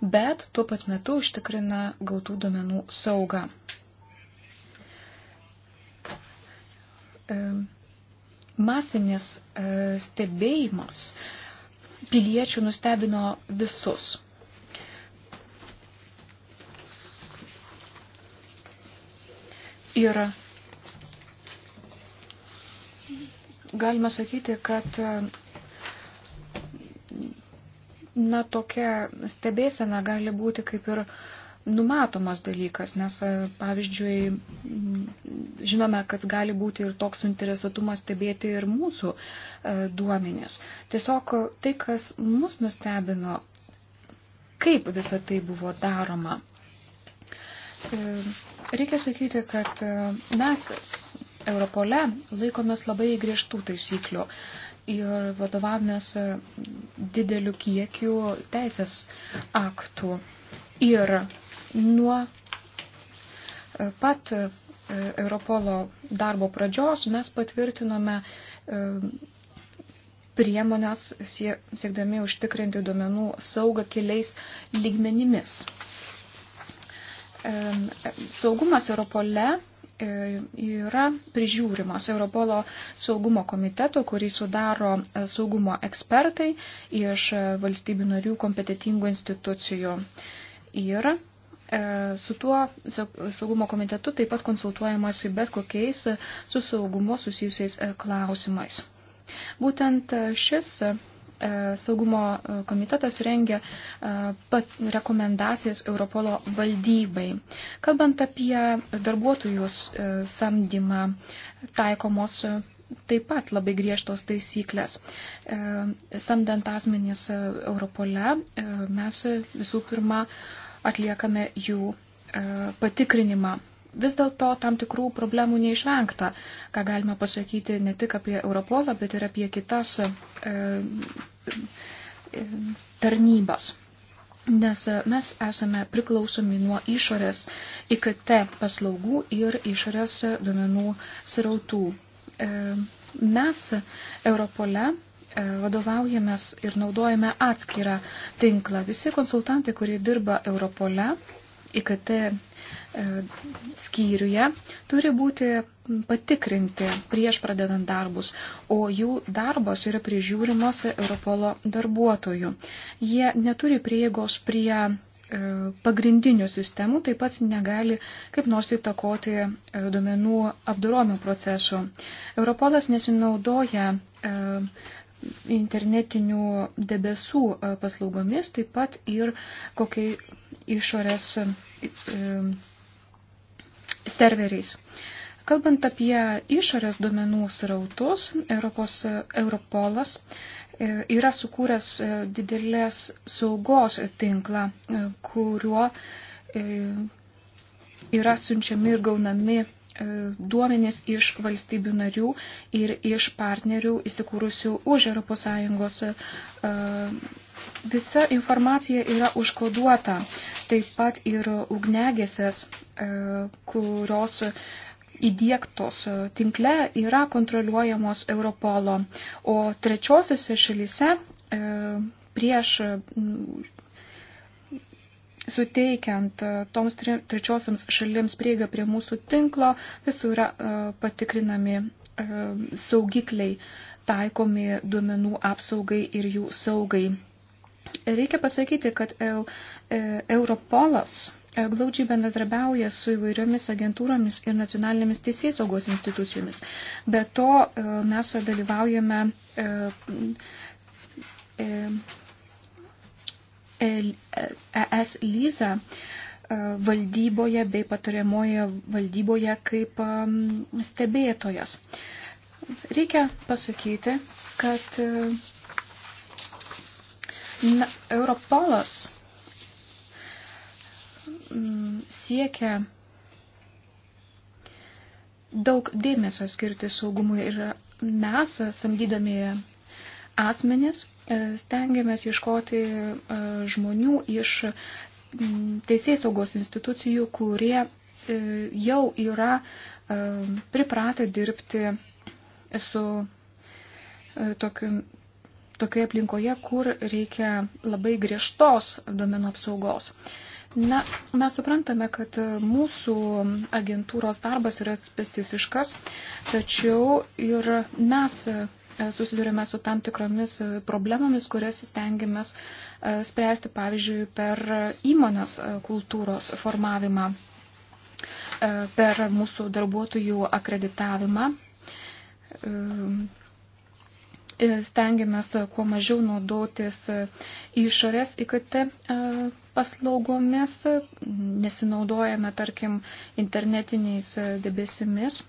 bet tuo pat metu užtikrina gautų duomenų saugą. Masinis e, stebėjimas piliečių nustebino visus. Ir galima sakyti, kad na, tokia stebėsena gali būti kaip ir numatomas dalykas, nes, e, pavyzdžiui, žinome, kad gali būti ir toks suinteresuotumas stebėti ir mūsų e, duomenis. Tiesiog tai, kas mus nustebino, kaip visa tai buvo daroma. E, reikia sakyti, kad mes Europole laikomės labai griežtų taisyklių ir vadovavomės e, dideliu kiekiu teisės aktų. Ir nuo e, pat e, Europolo darbo pradžios mes patvirtinome priemonės siekdami užtikrinti duomenų saugą keliais lygmenimis. Saugumas Europole E, yra prižiūrimas Europolo saugumo komiteto, kurį sudaro e, saugumo ekspertai iš e, valstybių narių kompetitingų institucijų. Ir su tuo saugumo komitetu taip pat konsultuojamasi bet kokiais su saugumu susijusiais klausimais. Būtent šis E, saugumo e, komitetas rengia e, rekomendacijas Europolo valdybai. Kalbant apie darbuotojus samdymą, taikomos taip pat labai griežtos taisyklės. Samdant asmenys Europole, mes visų pirma atliekame jų patikrinimą Vis dėlto tam tikrų problemų neišvengta, ką galima pasakyti ne tik apie Europolą, bet ir apie kitas e, e tarnybas. Nes mes esame priklausomi nuo išorės IKT paslaugų ir išorės duomenų srautų. E, mes Europole e, vadovaujamės ir naudojame atskirą tinklą. Visi konsultantai, kurie dirba Europole, IKT E, skyriuje turi būti patikrinti prieš pradedant darbus, o jų darbas yra prižiūrimas Europolo darbuotojų. Jie neturi prieigos prie e, pagrindinių sistemų taip pat negali kaip nors įtakoti e, duomenų apdoromio procesų. Europolas nesinaudoja internetinių debesų paslaugomis, taip pat ir kokiai išorės E, serveriais. Kalbant apie išorės duomenų srautus, Europos, Europolas e, yra sukūręs e, didelės saugos tinklą, kuriuo yra siunčiami ir gaunami duomenys iš valstybių narių ir iš partnerių įsikūrusių už ES Visa informacija yra užkoduota, taip pat ir ugnegėsės, e, kurios įdėktos tinkle yra kontroliuojamos Europolo, o trečiosiuose šalyse e, prieš suteikiant toms trečiosiams šalims prieigą prie mūsų tinklo, visų yra e, patikrinami saugikliai taikomi duomenų apsaugai ir jų saugai. Reikia pasakyti, kad e, Europolas e, glaudžiai bendradarbiauja su įvairiomis agentūromis ir nacionalinėmis teisėsaugos institucijomis. Be to e, mes dalyvaujame ES lyza valdyboje bei patariamoje valdyboje kaip stebėtojas. Reikia pasakyti, kad Na, Europolas mm, siekia daug dėmesio skirti saugumui ir mes, samdydami asmenis, e, stengiamės ieškoti e, žmonių iš mm, teisės saugos institucijų, kurie e, jau yra pripratę dirbti su tokiu, tokioje aplinkoje, kur reikia labai griežtos domenų apsaugos. Na, mes suprantame, kad mūsų agentūros darbas yra specifiškas, tačiau ir mes susidurime su tam tikromis problemomis, kurias stengiamės e, spręsti, pavyzdžiui, per įmonės e, kultūros formavimą, e, per mūsų darbuotojų akreditavimą E, stengiamės e, kuo mažiau naudotis e, išorės IKT paslaugomis, nesinaudojame, tarkim, internetiniais debesimis,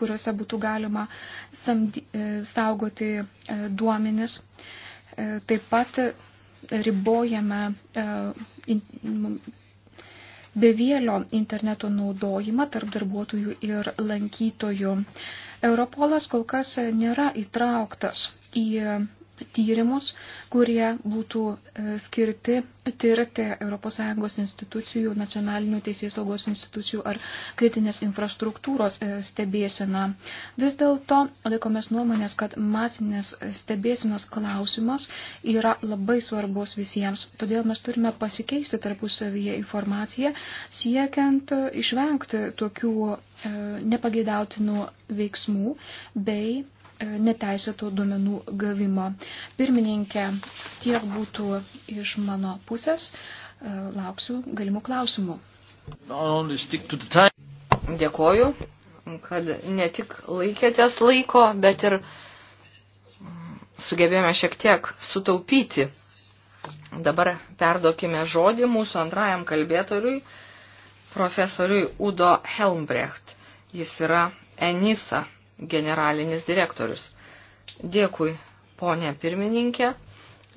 kuriuose būtų galima samdy, saugoti duomenis. Taip pat ribojame bevėlio interneto naudojimą tarp darbuotojų ir lankytojų. Europolas kol kas nėra įtrauktas į tyrimus, kurie būtų e, skirti tirti ES institucijų, nacionalinių teisės saugos institucijų ar kritinės infrastruktūros e, stebėseną. Vis dėlto laikomės nuomonės, kad masinės stebėsenos klausimas yra labai svarbus visiems. Todėl mes turime pasikeisti tarpusavyje informaciją, siekiant e, išvengti tokių nepageidautinų veiksmų bei neteisėtų duomenų gavimo. Pirmininkė, tiek būtų iš mano pusės. E, lauksiu galimų klausimų. Dėkoju, kad ne tik laikėtės laiko, bet ir mm, sugebėjome šiek tiek sutaupyti. Dabar perdokime žodį mūsų antrajam kalbėtoriui, profesoriui Udo Helmbrecht. Jis yra Enisa generalinis direktorius. Dėkui, ponė pirmininkė.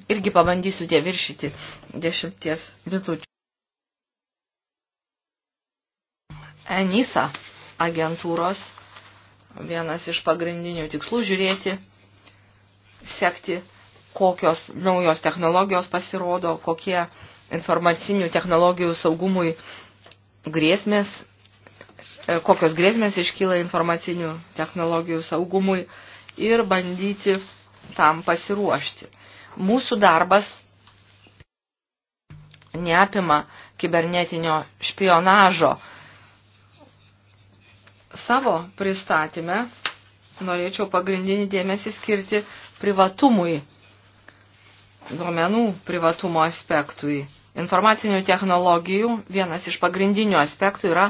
Irgi pabandysiu tie viršyti dešimties minučių. ENISA agentūros vienas iš pagrindinių tikslų žiūrėti, sekti, kokios naujos technologijos pasirodo, kokie informacinių technologijų saugumui grėsmės E, kokios grėsmės iškyla informacinių technologijų saugumui ir bandyti tam pasiruošti. Mūsų darbas neapima kibernetinio špionažo. Savo pristatymę norėčiau pagrindinį dėmesį skirti privatumui, duomenų privatumo aspektui. Informacinių technologijų vienas iš pagrindinių aspektų yra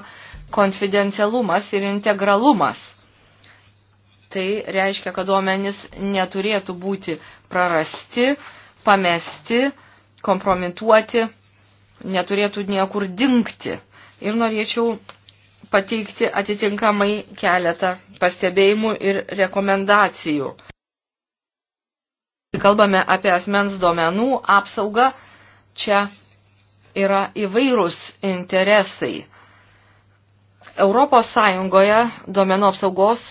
konfidencialumas ir integralumas. Tai reiškia, kad duomenys neturėtų būti prarasti, pamesti, kompromituoti, neturėtų niekur dinkti. Ir norėčiau pateikti atitinkamai keletą pastebėjimų ir rekomendacijų. Kalbame apie asmens duomenų apsaugą, čia yra įvairūs interesai Europos Sąjungoje duomenų apsaugos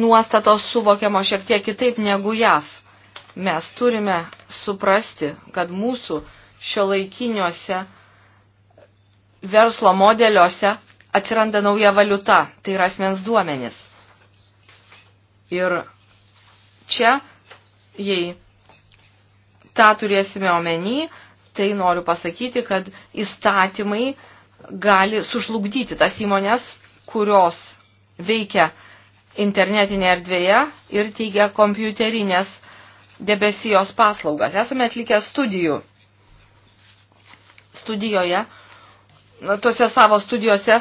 nuostatos suvokiamo šiek tiek kitaip negu JAV. Mes turime suprasti, kad mūsų šio laikiniuose verslo modeliuose atsiranda nauja valiuta, tai yra asmens duomenis. Ir čia, jei tą turėsime omeny, tai noriu pasakyti, kad įstatymai uh, gali sužlugdyti tas įmonės, kurios veikia internetinėje erdvėje ir teigia kompiuterinės debesijos paslaugas. Esame atlikę studijų. Studijoje, tuose savo studijose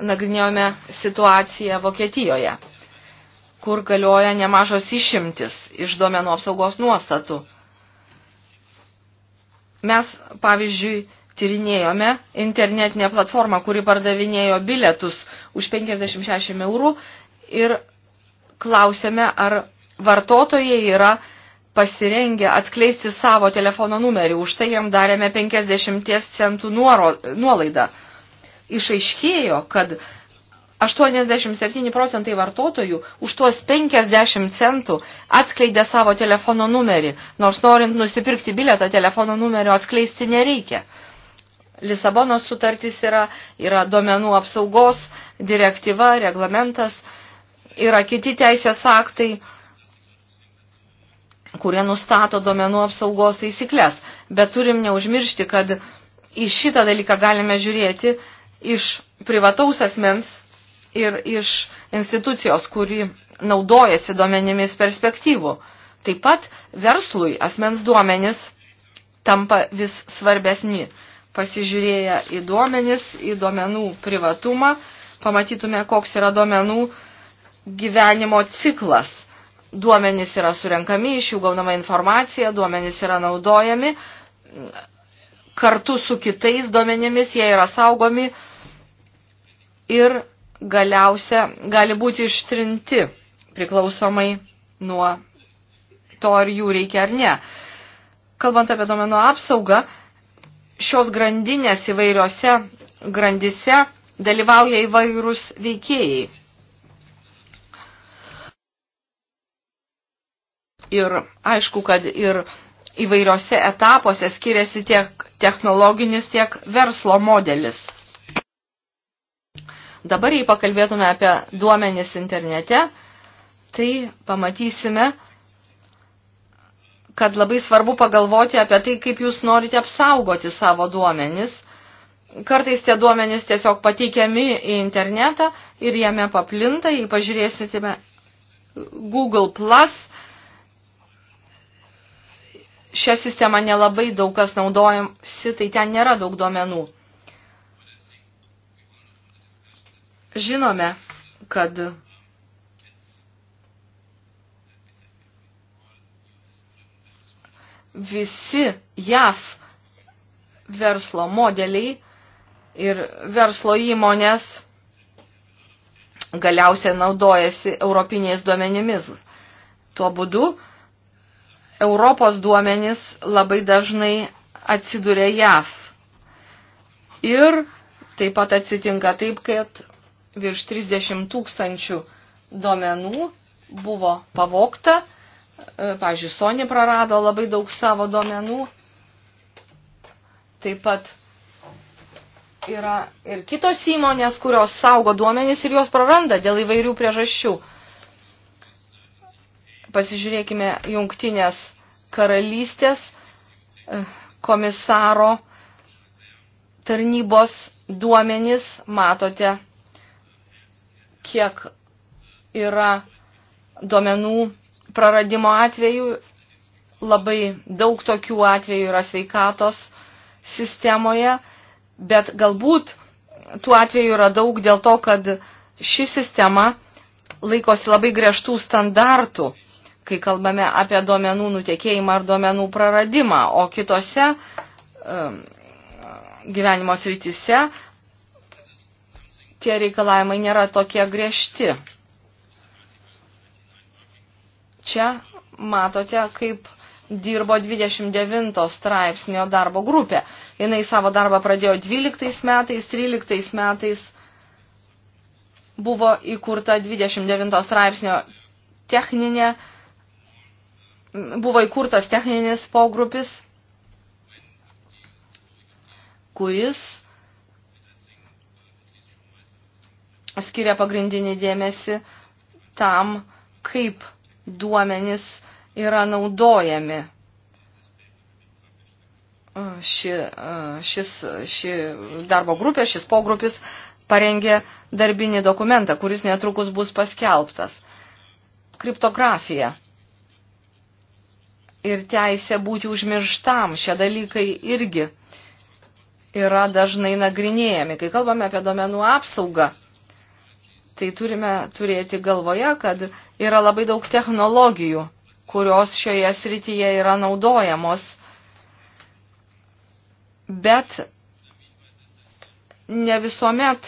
nagrinėjome situaciją Vokietijoje, kur galioja nemažos išimtis iš duomenų apsaugos nuostatų. Mes, pavyzdžiui, tyrinėjome internetinę platformą, kuri pardavinėjo bilietus už 56 eurų ir klausėme, ar vartotojai yra pasirengę atskleisti savo telefono numerį. Už tai jam darėme 50 centų nuoro, nuolaidą. Išaiškėjo, kad 87 procentai vartotojų už tuos 50 centų atskleidė savo telefono numerį, nors norint nusipirkti bilietą telefono numerio atskleisti nereikia. Lisabonos sutartis yra, yra domenų apsaugos direktyva, reglamentas, yra kiti teisės aktai, kurie nustato domenų apsaugos taisyklės. Bet turim neužmiršti, kad į šitą dalyką galime žiūrėti iš privataus asmens ir iš institucijos, kuri naudojasi duomenimis perspektyvų. Taip pat verslui asmens duomenis tampa vis svarbesni pasižiūrėję į duomenis, į duomenų privatumą, pamatytume, koks yra duomenų gyvenimo ciklas. Duomenys yra surenkami, iš jų gaunama informacija, duomenys yra naudojami, kartu su kitais duomenimis jie yra saugomi ir galiausia gali būti ištrinti priklausomai nuo to, ar jų reikia ar ne. Kalbant apie domenų apsaugą, šios grandinės įvairiose grandise dalyvauja įvairūs veikėjai. Ir aišku, kad ir įvairiose etapuose skiriasi tiek technologinis, tiek verslo modelis. Dabar, jei pakalbėtume apie duomenis internete, tai pamatysime, kad labai svarbu pagalvoti apie tai, kaip jūs norite apsaugoti savo duomenis. Kartais tie duomenys tiesiog pateikiami į internetą ir jame paplinta, jei pažiūrėsite Google Plus, šią sistemą nelabai daug kas naudojamsi, tai ten nėra daug duomenų. Žinome, kad visi JAF verslo modeliai ir verslo įmonės galiausiai naudojasi europiniais duomenimis. Tuo būdu Europos duomenys labai dažnai atsiduria JAF. Ir taip pat atsitinka taip, kad virš 30 tūkstančių duomenų buvo pavokta E, pavyzdžiui, Sony prarado labai daug savo duomenų. Taip pat yra ir kitos įmonės, kurios saugo duomenys ir juos praranda dėl įvairių priežasčių. Pasižiūrėkime jungtinės karalystės e, komisaro tarnybos duomenys. Matote, kiek yra duomenų praradimo atvejų. Labai daug tokių atvejų yra sveikatos sistemoje, bet galbūt tų atvejų yra daug dėl to, kad ši sistema laikosi labai griežtų standartų, kai kalbame apie duomenų nutekėjimą ar duomenų praradimą, o kitose um, gyvenimo srityse tie reikalavimai nėra tokie griežti. Čia matote, kaip dirbo 29 straipsnio darbo grupė. Jinai savo darbą pradėjo 12 metais, 13 metais buvo įkurta 29 straipsnio techninė, buvo įkurtas techninis pogrupis, kuris skiria pagrindinį dėmesį tam, kaip duomenys yra naudojami. Ši, šis, ši darbo grupė, šis pogrupis parengė darbinį dokumentą, kuris netrukus bus paskelbtas. Kriptografija ir teisė būti užmirštam, šie dalykai irgi yra dažnai nagrinėjami. Kai kalbame apie domenų apsaugą, tai turime turėti galvoje, kad yra labai daug technologijų, kurios šioje srityje yra naudojamos, bet ne visuomet,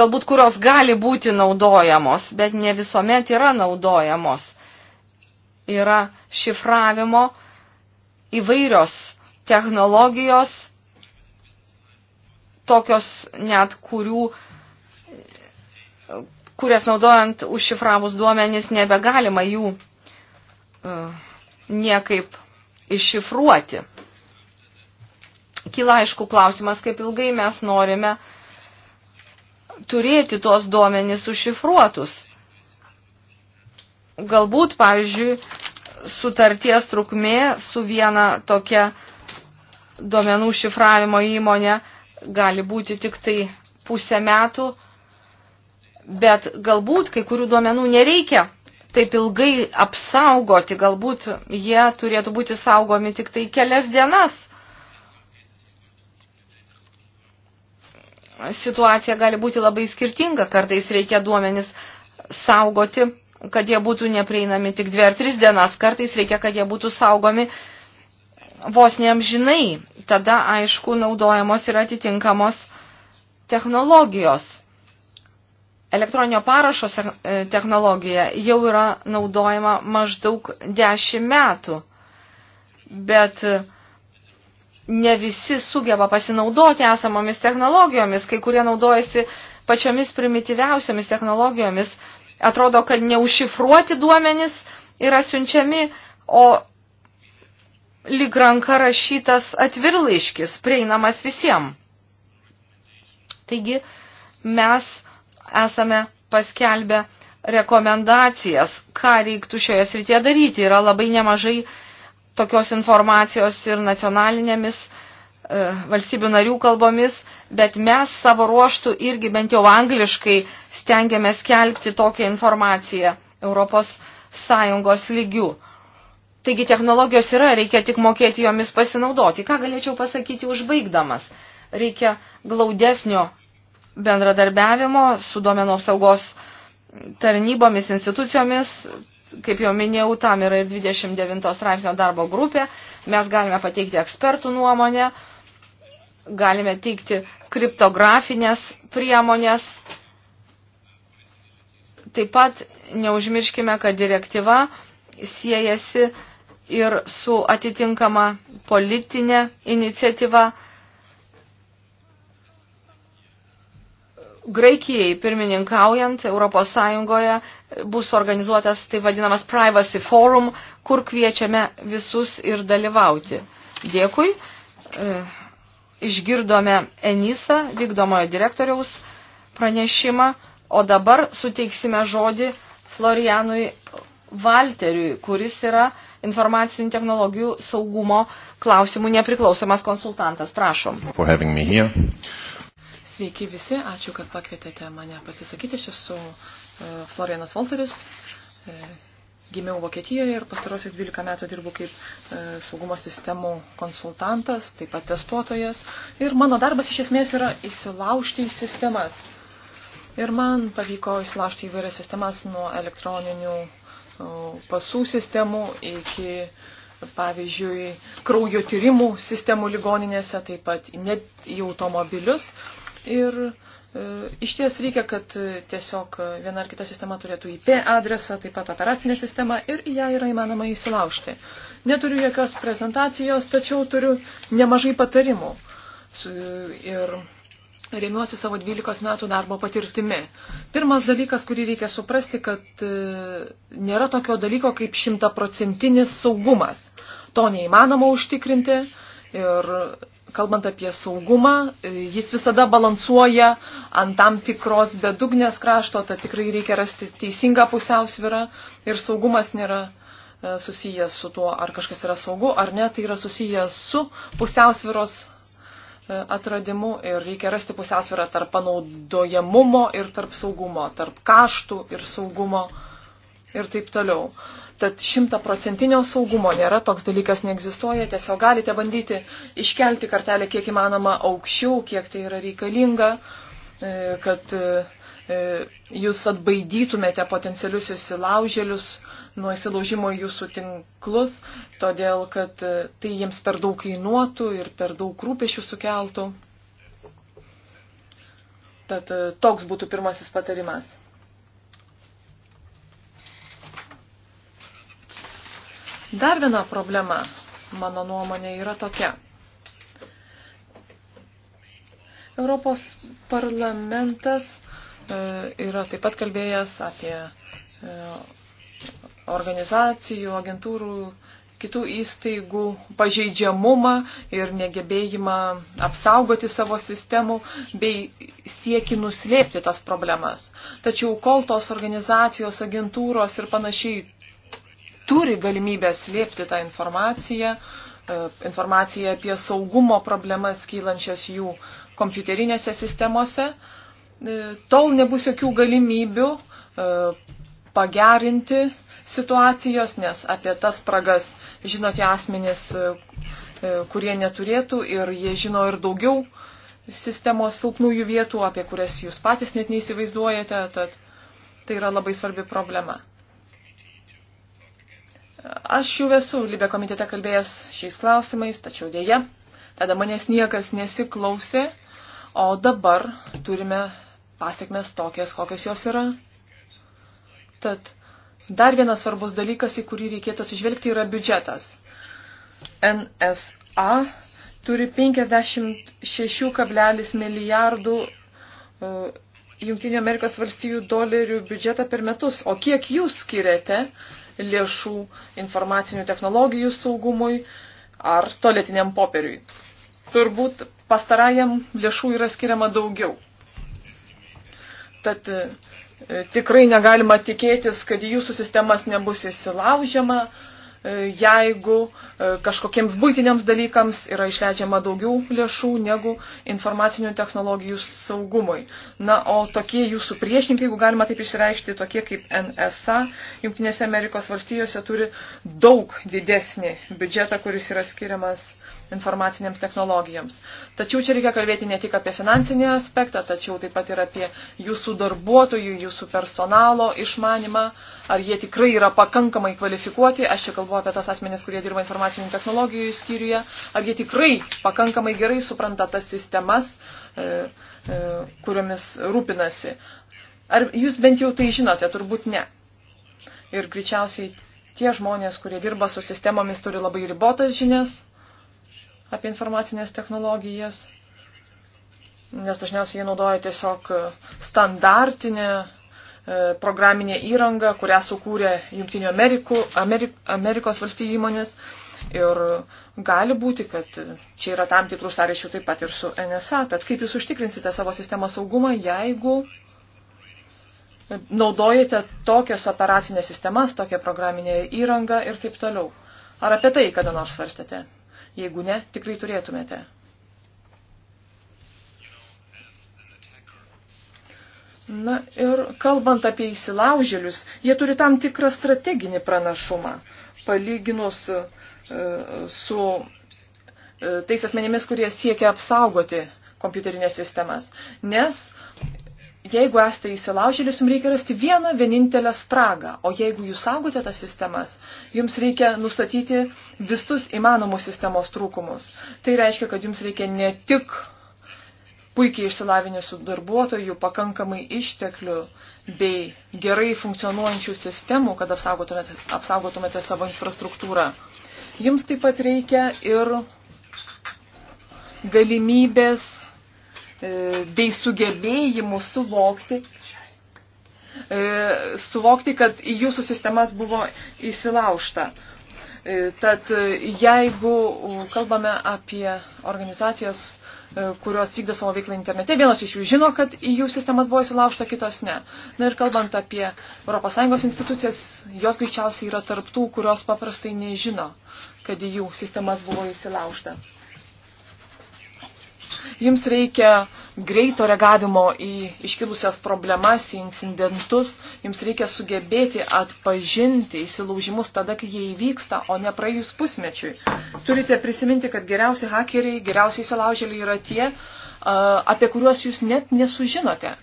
galbūt kurios gali būti naudojamos, bet ne visuomet yra naudojamos. Yra šifravimo įvairios technologijos, tokios net kurių kurias naudojant užšifravus duomenis nebegalima jų e, niekaip iššifruoti. Kyla aišku klausimas, kaip ilgai mes norime turėti tuos duomenis užšifruotus. Galbūt, pavyzdžiui, sutarties trukmė su viena tokia duomenų šifravimo įmonė gali būti tik tai pusę metų, bet galbūt kai kurių duomenų nereikia taip ilgai apsaugoti, galbūt jie turėtų būti saugomi tik tai kelias dienas. Situacija gali būti labai skirtinga, kartais reikia duomenis saugoti, kad jie būtų neprieinami tik dvi ar tris dienas, kartais reikia, kad jie būtų saugomi vos neamžinai. Tada, aišku, naudojamos yra atitinkamos technologijos elektroninio parašo e, technologija jau yra naudojama maždaug 10 metų, bet e, ne visi sugeba pasinaudoti esamomis technologijomis, kai kurie naudojasi pačiomis primityviausiomis technologijomis. Atrodo, kad neužšifruoti duomenys yra siunčiami, o lyg ranka rašytas atvirlaiškis, prieinamas visiems. Taigi mes esame paskelbę rekomendacijas, ką reiktų šioje srityje daryti. Yra labai nemažai tokios informacijos ir nacionalinėmis e, valstybių narių kalbomis, bet mes savo ruoštų irgi bent jau angliškai stengiamės skelbti tokią informaciją Europos Sąjungos lygių. Taigi technologijos yra, reikia tik mokėti jomis pasinaudoti. Ką galėčiau pasakyti užbaigdamas? Reikia glaudesnio bendradarbiavimo su duomenų apsaugos tarnybomis, institucijomis. Kaip jau minėjau, tam yra ir 29 straipsnio darbo grupė. Mes galime pateikti ekspertų nuomonę, galime teikti kriptografinės priemonės. Taip pat neužmirškime, kad direktyva siejasi ir su atitinkama politinė iniciatyva Graikijai pirmininkaujant Europos Sąjungoje bus organizuotas tai vadinamas Privacy Forum, kur kviečiame visus ir dalyvauti. Dėkui. E, išgirdome Enisa, vykdomojo direktoriaus pranešimą, o dabar suteiksime žodį Florianui Valteriui, kuris yra informacinių technologijų saugumo klausimų nepriklausomas konsultantas. Prašom. For having me here. Sveiki visi, ačiū, kad pakvietėte mane pasisakyti. Aš esu e, Florianas Volteris, e, gimiau Vokietijoje ir pastarosius 12 metų dirbu kaip e, saugumo sistemų konsultantas, taip pat testuotojas. Ir mano darbas iš esmės yra įsilaužti į sistemas. Ir man pavyko įsilaužti įvairias sistemas nuo elektroninių pasų sistemų iki, pavyzdžiui, kraujo tyrimų sistemų ligoninėse, taip pat net į automobilius. Ir e, iš ties reikia, kad e, tiesiog e, viena ar kita sistema turėtų IP adresą, taip pat operacinę sistemą ir ją yra įmanoma įsilaužti. Neturiu jokios prezentacijos, tačiau turiu nemažai patarimų. Su, ir remiuosi savo 12 metų darbo patirtimi. Pirmas dalykas, kurį reikia suprasti, kad e, nėra tokio dalyko kaip šimtaprocentinis saugumas. To neįmanoma užtikrinti ir kalbant apie saugumą, e, jis visada balansuoja ant tam tikros bedugnės krašto, tad tikrai reikia rasti teisingą pusiausvyrą ir saugumas nėra e, susijęs su tuo, ar kažkas yra saugu ar ne, tai yra susijęs su pusiausviros e, atradimu ir reikia rasti pusiausvyrą tarp panaudojamumo ir tarp saugumo, tarp kaštų ir saugumo ir taip toliau. Tad šimtaprocentinio saugumo nėra, toks dalykas neegzistuoja, tiesiog galite bandyti iškelti kartelę kiek įmanoma aukščiau, kiek tai yra reikalinga, e, kad e, e, jūs atbaidytumėte potencialius įsilaužėlius nuo įsilaužimo į jūsų tinklus, todėl kad tai jiems per daug kainuotų ir per daug rūpešių sukeltų. Tad toks būtų pirmasis patarimas. Dar viena problema, mano nuomonė, yra tokia. Europos parlamentas e, yra taip pat kalbėjęs apie e, organizacijų, agentūrų, kitų įstaigų pažeidžiamumą ir negebėjimą apsaugoti savo sistemų bei sieki nuslėpti tas problemas. Tačiau kol tos organizacijos, agentūros ir panašiai turi galimybę slėpti tą informaciją, e, informaciją apie saugumo problemas kylančias jų kompiuterinėse sistemose, e, tol nebus jokių galimybių e, pagerinti situacijos, nes apie tas spragas žino tie asmenys, kurie neturėtų ir jie žino ir daugiau sistemos silpnųjų vietų, apie kurias jūs patys net neįsivaizduojate, tad tai yra labai svarbi problema. Aš jau esu Libė komitete kalbėjęs šiais klausimais, tačiau dėja, tada manęs niekas nesiklausė, o dabar turime pasiekmes tokias, kokios jos yra. Tad dar vienas svarbus dalykas, į kurį reikėtų atsižvelgti, yra biudžetas. NSA turi 56,1 milijardų e, Junktinių Amerikos valstijų dolerių biudžetą per metus. O kiek jūs skiriate lėšų informacinių technologijų saugumui ar toletiniam popieriui. Turbūt pastarajam lėšų yra skiriama daugiau. Tad e, tikrai negalima tikėtis, kad į jūsų sistemas nebus įsilaužiama E, jeigu e, kažkokiems būtiniams dalykams yra išleidžiama daugiau lėšų negu informacinių technologijų saugumui. Na, o tokie jūsų priešininkai, jeigu galima taip išreikšti, tokie kaip NSA, Junktinėse Amerikos valstijose turi daug didesnį biudžetą, kuris yra skiriamas informacinėms technologijoms. Tačiau čia reikia kalbėti ne tik apie finansinį aspektą, tačiau taip pat ir apie jūsų darbuotojų, jūsų personalo išmanimą, ar jie tikrai yra pakankamai kvalifikuoti, aš čia kalbu apie tas asmenės, kurie dirba informacinių technologijų skyriuje, ar jie tikrai pakankamai gerai supranta tas sistemas, e, e, kuriomis rūpinasi. Ar jūs bent jau tai žinote, turbūt ne. Ir greičiausiai tie žmonės, kurie dirba su sistemomis, turi labai ribotas žinias apie informacinės technologijas, nes dažniausiai jie naudoja tiesiog e, standartinę e, programinė įranga, kurią sukūrė Junktinio Amerikų, Amerik, Amerikos valstybių įmonės. Ir gali būti, kad čia yra tam tikrų sąryšių taip pat ir su NSA. Tad kaip jūs užtikrinsite savo sistemos saugumą, jeigu naudojate tokias operacinės sistemas, tokią programinę įrangą ir taip toliau? Ar apie tai kada nors svarstėte? Jeigu ne, tikrai turėtumėte. Na ir kalbant apie įsilaužėlius, jie turi tam tikrą strateginį pranašumą, palyginus e, su e, tais asmenėmis, kurie siekia apsaugoti kompiuterinės sistemas. Nes jeigu esate įsilaužėlis, jums reikia rasti vieną vienintelę spragą, o jeigu jūs saugote tas sistemas, jums reikia nustatyti visus įmanomus sistemos trūkumus. Tai reiškia, kad jums reikia ne tik puikiai išsilavinusių darbuotojų, pakankamai išteklių bei gerai funkcionuojančių sistemų, kad apsaugotumėte, apsaugotumėte savo infrastruktūrą. Jums taip pat reikia ir galimybės E, bei sugebėjimu suvokti, e, suvokti, kad į jūsų sistemas buvo įsilaužta. E, tad jeigu kalbame apie organizacijas, kurios vykdo savo veiklą internete. Vienos iš jų žino, kad į jų sistemas buvo įsilaužta, kitos ne. Na ir kalbant apie ES institucijas, jos greičiausiai yra tarptų, kurios paprastai nežino, kad į jų sistemas buvo įsilaužta. Jums reikia greito reagavimo į iškilusias problemas, į incidentus. Jums reikia sugebėti atpažinti įsilaužimus tada, kai jie įvyksta, o ne praėjus pusmečiui. Turite prisiminti, kad geriausi hakeriai, geriausiai įsilaužėliai yra tie, apie kuriuos jūs net nesužinote.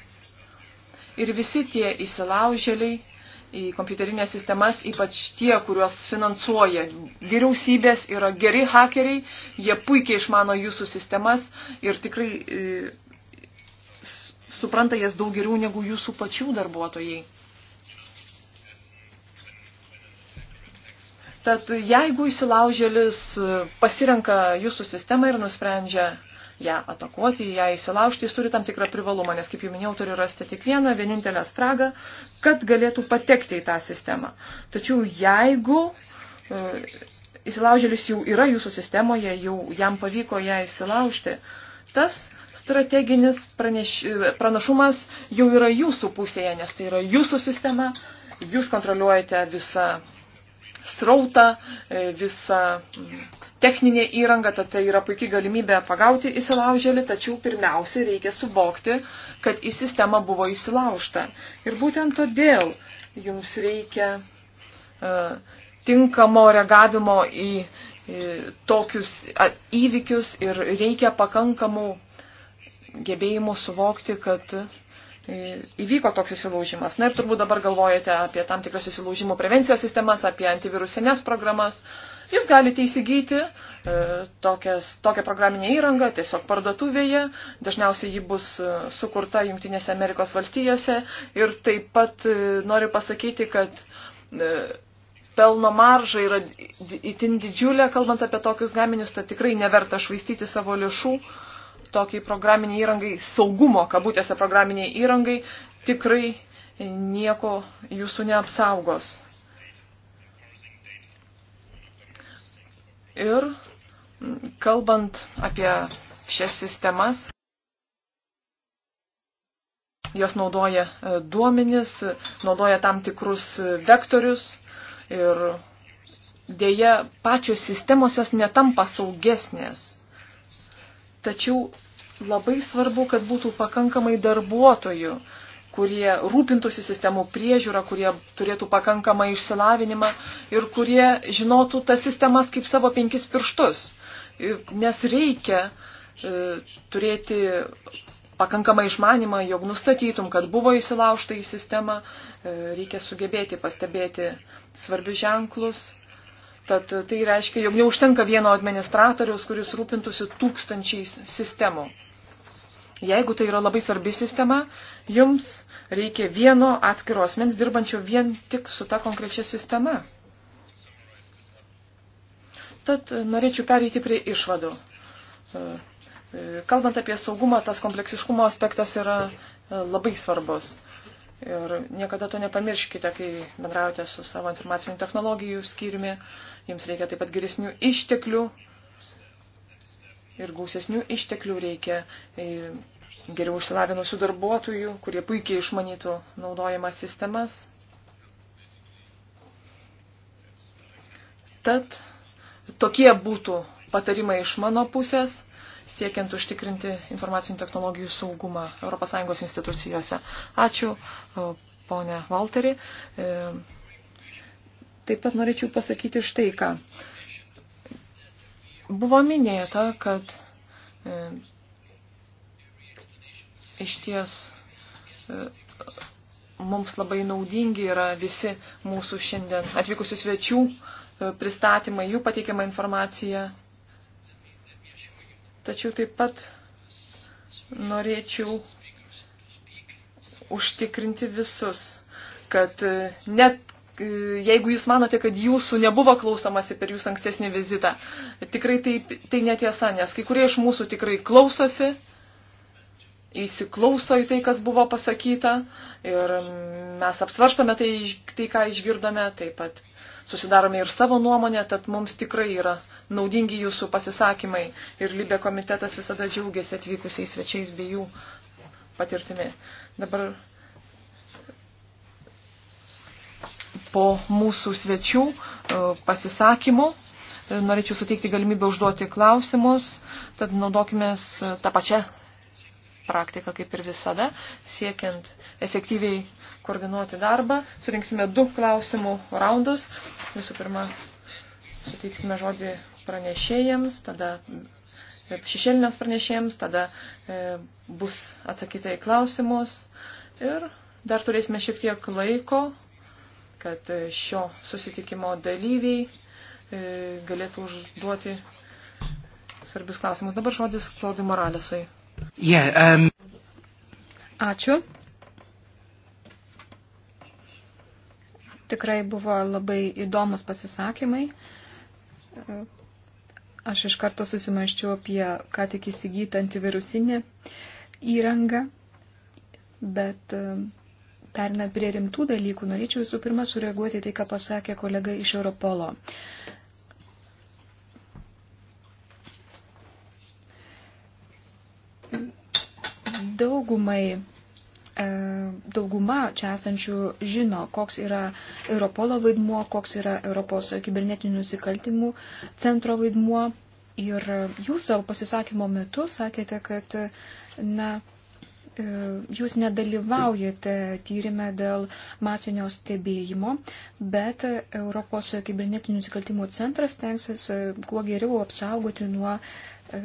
Ir visi tie įsilaužėliai į kompiuterinės sistemas, ypač tie, kuriuos finansuoja vyriausybės, yra geri hakeriai, jie puikiai išmano jūsų sistemas ir tikrai e, supranta jas daug geriau negu jūsų pačių darbuotojai. Tad jeigu įsilaužėlis e, pasirenka jūsų sistemą ir nusprendžia ją atakuoti, ją įsilaužti, jis turi tam tikrą privalumą, nes, kaip jau minėjau, turi rasti tik vieną vienintelę spragą, kad galėtų patekti į tą sistemą. Tačiau jeigu e, įsilaužėlis jau yra jūsų sistemoje, jau jam pavyko ją įsilaužti, tas strateginis praneš, e, pranašumas jau yra jūsų pusėje, nes tai yra jūsų sistema, jūs kontroliuojate visą srautą, e, visą mm, techninę įrangą, tad tai yra puikiai galimybė pagauti įsilaužėlį, tačiau pirmiausia reikia suvokti, kad į sistemą buvo įsilaužta. Ir būtent todėl jums reikia uh, tinkamo reagavimo į, į tokius įvykius ir reikia pakankamų gebėjimų suvokti, kad uh, E, įvyko toks įsilaužimas. Na ir turbūt dabar galvojate apie tam tikras įsilaužimų prevencijos sistemas, apie antivirusinės programas. Jūs galite įsigyti e, tokias, tokią programinę įrangą tiesiog parduotuvėje, dažniausiai ji bus e, sukurta Junktinėse Amerikos valstijose ir taip pat e, noriu pasakyti, kad e, pelno marža yra itin didžiulė, kalbant apie tokius gaminius, tai tikrai neverta švaistyti savo lėšų. E, tokiai programiniai įrangai, saugumo, kabutėse programiniai įrangai, tikrai nieko jūsų neapsaugos. Ir kalbant apie šias sistemas, jos naudoja e, duomenis, naudoja tam tikrus e, vektorius ir dėja pačios sistemos jos netampa saugesnės. Tačiau labai svarbu, kad būtų pakankamai darbuotojų, kurie rūpintųsi sistemų priežiūrą, kurie turėtų pakankamą išsilavinimą ir kurie žinotų tas sistemas kaip savo penkis pirštus. Nes reikia e, turėti pakankamą išmanimą, jog nustatytum, kad buvo įsilaužta į sistemą, e, reikia sugebėti pastebėti svarbius ženklus Tad tai reiškia, jog neužtenka vieno administratoriaus, kuris rūpintųsi tūkstančiais sistemų. Jeigu tai yra labai svarbi sistema, jums reikia vieno atskiro asmens dirbančio vien tik su ta konkrečia sistema. Tad norėčiau pereiti prie išvadų. E, e, kalbant apie saugumą, tas kompleksiškumo aspektas yra e, labai svarbus. Ir niekada to nepamirškite, kai bendraujate su savo informacinių technologijų skyriumi jums reikia taip pat geresnių išteklių ir gausesnių išteklių reikia e, geriau išsilavinusių darbuotojų, kurie puikiai išmanytų naudojamas sistemas. Tad tokie būtų patarimai iš mano pusės, siekiant užtikrinti informacinių technologijų saugumą ES institucijose. Ačiū, ponė Valteri. E, Taip pat norėčiau pasakyti štai ką. Buvo minėta, kad e, iš ties e, mums labai naudingi yra visi mūsų šiandien atvykusių svečių e, pristatymai, jų pateikiama informacija. Tačiau taip pat norėčiau užtikrinti visus, kad e, net jeigu jūs manote, kad jūsų nebuvo klausomasi per jūsų ankstesnį vizitą, tikrai taip, tai netiesa, nes kai kurie iš mūsų tikrai klausosi, įsiklauso į tai, kas buvo pasakyta ir mes apsvarstame tai, tai ką išgirdome, taip pat susidarome ir savo nuomonę, tad mums tikrai yra naudingi jūsų pasisakymai ir Libė komitetas visada džiaugiasi atvykusiais svečiais bei jų patirtimi. Dabar po mūsų svečių e, pasisakymų. E, norėčiau suteikti galimybę užduoti klausimus, tad naudokime tą pačią praktiką kaip ir visada, siekiant efektyviai koordinuoti darbą. Surinksime du klausimų raundus. Visų pirma, suteiksime žodį pranešėjams, tada e, šešėliniams pranešėjams, tada e, bus atsakyta į klausimus ir dar turėsime šiek tiek laiko kad šio susitikimo dalyviai e, galėtų užduoti svarbius klausimus. Dabar žodis Klaudui Moralesui. Yeah, um... Ačiū. Tikrai buvo labai įdomus pasisakymai. E, aš iš karto susimaščiau apie ką tik įsigytą antivirusinę įrangą, bet uh, Perinant prie rimtų dalykų, norėčiau visų pirma sureaguoti tai, ką pasakė kolega iš Europolo. Daugumai, e, dauguma čia esančių žino, koks yra Europolo vaidmuo, koks yra Europos kibernetinių nusikaltimų centro vaidmuo. Ir jūs savo pasisakymo metu sakėte, kad na, E, jūs nedalyvaujate tyrimę dėl masinio stebėjimo, bet Europos kibernetinių nusikaltimų centras tenksis e, kuo geriau apsaugoti nuo e,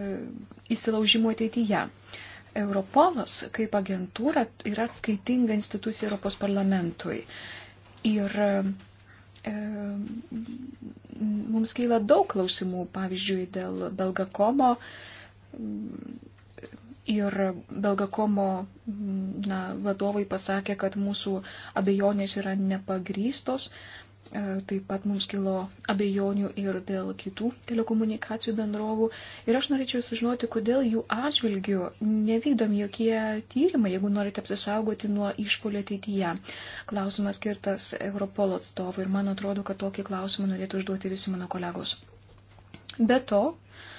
įsilaužimo ateityje. Europolas kaip agentūra yra atskaitinga institucija Europos parlamentui. Ir e, mums keila daug klausimų, pavyzdžiui, dėl Belgakomo Ir Belgakomo na, vadovai pasakė, kad mūsų abejonės yra nepagrystos. E, taip pat mums kilo abejonių ir dėl kitų telekomunikacijų bendrovų. Ir aš norėčiau sužinoti, kodėl jų atžvilgių nevykdom jokie tyrimai, jeigu norite apsisaugoti nuo išpolio ateityje. Klausimas skirtas Europolo atstovui ir man atrodo, kad tokį klausimą norėtų užduoti visi mano kolegos. Be to, uh,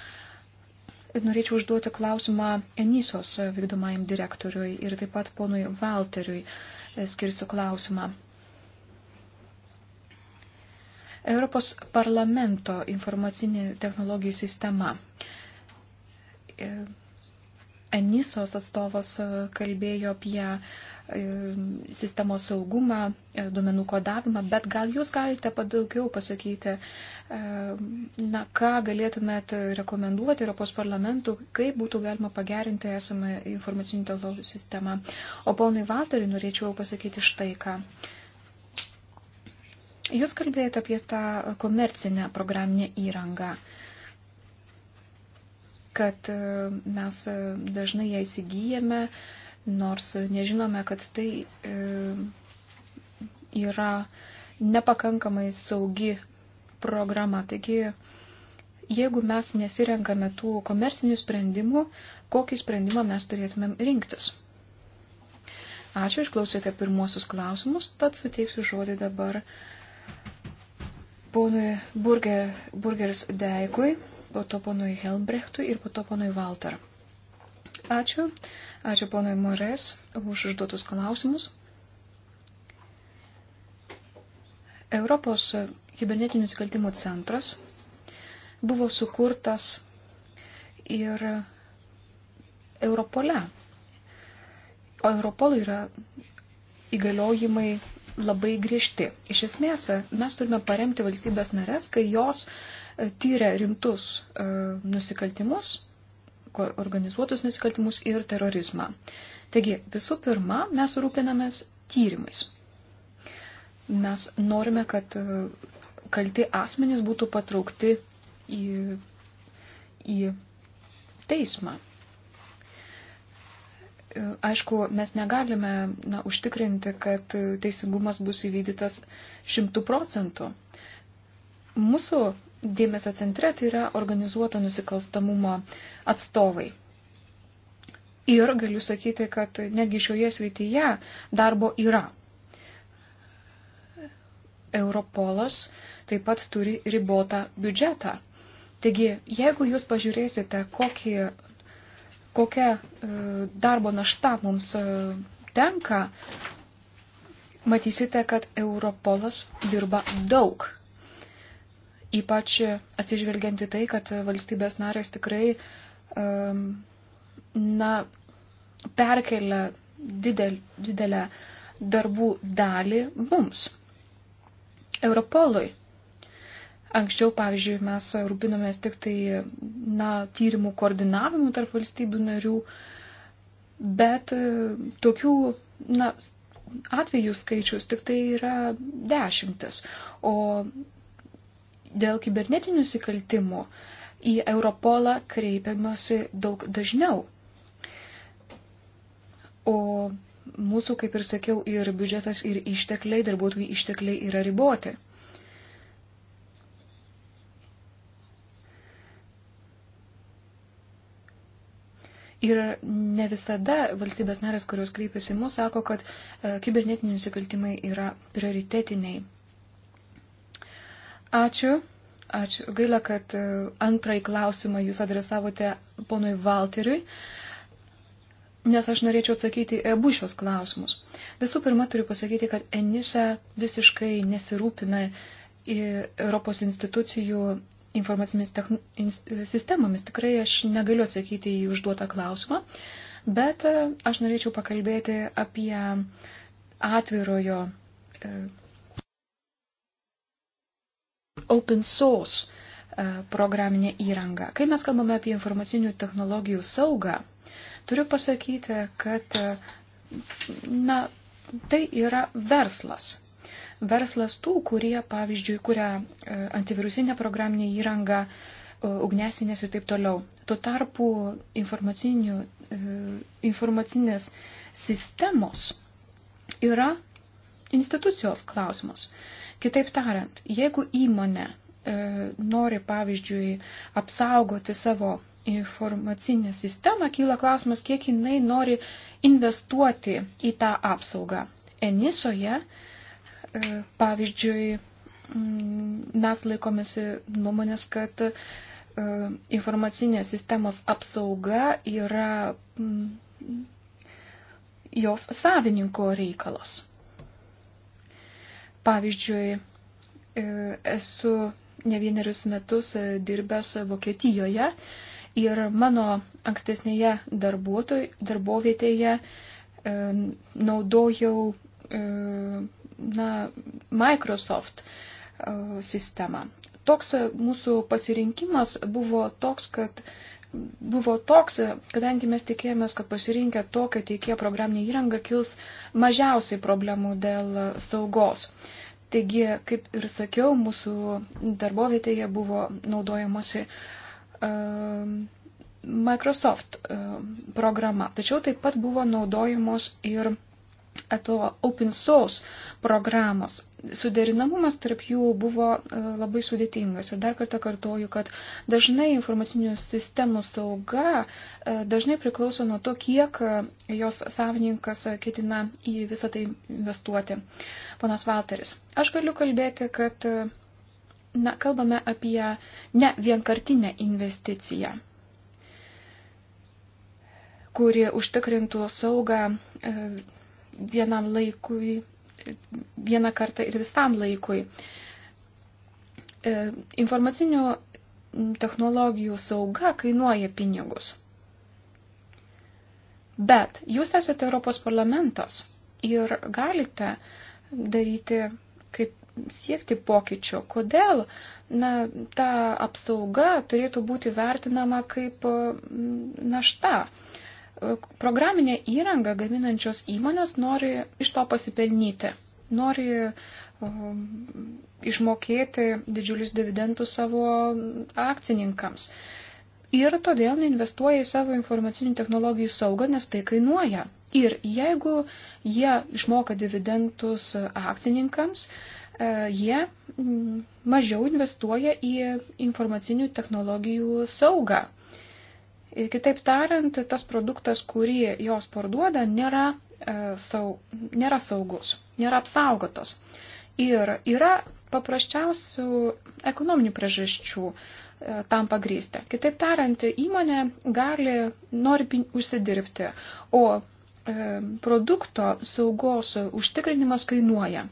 norėčiau užduoti klausimą Enisos vykdomajam direktoriui ir taip pat ponui Valteriui e, skirsiu klausimą. Europos parlamento informacinė technologijų sistema. E, Enisos atstovas e, kalbėjo apie E, sistemos saugumą, e, duomenų kodavimą, bet gal jūs galite padaugiau pasakyti, e, na, ką galėtumėt rekomenduoti Europos parlamentų, kaip būtų galima pagerinti esamą informacinių technologijų sistemą. O ponui Valteriui norėčiau pasakyti štai ką. Jūs kalbėjote apie tą komercinę programinę įrangą kad mes dažnai ją įsigijame, uh, nors nežinome, kad tai e, yra nepakankamai saugi programa. Taigi, jeigu mes nesirenkame tų komersinių sprendimų, kokį sprendimą mes turėtumėm rinktis? Ačiū, išklausėte pirmosius klausimus, tad suteiksiu žodį dabar ponui Burger, Burgers Deikui, po to ponui Helmbrechtui ir po to ponui Walter. Ačiū. Ačiū ponui Morės už užduotus klausimus. Europos kibernetinių nusikaltimų centras buvo sukurtas ir Europole. O Europolui yra įgaliojimai labai griežti. Iš esmės, mes turime paremti valstybės narės, kai jos tyria rimtus e, nusikaltimus organizuotus nusikaltimus ir terorizmą. Taigi, visų pirma, mes rūpinamės tyrimais. Mes norime, kad e, kalti asmenys būtų patraukti į, į teismą. E, aišku, mes negalime na, užtikrinti, kad e, teisingumas bus įvykdytas šimtų procentų. Mūsų dėmesio centre tai yra organizuoto nusikalstamumo atstovai. Ir galiu sakyti, kad netgi šioje srityje darbo yra. Europolas taip pat turi ribotą biudžetą. Taigi, jeigu jūs pažiūrėsite, kokį, kokia e, darbo našta mums e, tenka, matysite, kad Europolas dirba daug Ypač atsižvelgianti tai, kad valstybės narės tikrai um, na, perkelia didel, didelę darbų dalį mums, Europolui. Anksčiau, pavyzdžiui, mes rūpinomės tik tai na, tyrimų koordinavimu tarp valstybių narių, bet e, tokių na, atvejų skaičius tik tai yra dešimtis, o dėl kibernetinių nusikaltimų į Europolą kreipiamasi daug dažniau. O mūsų, kaip ir sakiau, ir biudžetas, ir ištekliai, darbuotojų ištekliai yra riboti. Ir ne visada valstybės narės, kurios kreipiasi mus, sako, kad e, kibernetiniai nusikaltimai yra prioritetiniai. Ačiū. Ačiū. Gaila, kad e, antrąjį klausimą jūs adresavote ponui Valteriui, nes aš norėčiau atsakyti abu šios klausimus. Visų pirma, turiu pasakyti, kad Enisa visiškai nesirūpina Europos institucijų informacinėmis techn... sistemomis. Tikrai aš negaliu atsakyti į užduotą klausimą, bet e, aš norėčiau pakalbėti apie atvirojo e, open source e, programinė įranga. Kai mes kalbame apie informacinių technologijų saugą, turiu pasakyti, kad e, na, tai yra verslas. Verslas tų, kurie, pavyzdžiui, kuria e, antivirusinę programinę įrangą, ugnesinės ir taip toliau. Tuo tarpu informacinės sistemos yra institucijos klausimas. Kitaip tariant, jeigu įmonė e, nori, pavyzdžiui, apsaugoti savo informacinę sistemą, kyla klausimas, kiek jinai nori investuoti į tą apsaugą. Enisoje, e, pavyzdžiui, mm, mes laikomės nuomonės, kad e, informacinės sistemos apsauga yra m, mm, jos savininko reikalas. Pavyzdžiui, e, esu ne vienerius metus e, dirbęs Vokietijoje ir mano ankstesnėje darbovietėje e, naudojau na, Microsoft sistemą. Toks mūsų pasirinkimas buvo toks, kad uh, buvo toks, kadangi mes tikėjomės, kad pasirinkę tokią teikėjo programinį įrangą kils mažiausiai problemų dėl saugos. Taigi, kaip ir sakiau, mūsų darbovietėje buvo naudojamasi e, Microsoft e, programa, tačiau taip pat buvo naudojamos ir to open source programos. Suderinamumas tarp jų buvo e, labai sudėtingas. Ir dar kartą kartoju, kad dažnai informacinių sistemų sauga e, dažnai priklauso nuo to, kiek e, jos savininkas ketina į visą tai investuoti. Ponas Valteris, aš galiu kalbėti, kad na, kalbame apie ne vienkartinę investiciją kuri užtikrintų saugą vienam laikui, vieną kartą ir visam laikui. E, informacinių technologijų sauga kainuoja pinigus. Bet jūs esate Europos parlamentas ir galite daryti kaip siekti pokyčių. Kodėl na, ta apsauga turėtų būti vertinama kaip mm, našta? programinę įrangą gaminančios įmonės nori iš to pasipelnyti, nori um, išmokėti didžiulius dividendus savo akcininkams. Ir todėl neinvestuoja į savo informacinių technologijų saugą, nes tai kainuoja. Ir jeigu jie išmoka dividendus akcininkams, e, jie mm, mažiau investuoja į informacinių technologijų saugą. Kitaip tariant, tas produktas, kurį jos parduoda, nėra, e, sau, nėra saugus, nėra apsaugotos. Ir yra paprasčiausių ekonominių priežasčių e, tam pagrysti. Kitaip tariant, įmonė gali, nori užsidirbti, o e, produkto saugos užtikrinimas kainuoja.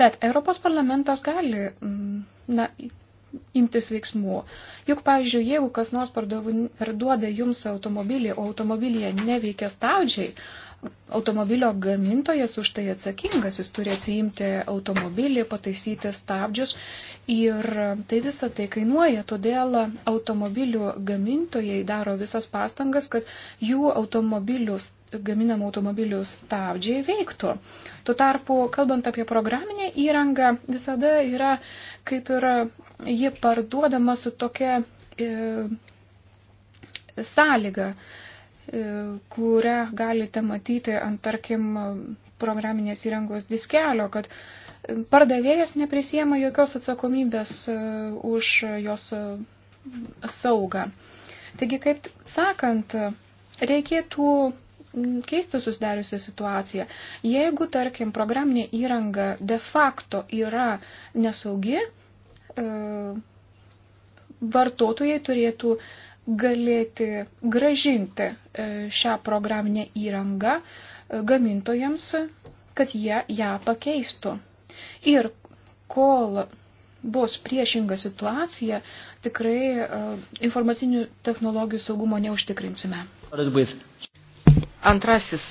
Bet Europos parlamentas gali na, imtis veiksmų. Juk, pavyzdžiui, jeigu kas nors parduoda jums automobilį, o automobilyje neveikia staudžiai, automobilio gamintojas už tai atsakingas, jis turi atsiimti automobilį, pataisyti stabdžius ir tai visą tai kainuoja, todėl automobilių gamintojai daro visas pastangas, kad jų automobilių gaminamų automobilių stabdžiai veiktų. Tuo tarpu, kalbant apie programinę įrangą, visada yra kaip ir ji parduodama su tokia e, sąlyga, e, E, kurią galite matyti ant, tarkim, programinės įrangos diskelio, kad pardavėjas neprisėma jokios atsakomybės e, už jos e, saugą. Taigi, kaip sakant, reikėtų keisti susidariusią situaciją. Jeigu, tarkim, programinė įranga de facto yra nesaugi, vartotojai turėtų galėti gražinti e, šią programinę įrangą e, gamintojams, kad jie ją pakeistų. Ir kol bus priešinga situacija, tikrai e, informacinių technologijų saugumo neužtikrinsime. Antrasis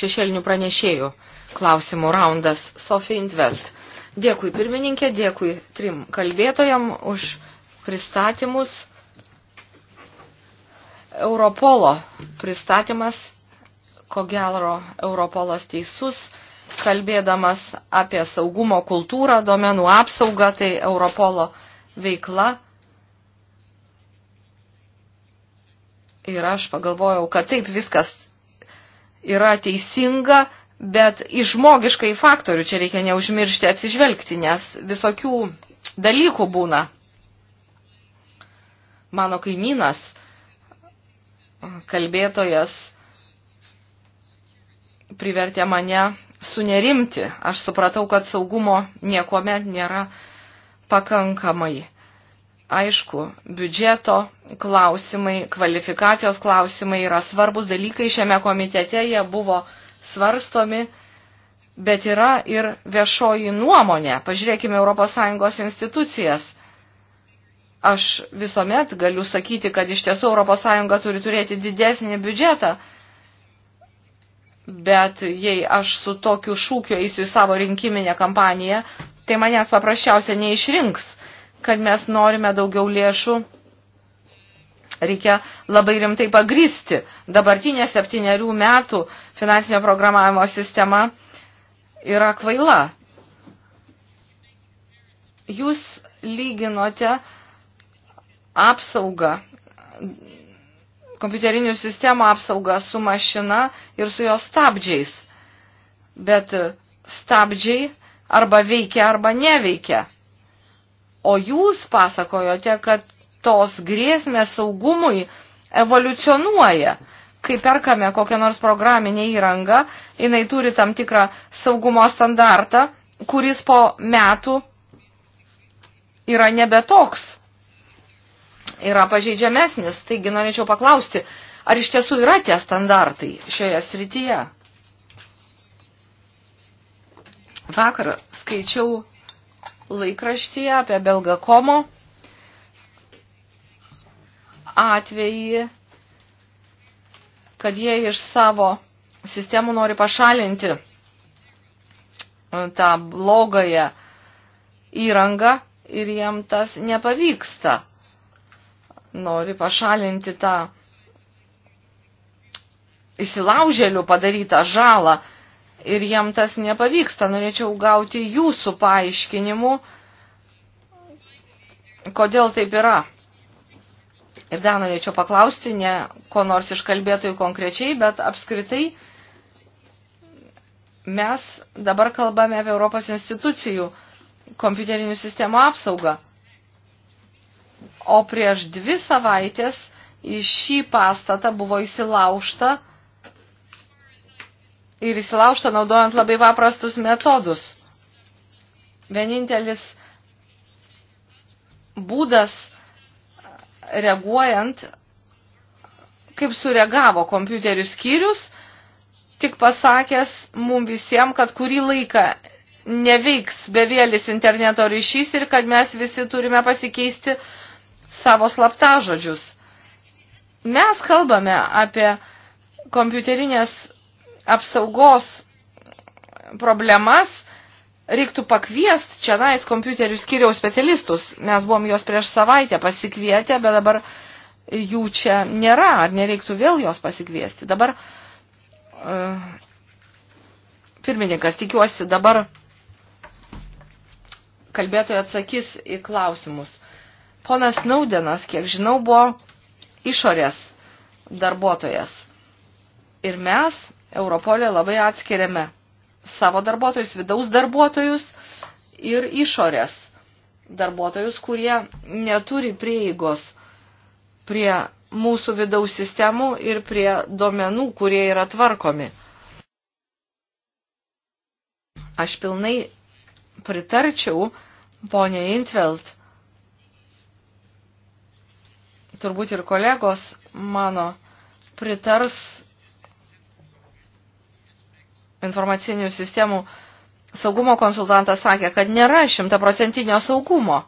šešėlinių pranešėjų klausimų raundas Sofie Intvelt. Dėkui pirmininkė, dėkui trim kalbėtojam už pristatymus. Europolo pristatymas, ko gero Europolas teisus, kalbėdamas apie saugumo kultūrą, domenų apsaugą, tai Europolo veikla. Ir aš pagalvojau, kad taip viskas yra teisinga, bet į žmogiškai faktorių čia reikia neužmiršti atsižvelgti, nes visokių dalykų būna. Mano kaimynas kalbėtojas privertė mane sunerimti. Aš supratau, kad saugumo niekuomet nėra pakankamai. Aišku, biudžeto klausimai, kvalifikacijos klausimai yra svarbus dalykai šiame komitete, jie buvo svarstomi, bet yra ir viešoji nuomonė. Pažiūrėkime ES institucijas. Aš visuomet galiu sakyti, kad iš tiesų ES turi turėti didesnį biudžetą, bet jei aš su tokiu šūkiu eisiu į savo rinkiminę kampaniją, tai manęs paprasčiausia neišrinks, kad mes norime daugiau lėšų. Reikia labai rimtai pagristi dabartinė septyniarių metų finansinio programavimo sistema yra kvaila. Jūs lyginote apsaugą, kompiuterinių sistemų apsaugą su mašina ir su jos stabdžiais. Bet stabdžiai arba veikia, arba neveikia. O jūs pasakojote, kad tos grėsmės saugumui evoliucionuoja. Kai perkame kokią nors programinę įrangą, jinai turi tam tikrą saugumo standartą, kuris po metų yra nebetoks yra pažeidžiamesnis. Taigi norėčiau paklausti, ar iš tiesų yra tie standartai šioje srityje? Vakar skaičiau laikraštyje apie Belgakomo atvejį, kad jie iš savo sistemų nori pašalinti e, tą blogąją įrangą ir jiem tas nepavyksta nori pašalinti tą įsilaužėlių padarytą žalą ir jam tas nepavyksta. Norėčiau gauti jūsų paaiškinimų, kodėl taip yra. Ir dar norėčiau paklausti, ne ko nors iš kalbėtojų konkrečiai, bet apskritai mes dabar kalbame apie Europos institucijų kompiuterinių sistemų apsaugą o prieš dvi savaitės į šį pastatą buvo įsilaužta ir įsilaužta naudojant labai paprastus metodus. Vienintelis būdas reaguojant, kaip sureagavo kompiuterių skyrius, tik pasakęs mum visiems, kad kurį laiką neveiks bevėlis interneto ryšys ir kad mes visi turime pasikeisti uh, savo slaptažodžius. Mes kalbame apie kompiuterinės apsaugos problemas, reiktų pakviesti čia nais kompiuterių skiriaus specialistus. Mes buvom juos prieš savaitę pasikvietę, bet dabar jų čia nėra, ar nereiktų vėl jos pasikviesti. Dabar, uh, pirmininkas, tikiuosi, dabar kalbėtojai atsakys į klausimus. Ponas Naudenas, kiek žinau, buvo išorės darbuotojas. Ir mes Europolė labai atskiriame savo darbuotojus, vidaus darbuotojus ir išorės darbuotojus, kurie neturi prieigos prie mūsų vidaus sistemų ir prie domenų, kurie yra tvarkomi. Aš pilnai pritarčiau, ponė Intveld, turbūt ir kolegos mano pritars informacinių sistemų saugumo konsultantas sakė, kad nėra šimtaprocentinio saugumo.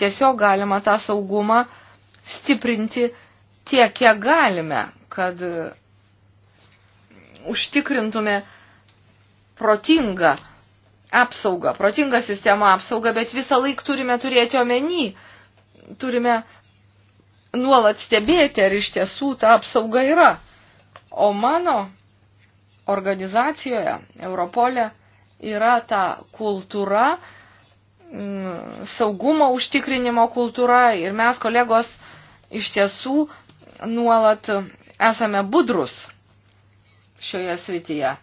Tiesiog galima tą saugumą stiprinti tiek, kiek galime, kad e, užtikrintume protingą apsaugą, protingą sistemą apsaugą, bet visą laiką turime turėti omeny, turime nuolat stebėti, ar iš tiesų ta apsauga yra. O mano organizacijoje, Europolė, yra ta kultūra, mm, saugumo užtikrinimo kultūra ir mes, kolegos, iš tiesų nuolat esame budrus šioje srityje.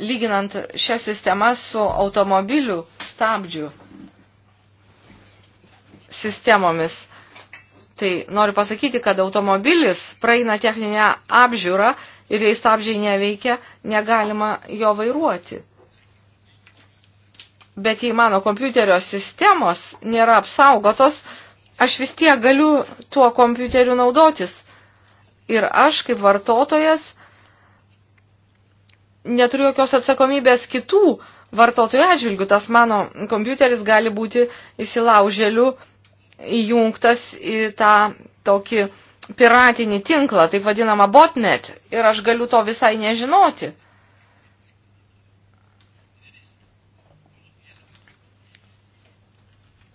Lyginant šią sistemą su automobilių stabdžių sistemomis. Tai noriu pasakyti, kad automobilis praeina techninę apžiūrą ir jei stabdžiai neveikia, negalima jo vairuoti. Bet jei mano kompiuterio sistemos nėra apsaugotos, aš vis tiek galiu tuo kompiuteriu naudotis. Ir aš kaip vartotojas neturiu jokios atsakomybės kitų vartotojų atžvilgių. Tas mano kompiuteris gali būti įsilaužėlių įjungtas į tą tokį piratinį tinklą, taip vadinamą botnet, ir aš galiu to visai nežinoti.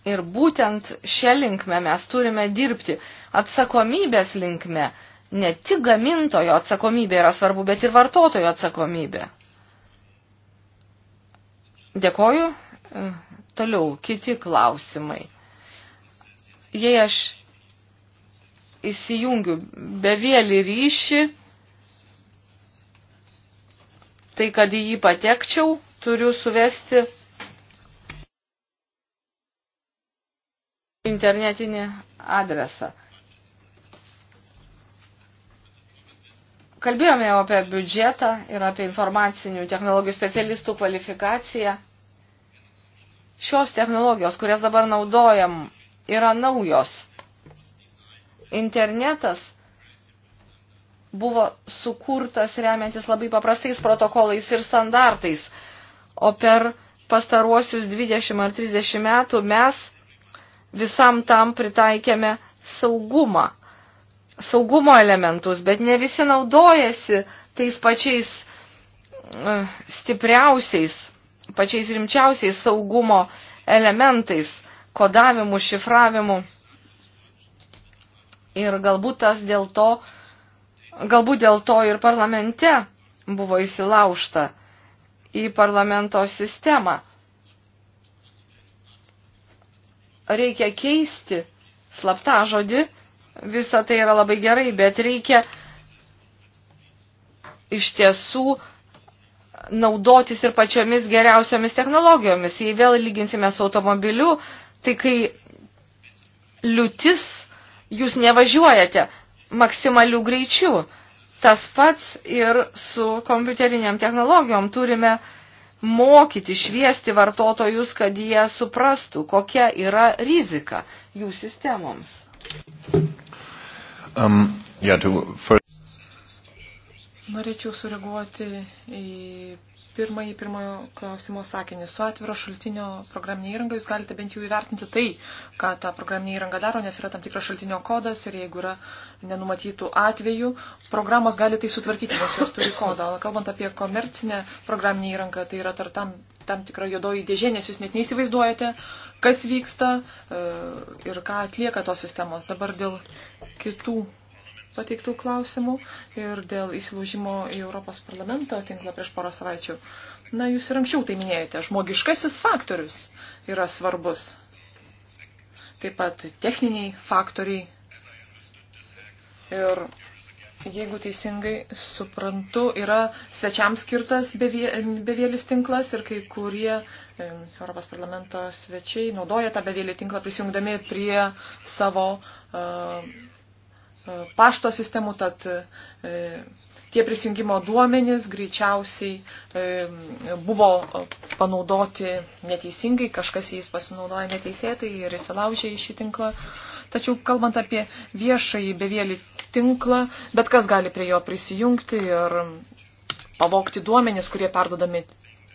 Ir būtent šią linkmę mes turime dirbti atsakomybės linkme. Ne tik gamintojo atsakomybė yra svarbu, bet ir vartotojo atsakomybė. Dėkoju. Toliau kiti klausimai jei aš įsijungiu bevėlį ryšį, tai kad į jį patekčiau, turiu suvesti internetinį adresą. Kalbėjome jau apie biudžetą ir apie informacinių technologijų specialistų kvalifikaciją. Šios technologijos, kurias dabar naudojam yra naujos. Internetas buvo sukurtas remiantis labai paprastais protokolais ir standartais, o per pastaruosius 20 ar 30 metų mes visam tam pritaikėme saugumą, saugumo elementus, bet ne visi naudojasi tais pačiais e, stipriausiais, pačiais rimčiausiais saugumo elementais kodavimu, šifravimu. Ir galbūt tas dėl to, galbūt dėl to ir parlamente buvo įsilaužta į parlamento sistemą. Reikia keisti slaptą žodį, visa tai yra labai gerai, bet reikia iš tiesų naudotis ir pačiomis geriausiomis technologijomis. Jei vėl lyginsime su automobiliu, tai kai liūtis jūs nevažiuojate maksimalių greičių. Tas pats ir su kompiuteriniam technologijom turime mokyti, šviesti vartotojus, kad jie suprastų, kokia yra rizika jų sistemoms. Um, yeah, to... Norėčiau sureaguoti į pirmąjį pirmojo klausimo sakinį. Su atviro šaltinio programinė įranga jūs galite bent jau įvertinti tai, ką ta programinė įranga daro, nes yra tam tikras šaltinio kodas ir jeigu yra nenumatytų atvejų, programos gali tai sutvarkyti, nes jos turi kodą. O kalbant apie komercinę programinę įrangą, tai yra tar tam, tam tikra jodoji dėžė, nes jūs net neįsivaizduojate, kas vyksta e, ir ką atlieka tos sistemos. Dabar dėl kitų pateiktų klausimų ir dėl įsilaužimo į Europos parlamento tinklą prieš porą savaičių. Na, jūs ir anksčiau tai minėjote, žmogiškasis faktorius yra svarbus. Taip pat techniniai faktoriai. Ir jeigu teisingai suprantu, yra svečiams skirtas bevėlis tinklas ir kai kurie e, Europos parlamento svečiai naudoja tą bevėlį tinklą prisijungdami prie savo uh, E, pašto sistemų, tad e, tie prisijungimo duomenys greičiausiai e, buvo panaudoti neteisingai, kažkas jais pasinaudoja neteisėtai ir įsilaužė į šį tinklą. Tačiau kalbant apie viešąjį bevėlį tinklą, bet kas gali prie jo prisijungti ir pavokti duomenys, kurie perdodami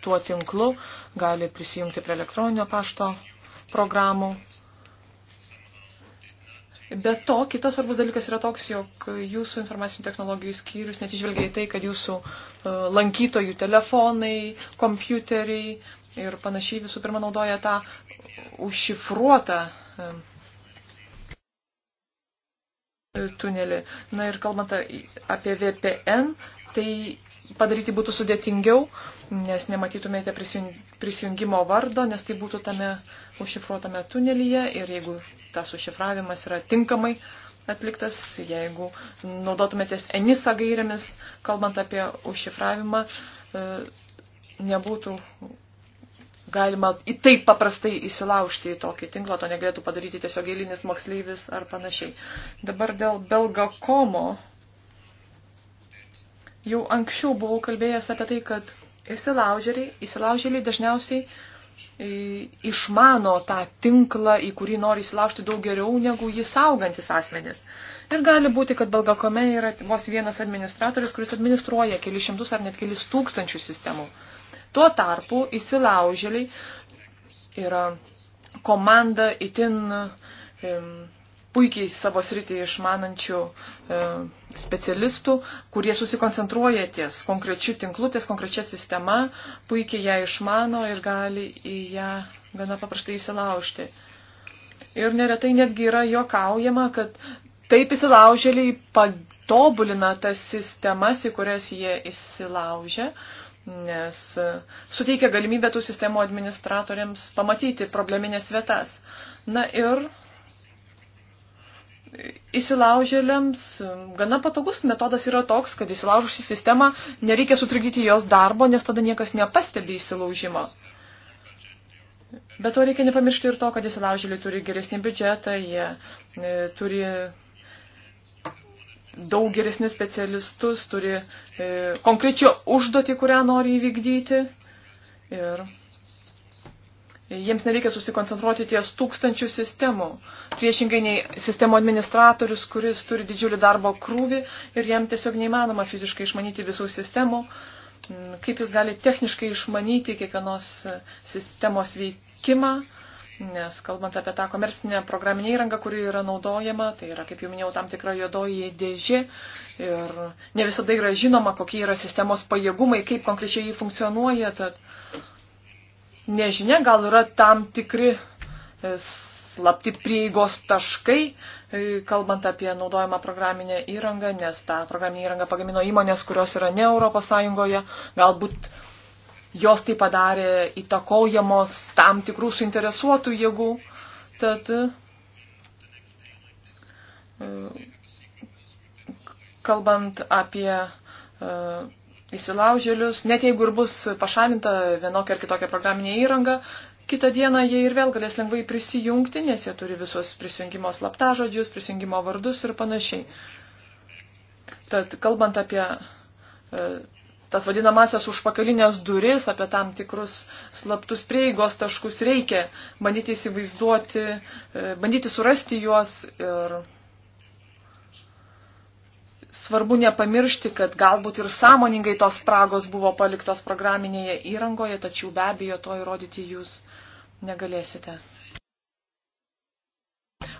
tuo tinklu, gali prisijungti prie elektroninio pašto programų. Be to, kitas svarbus dalykas yra toks, jog jūsų informacinių technologijų skyrius netižvelgia į tai, kad jūsų e, lankytojų telefonai, kompiuteriai ir panašiai visų pirma naudoja tą užšifruotą e, tunelį. Na ir kalbant apie VPN, tai padaryti būtų sudėtingiau, nes nematytumėte prisijungimo vardo, nes tai būtų tame užšifruotame tunelyje ir jeigu tas užšifravimas yra tinkamai atliktas, jeigu naudotumėtės ENISA gairėmis, kalbant apie užšifravimą, e, nebūtų galima taip paprastai įsilaužti į tokį tinklą, to negalėtų padaryti tiesiog eilinis moksleivis ar panašiai. Dabar dėl Belgakomo Jau anksčiau buvau kalbėjęs apie tai, kad įsilaužėliai, įsilaužėliai dažniausiai e, išmano tą tinklą, į kurį nori įsilaužti daug geriau negu jį saugantis asmenis. Ir gali būti, kad Belgakome yra vos vienas administratorius, kuris administruoja kelius šimtus ar net kelius tūkstančių sistemų. Tuo tarpu įsilaužėliai yra komanda itin puikiai savo sritį išmanančių e, specialistų, kurie susikoncentruoja ties konkrečių tinklų, ties konkrečia sistema, puikiai ją išmano ir gali į ją gana paprastai įsilaužti. Ir neretai netgi yra jokaujama, kad taip įsilaužėliai patobulina tas sistemas, į kurias jie įsilaužia, nes suteikia galimybę tų sistemų administratoriams pamatyti probleminės vietas. Na ir įsilaužėliams gana patogus metodas yra toks, kad įsilaužus į sistemą nereikia sutrikdyti jos darbo, nes tada niekas nepastebi įsilaužimo. Bet to reikia nepamiršti ir to, kad įsilaužėliai turi geresnį biudžetą, jie e, turi daug geresnius specialistus, turi e, konkrečią užduotį, kurią nori įvykdyti. Ir Jiems nereikia susikoncentruoti ties tūkstančių sistemų. Priešingai nei sistemų administratorius, kuris turi didžiulį darbo krūvį ir jam tiesiog neįmanoma fiziškai išmanyti visų sistemų, mm, kaip jis gali techniškai išmanyti kiekvienos e, sistemos veikimą. Nes kalbant apie tą komercinę programinę įrangą, kuri yra naudojama, tai yra, kaip jau minėjau, tam tikra juodoji dėžė ir ne visada yra žinoma, kokie yra sistemos pajėgumai, kaip konkrečiai jį funkcionuoja, tad nežinia, gal yra tam tikri e, slapti prieigos taškai, e, kalbant apie naudojamą programinę įrangą, nes tą programinę įrangą pagamino įmonės, kurios yra ne Europos Sąjungoje, galbūt jos tai padarė įtakojamos tam tikrų suinteresuotų jėgų. Tad e, kalbant apie įsilaužėlius, net jeigu ir bus pašalinta vienokia ar kitokia programinė įranga, kitą dieną jie ir vėl galės lengvai prisijungti, nes jie turi visus prisijungimo slaptažodžius, prisijungimo vardus ir panašiai. Tad kalbant apie e, tas vadinamasias užpakalinės duris, apie tam tikrus slaptus prieigos taškus, reikia bandyti įsivaizduoti, e, bandyti surasti juos ir svarbu nepamiršti, kad galbūt ir sąmoningai tos spragos buvo paliktos programinėje įrangoje, tačiau be abejo to įrodyti jūs negalėsite.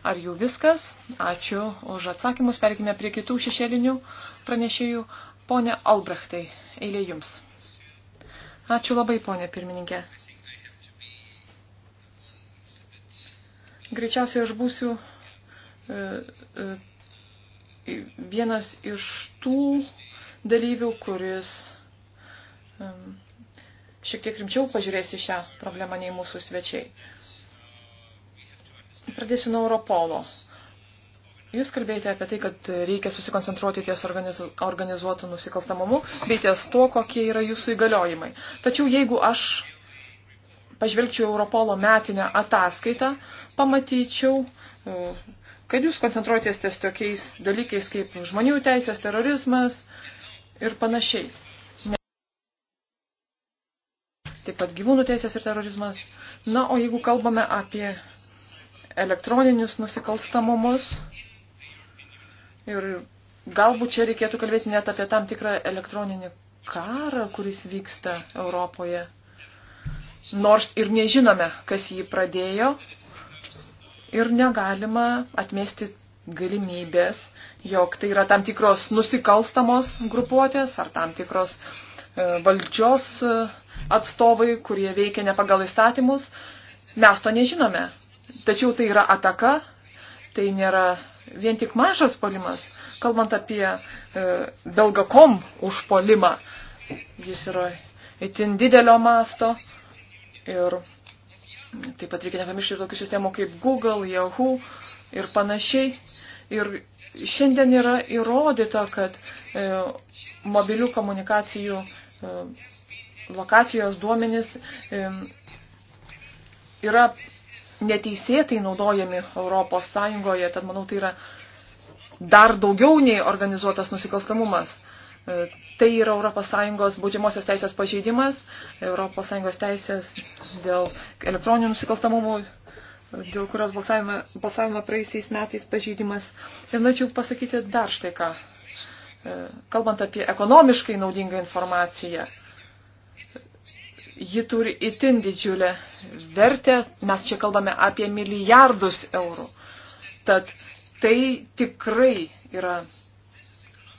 Ar jau viskas? Ačiū už atsakymus. Perkime prie kitų šešėlinių pranešėjų. Pone Albrechtai, eilė jums. Ačiū labai, ponė pirmininkė. Greičiausiai aš būsiu e, e, vienas iš tų dalyvių, kuris šiek tiek rimčiau pažiūrės į šią problemą nei mūsų svečiai. Pradėsiu nuo Europolo. Jūs kalbėjote apie tai, kad reikia susikoncentruoti ties organizuotų nusikalstamumu, bei ties tuo, kokie yra jūsų įgaliojimai. Tačiau jeigu aš pažvelgčiau Europolo metinę ataskaitą, pamatyčiau e, kad jūs koncentruotės ties tokiais dalykais kaip žmonių teisės, terorizmas ir panašiai. Taip pat gyvūnų teisės ir terorizmas. Na, o jeigu kalbame apie elektroninius nusikalstamumus ir galbūt čia reikėtų kalbėti net apie tam tikrą elektroninį karą, kuris vyksta Europoje. Nors ir nežinome, kas jį pradėjo, ir negalima atmesti galimybės, jog tai yra tam tikros nusikalstamos grupuotės ar tam tikros e, valdžios e, atstovai, kurie veikia ne pagal įstatymus. Mes to nežinome. Tačiau tai yra ataka, tai nėra vien tik mažas polimas. Kalbant apie e, Belgakom užpolimą, jis yra itin didelio masto ir Taip pat reikia nepamiršti tokių sistemų kaip Google, Yahoo ir panašiai. Ir šiandien yra įrodyta, kad e, mobilių komunikacijų e, lokacijos duomenys e, yra neteisėtai naudojami Europos Sąjungoje, tad manau tai yra dar daugiau nei organizuotas nusikalstamumas. Tai yra ES baudžiamosios teisės pažeidimas, ES teisės dėl elektroninių nusikalstamumų, dėl kurios balsavimą, balsavimą praeisiais metais pažeidimas. Ir norėčiau pasakyti dar štai ką. E, kalbant apie ekonomiškai naudingą informaciją, ji turi itin didžiulę vertę. Mes čia kalbame apie milijardus eurų. Tad tai tikrai yra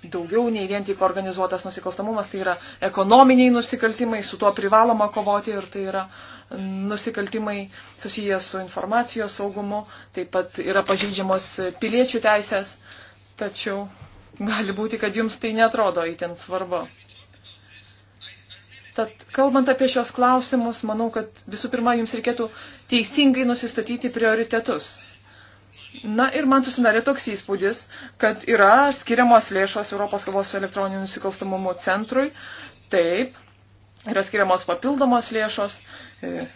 daugiau nei vien tik organizuotas nusikalstamumas, tai yra ekonominiai nusikaltimai, su tuo privaloma kovoti ir tai yra nusikaltimai susiję su informacijos saugumu, taip pat yra pažeidžiamos piliečių teisės, tačiau gali būti, kad jums tai netrodo įtin svarbu. Tad kalbant apie šios klausimus, manau, kad visų pirma, jums reikėtų teisingai nusistatyti prioritetus. Na ir man susidarė toks įspūdis, kad yra skiriamos lėšos Europos kovos su elektroniniu nusikalstamumu centrui. Taip, yra skiriamos papildomos lėšos. E,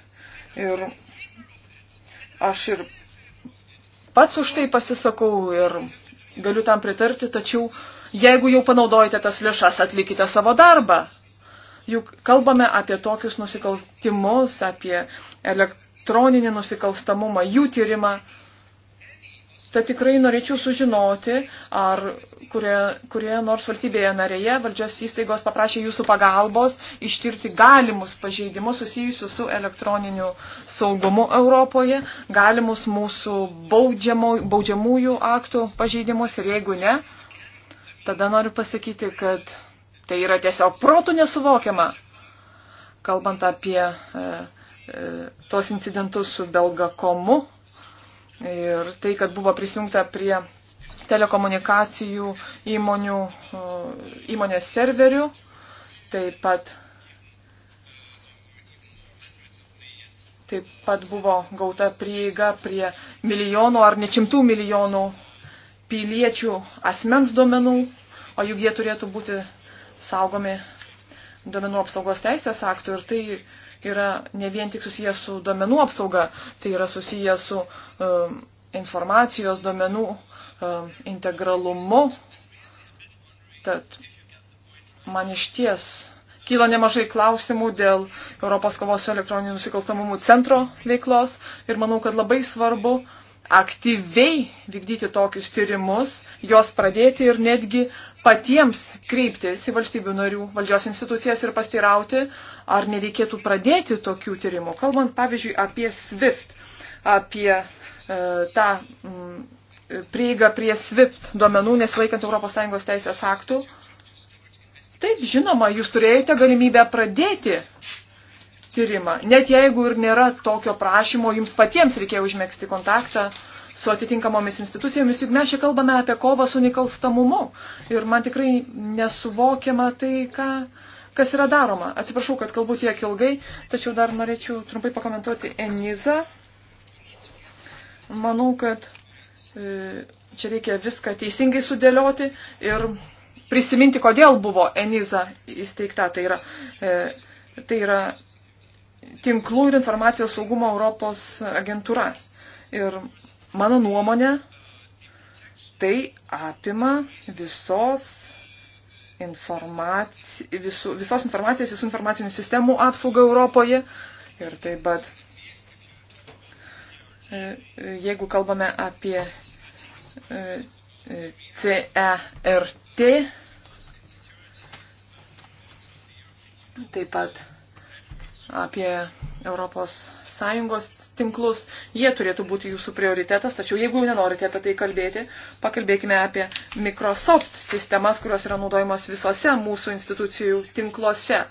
ir aš ir pats už tai pasisakau ir galiu tam pritarti, tačiau jeigu jau panaudojate tas lėšas, atlikite savo darbą. Juk kalbame apie tokius nusikaltimus, apie elektroninį nusikalstamumą, jų tyrimą. Tad tikrai norėčiau sužinoti, ar kurioje, kurioje nors valstybėje narėje valdžios įstaigos paprašė jūsų pagalbos ištirti galimus pažeidimus susijusius su elektroniniu saugumu Europoje, galimus mūsų baudžiamo, baudžiamųjų aktų pažeidimus ir jeigu ne, tada noriu pasakyti, kad tai yra tiesiog protų nesuvokiama, kalbant apie e, e, tuos incidentus su Belgakomu ir tai, kad buvo prisijungta prie telekomunikacijų įmonių, įmonės serverių, taip pat, taip pat buvo gauta prieiga prie milijonų ar nečimtų milijonų piliečių asmens duomenų, o juk jie turėtų būti saugomi duomenų apsaugos teisės aktų ir tai yra ne vien tik susijęs su duomenų apsauga, tai yra susijęs su um, informacijos duomenų um, integralumu. Tad man iš ties kyla nemažai klausimų dėl Europos kovos su elektroniniu nusikalstamumu centro veiklos ir manau, kad labai svarbu uh, aktyviai vykdyti tokius tyrimus, juos pradėti ir netgi patiems kreiptis į valstybių narių valdžios institucijas ir pastirauti, ar nereikėtų pradėti tokių tyrimų. Kalbant, pavyzdžiui, apie SWIFT, apie e, tą m, mm, prieigą prie SWIFT duomenų nesilaikant ES teisės aktų. Taip, žinoma, jūs turėjote galimybę pradėti tyrimą. Net jeigu ir nėra tokio prašymo, jums patiems reikėjo užmėgsti kontaktą su atitinkamomis institucijomis, juk mes čia kalbame apie kovą su nikalstamumu. Ir man tikrai nesuvokiama tai, ką, kas yra daroma. Atsiprašau, kad kalbu tiek ilgai, tačiau dar norėčiau trumpai pakomentuoti Enizą. Manau, kad e, čia reikia viską teisingai sudėlioti ir prisiminti, kodėl buvo Eniza įsteigta. Tai yra, e, tai yra tinklų ir informacijos saugumo Europos agentūra. Ir mano nuomonė, tai apima visos informaci... visų, visos informacijos, visų informacinių sistemų apsaugą Europoje. Ir taip pat, e, jeigu kalbame apie e, e, CERT, taip pat apie ES tinklus. Jie turėtų būti jūsų prioritetas, tačiau jeigu nenorite apie tai kalbėti, pakalbėkime apie Microsoft sistemas, kurios yra naudojamos visose mūsų institucijų tinkluose.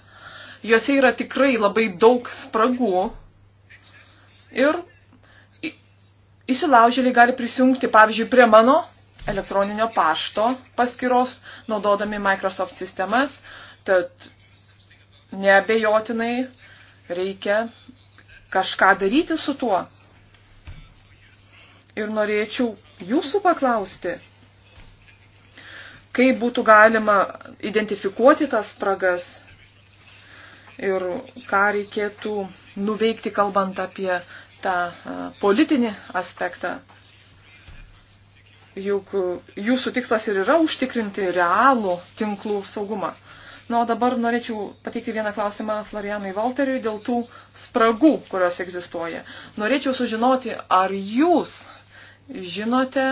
Juose yra tikrai labai daug spragų ir įsilaužėliai gali prisijungti, pavyzdžiui, prie mano elektroninio pašto paskyros, naudodami Microsoft sistemas, tad neabejotinai Reikia kažką daryti su tuo. Ir norėčiau jūsų paklausti, kaip būtų galima identifikuoti tas spragas ir ką reikėtų nuveikti, kalbant apie tą politinį aspektą. Juk jūsų tikslas ir yra užtikrinti realų tinklų saugumą. Na, o dabar norėčiau pateikti vieną klausimą Florianui Valteriui dėl tų spragų, kurios egzistuoja. Norėčiau sužinoti, ar jūs žinote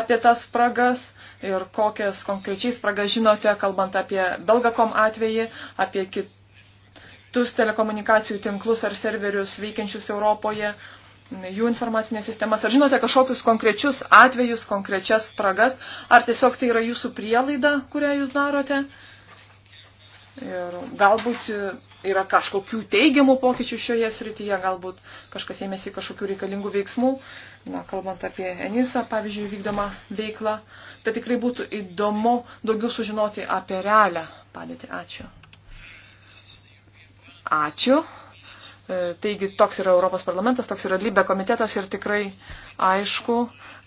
apie tas spragas ir kokias konkrečiai spragas žinote, kalbant apie Belgakom atvejį, apie kitus telekomunikacijų tinklus ar serverius veikiančius Europoje, jų informacinės sistemas. Ar žinote kažkokius konkrečius atvejus, konkrečias spragas, ar tiesiog tai yra jūsų prielaida, kurią jūs darote? Ir galbūt yra kažkokių teigiamų pokyčių šioje srityje, galbūt kažkas ėmėsi kažkokių reikalingų veiksmų, na, kalbant apie Enisą, pavyzdžiui, vykdomą veiklą. Tai tikrai būtų įdomu daugiau sužinoti apie realią padėtį. Ačiū. Ačiū. E, taigi toks yra Europos parlamentas, toks yra Libė komitetas ir tikrai aišku,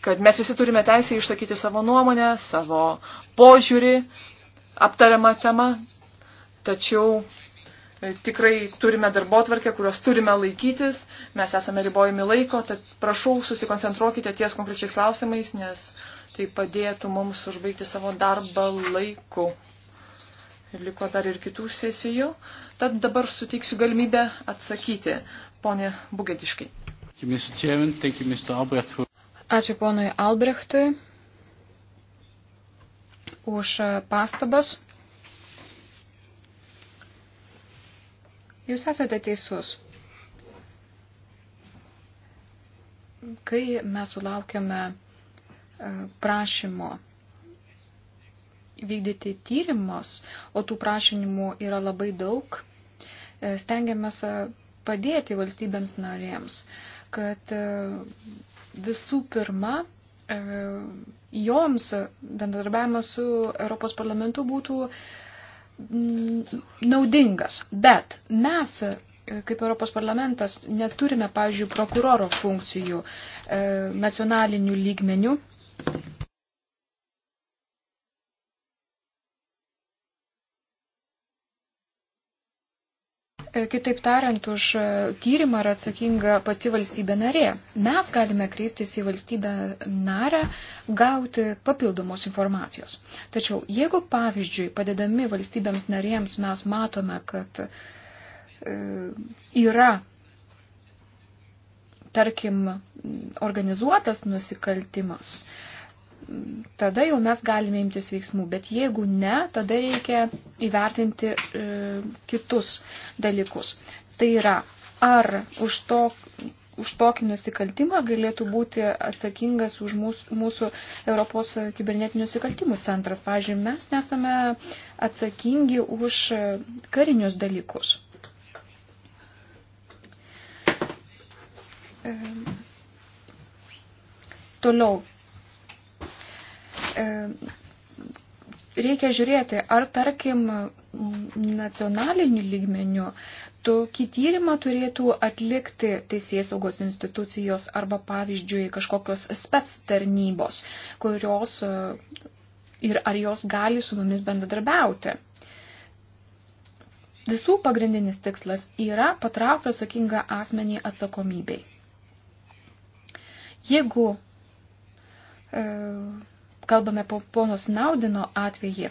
kad mes visi turime teisę išsakyti savo nuomonę, savo požiūrį aptariamą temą. Tačiau e, tikrai turime darbo tvarkę, kurios turime laikytis, mes esame ribojami laiko, tad prašau susikoncentruokite ties konkrečiais klausimais, nes tai padėtų mums užbaigti savo darbą laiku. Ir liko dar ir kitų sesijų. Tad dabar suteiksiu galimybę atsakyti, ponė Bugetiškai. Ačiū ponui Albrechtui už pastabas. Jūs esate teisus. Kai mes sulaukiame e, prašymo vykdyti tyrimus, o tų prašymų yra labai daug, e, stengiamės e, padėti valstybėms narėms, kad visų pirma, joms bendradarbiavimas su Europos parlamentu būtų Mm, naudingas. Bet mes, e, kaip Europos parlamentas, neturime, pavyzdžiui, prokuroro funkcijų e, nacionalinių lygmenių E, kitaip tariant, už e, tyrimą yra atsakinga pati valstybė narė. Mes galime kreiptis į valstybę narę, gauti papildomos informacijos. Tačiau jeigu, pavyzdžiui, padedami valstybėms narėms mes matome, kad e, yra, tarkim, organizuotas nusikaltimas, e, tada jau mes galime imtis veiksmų, bet jeigu ne, tada reikia įvertinti e, kitus dalykus. Tai yra, ar už, to, už tokį nusikaltimą galėtų būti atsakingas už mūsų, mūsų Europos kibernetinių nusikaltimų centras. Pavyzdžiui, mes nesame atsakingi už karinius dalykus. E, toliau E, reikia žiūrėti, ar tarkim nacionaliniu lygmeniu tokį tyrimą turėtų atlikti teisės saugos institucijos arba pavyzdžiui kažkokios spets tarnybos, kurios e, ir ar jos gali su mumis bendradarbiauti. Visų pagrindinis tikslas yra patraukti atsakingą asmenį atsakomybei. Jeigu e, kalbame po ponos Naudino atvejį,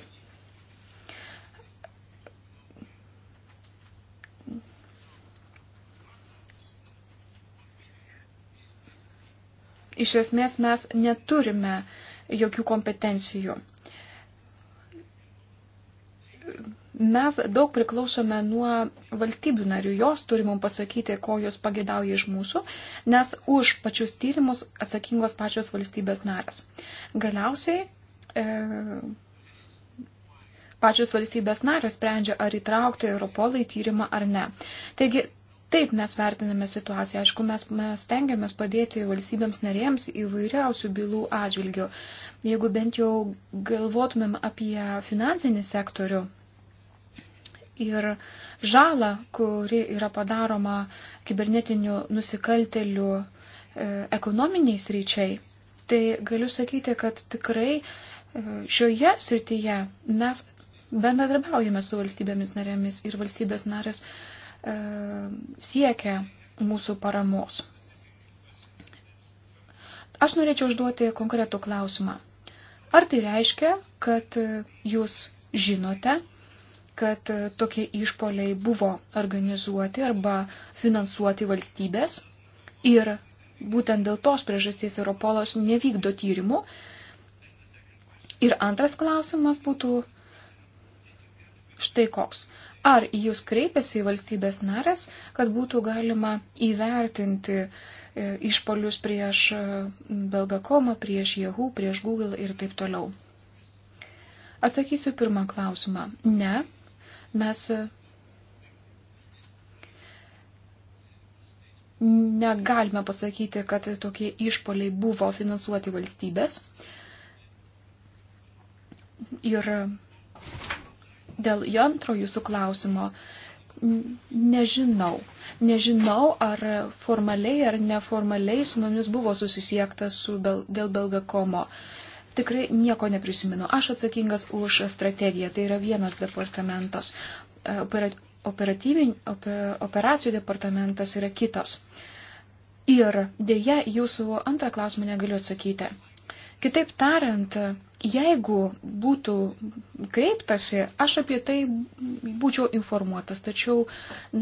iš esmės mes neturime jokių kompetencijų. Mes daug priklausome nuo valstybių narių, jos turi mums pasakyti, ko jos pagėdauja iš mūsų, nes už pačius tyrimus atsakingos pačios valstybės naras. Galiausiai e, pačios valstybės naras sprendžia, ar įtraukti Europolą į tyrimą ar ne. Taigi, Taip mes vertiname situaciją, aišku, mes, mes tengiamės padėti valstybėms narėms įvairiausių bylų atžvilgių. Jeigu bent jau galvotumėm apie finansinį sektorių, ir žalą, kuri yra padaroma kibernetinių nusikaltelių e, ekonominiai sryčiai, tai galiu sakyti, kad tikrai e, šioje srityje mes bendradarbiaujame su valstybėmis narėmis ir valstybės narės e, siekia mūsų paramos. Aš norėčiau užduoti konkretų klausimą. Ar tai reiškia, kad jūs žinote, kad e, tokie išpoliai buvo organizuoti arba finansuoti valstybės ir būtent dėl tos priežasties Europolas nevykdo tyrimų. Ir antras klausimas būtų štai koks. Ar jūs kreipiasi į valstybės narės, kad būtų galima įvertinti e, išpolius prieš e, Belgakomą, prieš Yahoo, prieš Google ir taip toliau? Atsakysiu pirmą klausimą. Ne, Mes e, negalime pasakyti, kad tokie išpoliai buvo finansuoti valstybės. Ir dėl antro jūsų klausimo nežinau. Nežinau, ar formaliai ar neformaliai su mumis buvo susisiekta su bel, dėl Belgakomo. Uh, tikrai nieko neprisimenu. Aš atsakingas už strategiją, tai yra vienas departamentas. E, operacijų departamentas yra kitas. Ir dėja, jūsų antrą klausimą negaliu atsakyti. Kitaip tariant, jeigu būtų kreiptasi, aš apie tai būčiau informuotas, tačiau,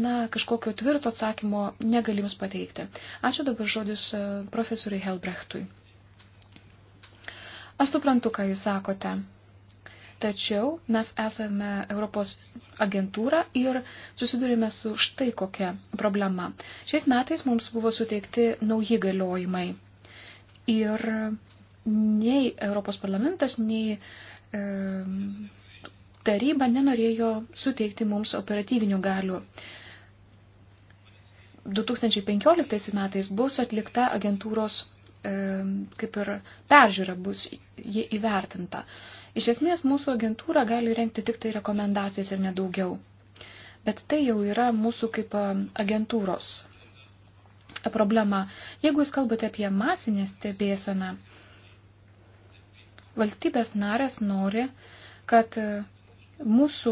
na, kažkokio tvirto atsakymo negaliu jums pateikti. Ačiū dabar žodis e, profesoriui Helbrechtui. Aš suprantu, ką jūs sakote. Tačiau mes esame Europos agentūra ir susidurime su štai kokia problema. Šiais metais mums buvo suteikti nauji galiojimai. Ir nei Europos parlamentas, nei e, taryba nenorėjo suteikti mums operatyvinių galių. 2015 metais bus atlikta agentūros E, kaip ir peržiūra bus jie įvertinta. Iš esmės mūsų agentūra gali renkti tik tai rekomendacijas ir nedaugiau. Bet tai jau yra mūsų kaip e, agentūros problema. Jeigu jūs kalbate apie masinę stebėseną, valstybės narės nori, kad e, mūsų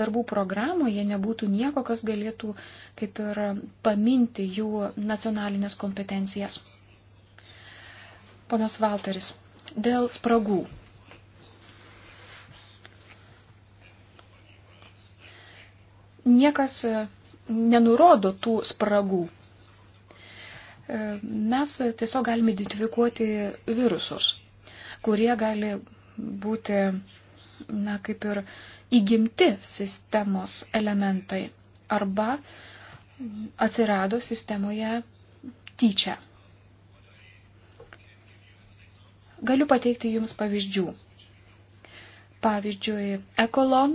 darbų programoje nebūtų nieko, kas galėtų kaip ir paminti jų nacionalinės kompetencijas. Ponas Valteris, dėl spragų. Niekas e, nenurodo tų spragų. E, mes tiesiog galime identifikuoti virusus, kurie gali būti, na, kaip ir įgimti sistemos elementai arba atsirado sistemoje tyčia. Galiu pateikti Jums pavyzdžių. Pavyzdžiui, Ekolon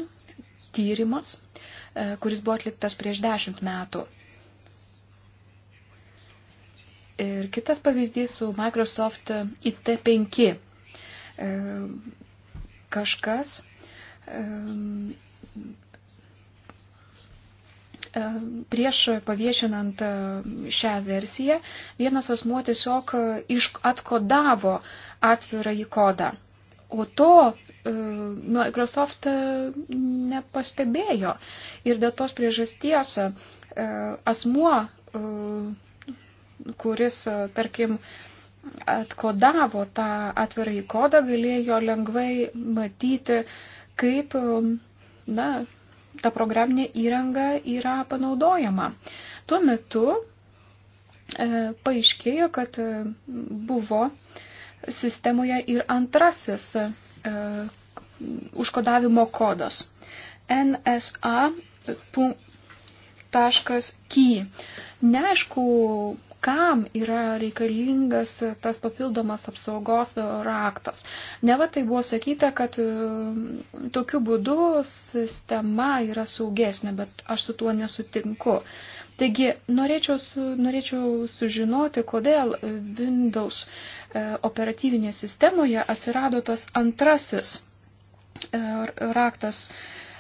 tyrimas, e, kuris buvo atliktas prieš dešimt metų. Ir kitas pavyzdys su Microsoft IT5. E, kažkas e, prieš paviešinant šią versiją, vienas asmuo tiesiog atkodavo atvirą į kodą. O to e, Microsoft nepastebėjo. Ir dėl tos priežasties e, asmuo, e, kuris, tarkim, atkodavo tą atvirąjį kodą, galėjo lengvai matyti, kaip na, ta programinė įranga yra panaudojama. Tuo metu e, paaiškėjo, kad e, buvo e, sistemoje ir antrasis e, užkodavimo kodas nsa.key. Neaišku, kam yra reikalingas tas papildomas apsaugos raktas. Ne va tai buvo sakyta, kad e, tokiu būdu sistema yra saugesnė, bet aš su tuo nesutinku. Taigi, norėčiau, su, norėčiau sužinoti, kodėl Windows e, operatyvinėje sistemoje atsirado tas antrasis e, raktas,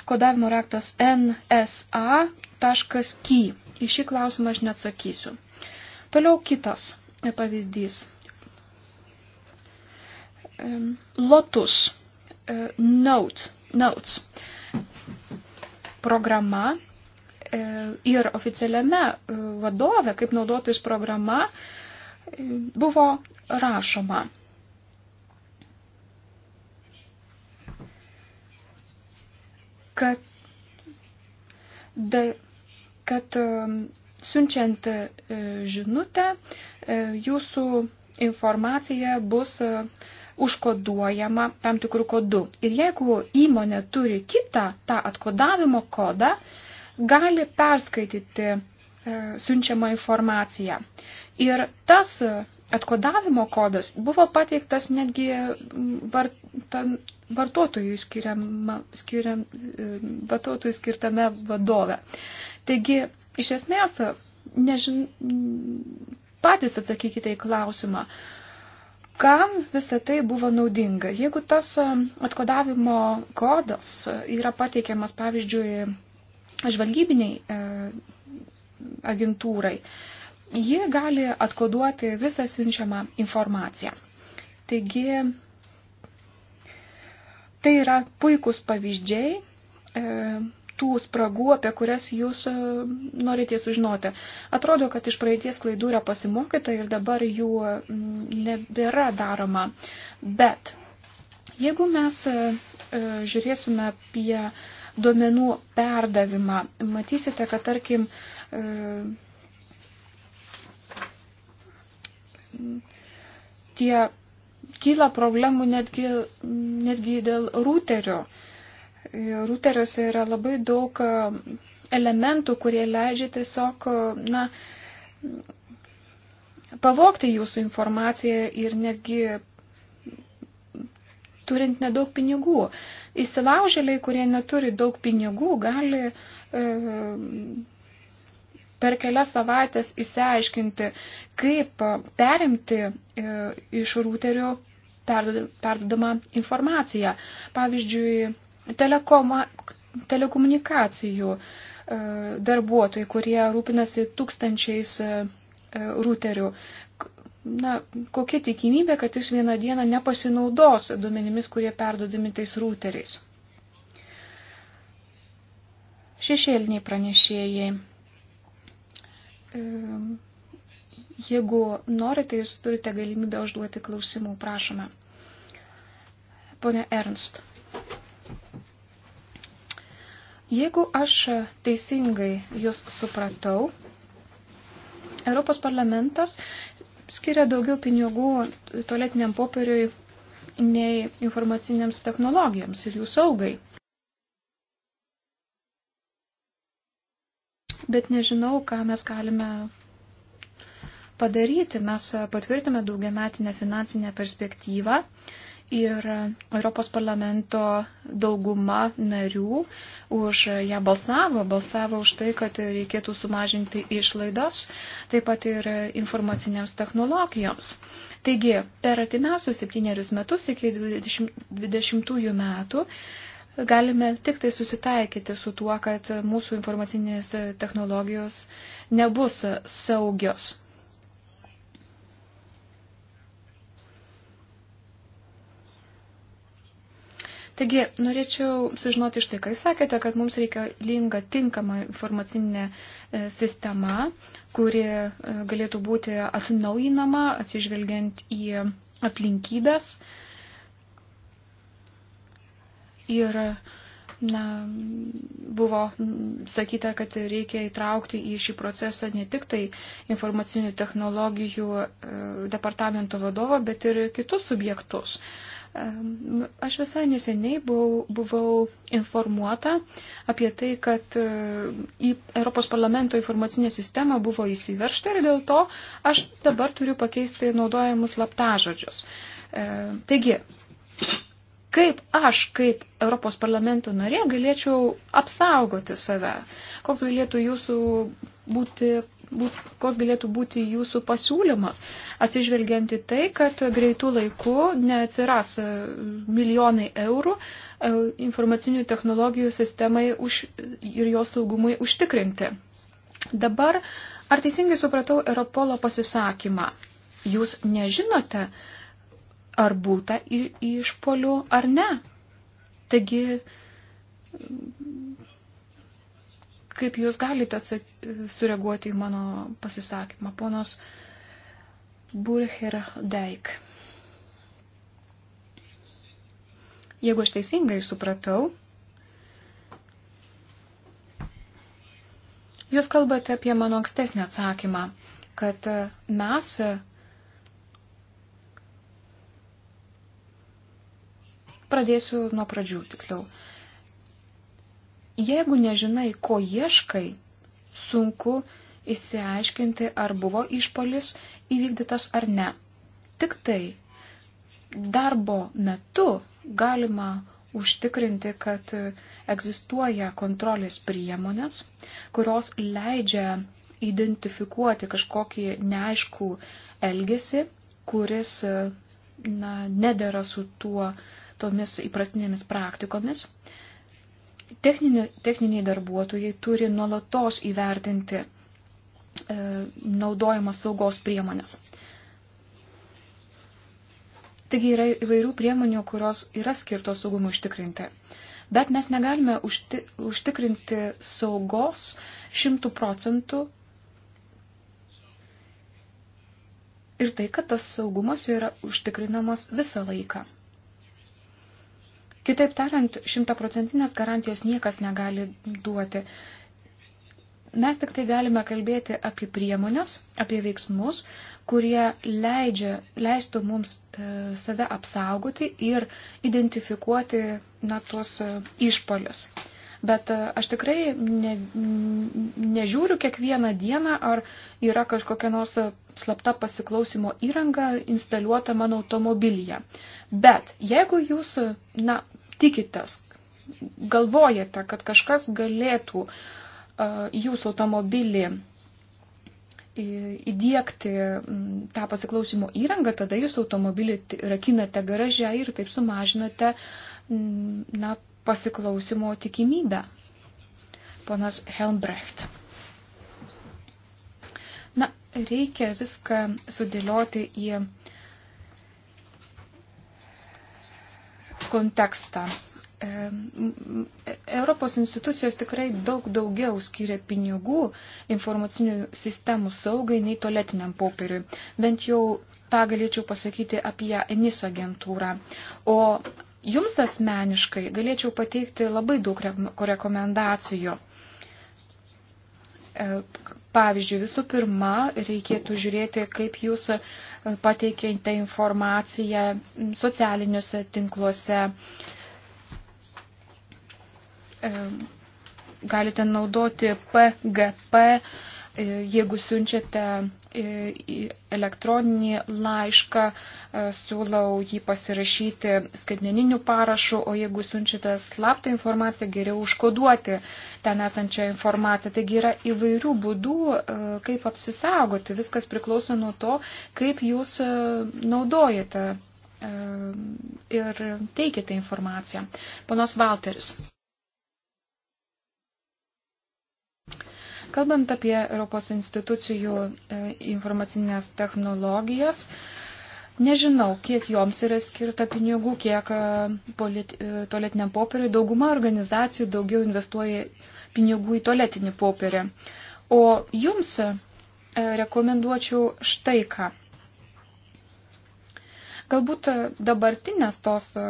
kodavimo raktas nsa.key. Į šį klausimą aš neatsakysiu. Toliau kitas e, pavyzdys. Lotus Note, Notes programa E, ir oficialiame e, vadove, kaip naudotis programa, e, buvo rašoma. Kad, da, kad um, siunčiant žinutę, jūsų informacija bus užkoduojama tam tikrų kodų. Ir jeigu įmonė turi kitą tą atkodavimo kodą, gali perskaityti e, siunčiamą informaciją. Ir tas e, atkodavimo kodas buvo pateiktas netgi vartotojui, skiriam, e, vartotojui skirtame vadove. Taigi, iš esmės, nežin, patys atsakykite į klausimą, kam visa tai buvo naudinga. Jeigu tas e, atkodavimo kodas yra pateikiamas, pavyzdžiui, žvalgybiniai e, agentūrai. Jie gali atkoduoti visą siunčiamą informaciją. Taigi, tai yra puikus pavyzdžiai e, tų spragų, apie kurias jūs e, norite sužinoti. Atrodo, kad iš praeities klaidų yra pasimokyta ir dabar jų nebėra daroma. Bet jeigu mes žiūrėsime apie duomenų perdavimą. Matysite, kad tarkim e, tie kyla problemų netgi, netgi dėl routerio. Routeriuose yra labai daug e, elementų, kurie leidžia tiesiog, e, na, pavokti jūsų informaciją ir netgi turint nedaug pinigų. Uh, Įsilaužėliai, kurie neturi daug pinigų, gali e, per kelias savaitės įsiaiškinti, kaip perimti e, iš rūterių perdodamą informaciją. Pavyzdžiui, telekoma, telekomunikacijų e, darbuotojai, kurie rūpinasi tūkstančiais rūterių, na, kokia tikimybė, kad jis vieną dieną nepasinaudos duomenimis, kurie perdodami tais rūteriais. Šešėliniai pranešėjai. Jeigu norite, jūs turite galimybę užduoti klausimų, prašome. Pone Ernst. Jeigu aš teisingai jūs supratau, Europos parlamentas skiria daugiau pinigų toletiniam popieriui nei informacinėms technologijoms ir jų saugai. Bet nežinau, ką mes galime padaryti. Mes patvirtime daugiametinę finansinę perspektyvą ir Europos parlamento dauguma narių už ją balsavo, balsavo už tai, kad reikėtų sumažinti išlaidas, taip pat ir informacinėms technologijoms. Taigi, per atimiausius septynerius metus iki 2020 metų galime tik tai susitaikyti su tuo, kad mūsų informacinės technologijos nebus saugios. Taigi, norėčiau sužinoti iš tai, ką jūs sakėte, kad mums reikalinga tinkama informacinė e, sistema, kuri e, galėtų būti atnaujinama atsižvelgiant į aplinkybės. Ir na, buvo sakyta, kad reikia įtraukti į šį procesą ne tik tai informacinių technologijų e, departamento vadovą, bet ir kitus subjektus. E, Aš visai neseniai buvau, buvau informuota apie tai, kad e, į Europos parlamento informacinę sistemą buvo įsiveršta ir dėl to aš dabar turiu pakeisti naudojamus laptažodžius. Taigi, kaip aš, kaip Europos parlamento narė, galėčiau apsaugoti save, koks galėtų jūsų būti, būt, koks galėtų būti jūsų pasiūlymas, atsižvelgianti tai, kad greitų laikų neatsiras e, milijonai eurų e, informacinių technologijų sistemai už, ir jos saugumui užtikrinti. Dabar, ar teisingai supratau Europolo pasisakymą? Jūs nežinote, ar būta išpolių ar ne. Taigi, kaip jūs galite sureaguoti į mano pasisakymą, ponos Burher Deik. Jeigu aš teisingai supratau, jūs kalbate apie mano ankstesnį atsakymą, kad mes Pradėsiu nuo pradžių, tiksliau. Jeigu nežinai, ko ieškai, sunku įsiaiškinti, ar buvo išpolis įvykdytas ar ne. Tik tai darbo metu galima užtikrinti, kad egzistuoja kontrolės priemonės, kurios leidžia identifikuoti kažkokį neaiškų elgesį, kuris na, nedėra su tuo, tomis įprastinėmis praktikomis. Technini, techniniai darbuotojai turi nuolatos įvertinti e, naudojamas saugos priemonės. Taigi yra įvairių priemonių, kurios yra skirtos saugumui užtikrinti. Bet mes negalime užti, užtikrinti saugos šimtų procentų ir tai, kad tas saugumas yra užtikrinamas visą laiką. Kitaip tariant, šimtaprocentinės garantijos niekas negali duoti. Mes tik tai galime kalbėti apie priemonės, apie veiksmus, kurie leidžia, leistų mums e, save apsaugoti ir identifikuoti na, tuos e, išpolius. E, Bet e, aš tikrai ne, nežiūriu kiekvieną dieną, ar yra kažkokia nors e, slapta pasiklausimo įranga instaliuota mano automobilyje. Bet jeigu jūs, e, na, tikitės, galvojate, kad kažkas galėtų uh, jūsų automobilį įdėkti tą pasiklausimo įrangą, tada jūs automobilį rakinate garaže ir taip sumažinate na, pasiklausimo tikimybę. Ponas Helmbrecht. Na, reikia viską sudėlioti į kontekstą. E, Europos institucijos tikrai daug daugiau skiria pinigų informacinių sistemų saugai nei toletiniam popieriui. Bent jau tą galėčiau pasakyti apie ENIS agentūrą. O Jums asmeniškai galėčiau pateikti labai daug rekomendacijų. E, pavyzdžiui, visų pirma, reikėtų žiūrėti, kaip jūs e, pateikėte informaciją socialiniuose tinkluose. E, galite naudoti PGP E, jeigu siunčiate e, elektroninį laišką, e, siūlau jį pasirašyti skaitmeniniu parašu, o jeigu siunčiate slaptą informaciją, geriau užkoduoti ten esančią informaciją. Taigi yra įvairių būdų, kaip apsisaugoti. Viskas priklauso nuo to, kaip jūs naudojate ir teikite informaciją. Ponos Valteris. Kalbant apie Europos institucijų e, informacinės technologijas, nežinau, kiek joms yra skirta pinigų, kiek e, polit, e, toletiniam popieriui. Dauguma organizacijų daugiau investuoja pinigų į toletinį popierį. O jums rekomenduočiau štai ką. Galbūt e, dabartinės tos e,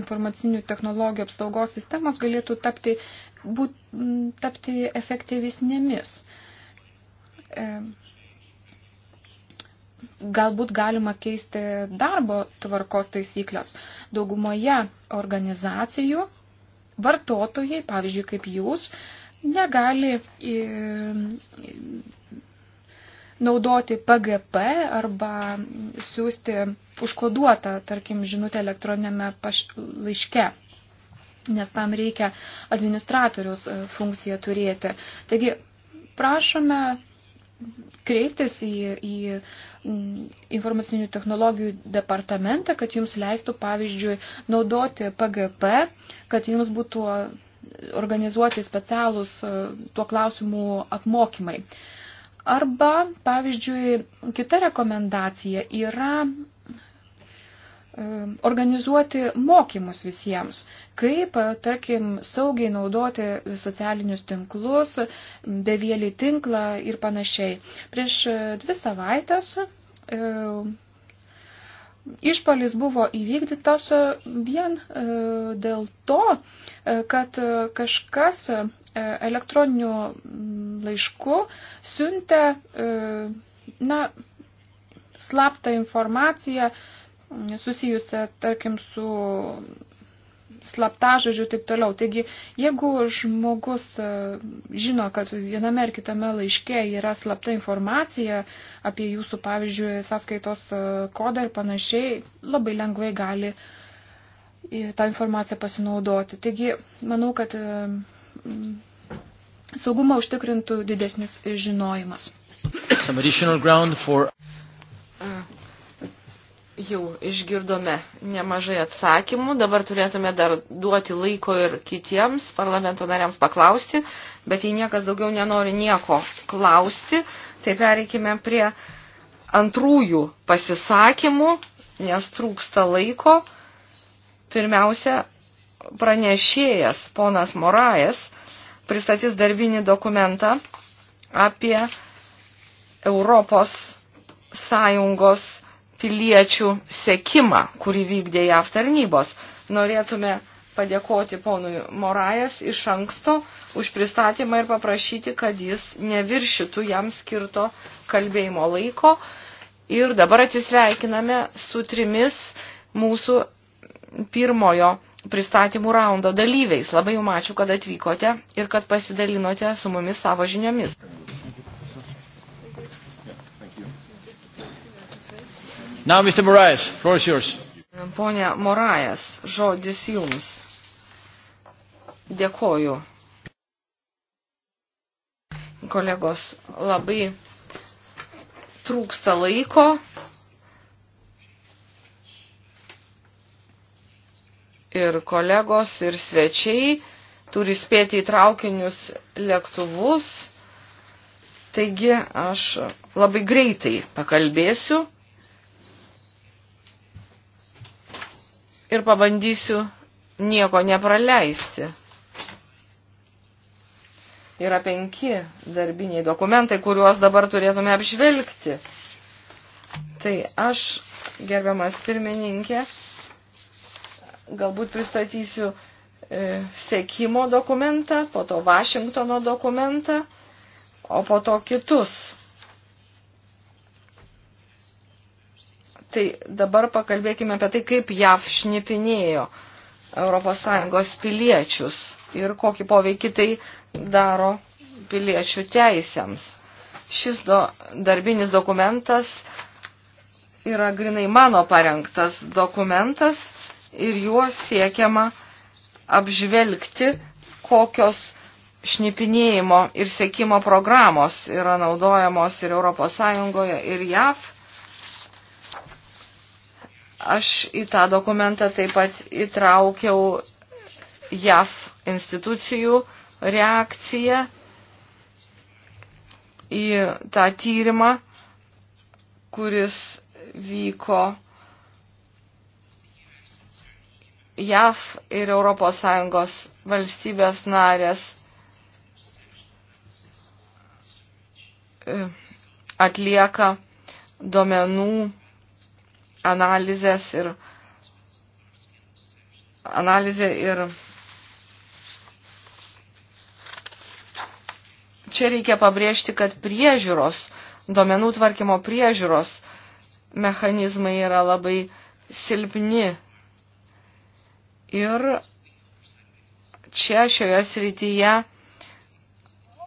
informacinių technologijų apsaugos sistemos galėtų tapti, būt, tapti efektyvisnėmis. E, galbūt galima keisti darbo tvarkos taisyklės. Daugumoje organizacijų vartotojai, pavyzdžiui, kaip jūs, negali naudoti PGP arba siūsti užkoduotą, tarkim, žinutę elektroninėme laiške, nes tam reikia administratorius e, funkciją turėti. Taigi, prašome kreiptis į, į informacinių technologijų departamentą, kad jums leistų, pavyzdžiui, naudoti PGP, kad jums būtų organizuoti specialūs e, tuo klausimų apmokymai. Arba, pavyzdžiui, kita rekomendacija yra e, organizuoti mokymus visiems, kaip, e, tarkim, saugiai naudoti socialinius tinklus, bevėlį tinklą ir panašiai. Prieš e, dvi savaitės išpalis buvo įvykdytas e, vien e, dėl to, e, kad kažkas elektroniniu mm, laišku siuntė na, slaptą informaciją susijusią, tarkim, su slaptažodžių ir taip toliau. Taigi, jeigu žmogus e, žino, kad viename ar kitame laiške yra slapta informacija apie jūsų, pavyzdžiui, sąskaitos e, kodą ir panašiai, labai lengvai gali tą informaciją pasinaudoti. Taigi, manau, kad e, saugumą užtikrintų didesnis žinojimas. For... Jau išgirdome nemažai atsakymų, dabar turėtume dar duoti laiko ir kitiems parlamento nariams paklausti, bet jei niekas daugiau nenori nieko klausti, tai pereikime prie antrųjų pasisakymų, nes trūksta laiko. Pirmiausia, pranešėjas ponas Morajas pristatys darbinį dokumentą apie Europos Sąjungos piliečių sekimą, kurį vykdė JAV tarnybos. Norėtume padėkoti ponui Morajas iš anksto už pristatymą ir paprašyti, kad jis neviršytų jam skirto kalbėjimo laiko. Ir dabar atsisveikiname su trimis mūsų pirmojo pristatymų raundo dalyviais. Labai jums ačiū, kad atvykote ir kad pasidalinote su mumis savo žiniomis. Now, Mr. Moraes, floor is yours. Pone Moraes, žodis jums. Dėkoju. Kolegos, labai trūksta laiko. ir kolegos, ir svečiai turi spėti į traukinius lėktuvus. Taigi aš labai greitai pakalbėsiu. ir pabandysiu nieko nepraleisti. Yra penki darbiniai dokumentai, kuriuos dabar turėtume apžvelgti. Tai aš, gerbiamas pirmininkė, galbūt pristatysiu e, sekimo dokumentą, po to Vašingtono dokumentą, o po to kitus Tai dabar pakalbėkime apie tai, kaip JAV šnipinėjo ES piliečius ir kokį poveikį tai daro piliečių teisėms. Šis do, darbinis dokumentas yra grinai mano parengtas dokumentas ir juo siekiama apžvelgti, kokios šnipinėjimo ir sekimo programos yra naudojamos ir ES ir JAV Aš į tą dokumentą taip pat įtraukiau JAF institucijų reakciją į tą tyrimą, kuris vyko JAF ir ES valstybės narės e, atlieka duomenų analizės ir analizė ir čia reikia pabrėžti, kad priežiūros, duomenų tvarkymo priežiūros mechanizmai yra labai silpni. Ir čia šioje srityje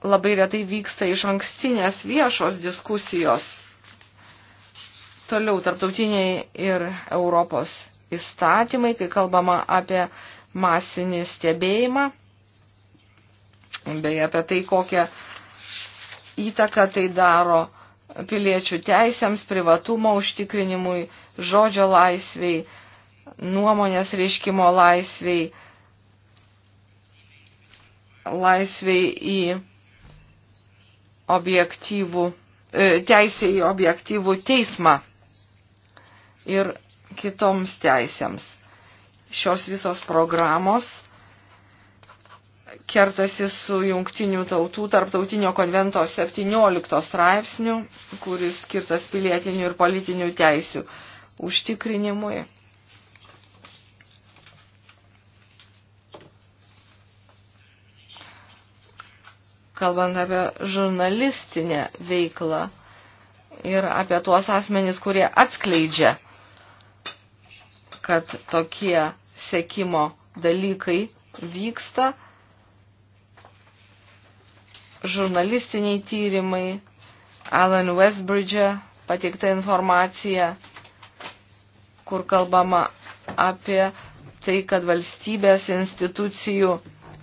labai retai vyksta iš ankstinės viešos diskusijos. Toliau tarptautiniai ir Europos įstatymai, kai kalbama apie masinį stebėjimą, beje apie tai, kokią įtaką tai daro piliečių teisėms, privatumo užtikrinimui, žodžio laisviai, nuomonės reiškimo laisviai, laisviai į objektyvų, e, teisė į objektyvų teismą ir kitoms teisėms. Šios visos programos kertasi su jungtinių tautų tarptautinio konvento 17 straipsniu, kuris skirtas pilietinių ir politinių teisių užtikrinimui. Kalbant apie žurnalistinę veiklą ir apie tuos asmenys, kurie atskleidžia kad tokie sekimo dalykai vyksta, žurnalistiniai tyrimai, Alan Westbridge pateikta informacija, kur kalbama apie tai, kad valstybės institucijų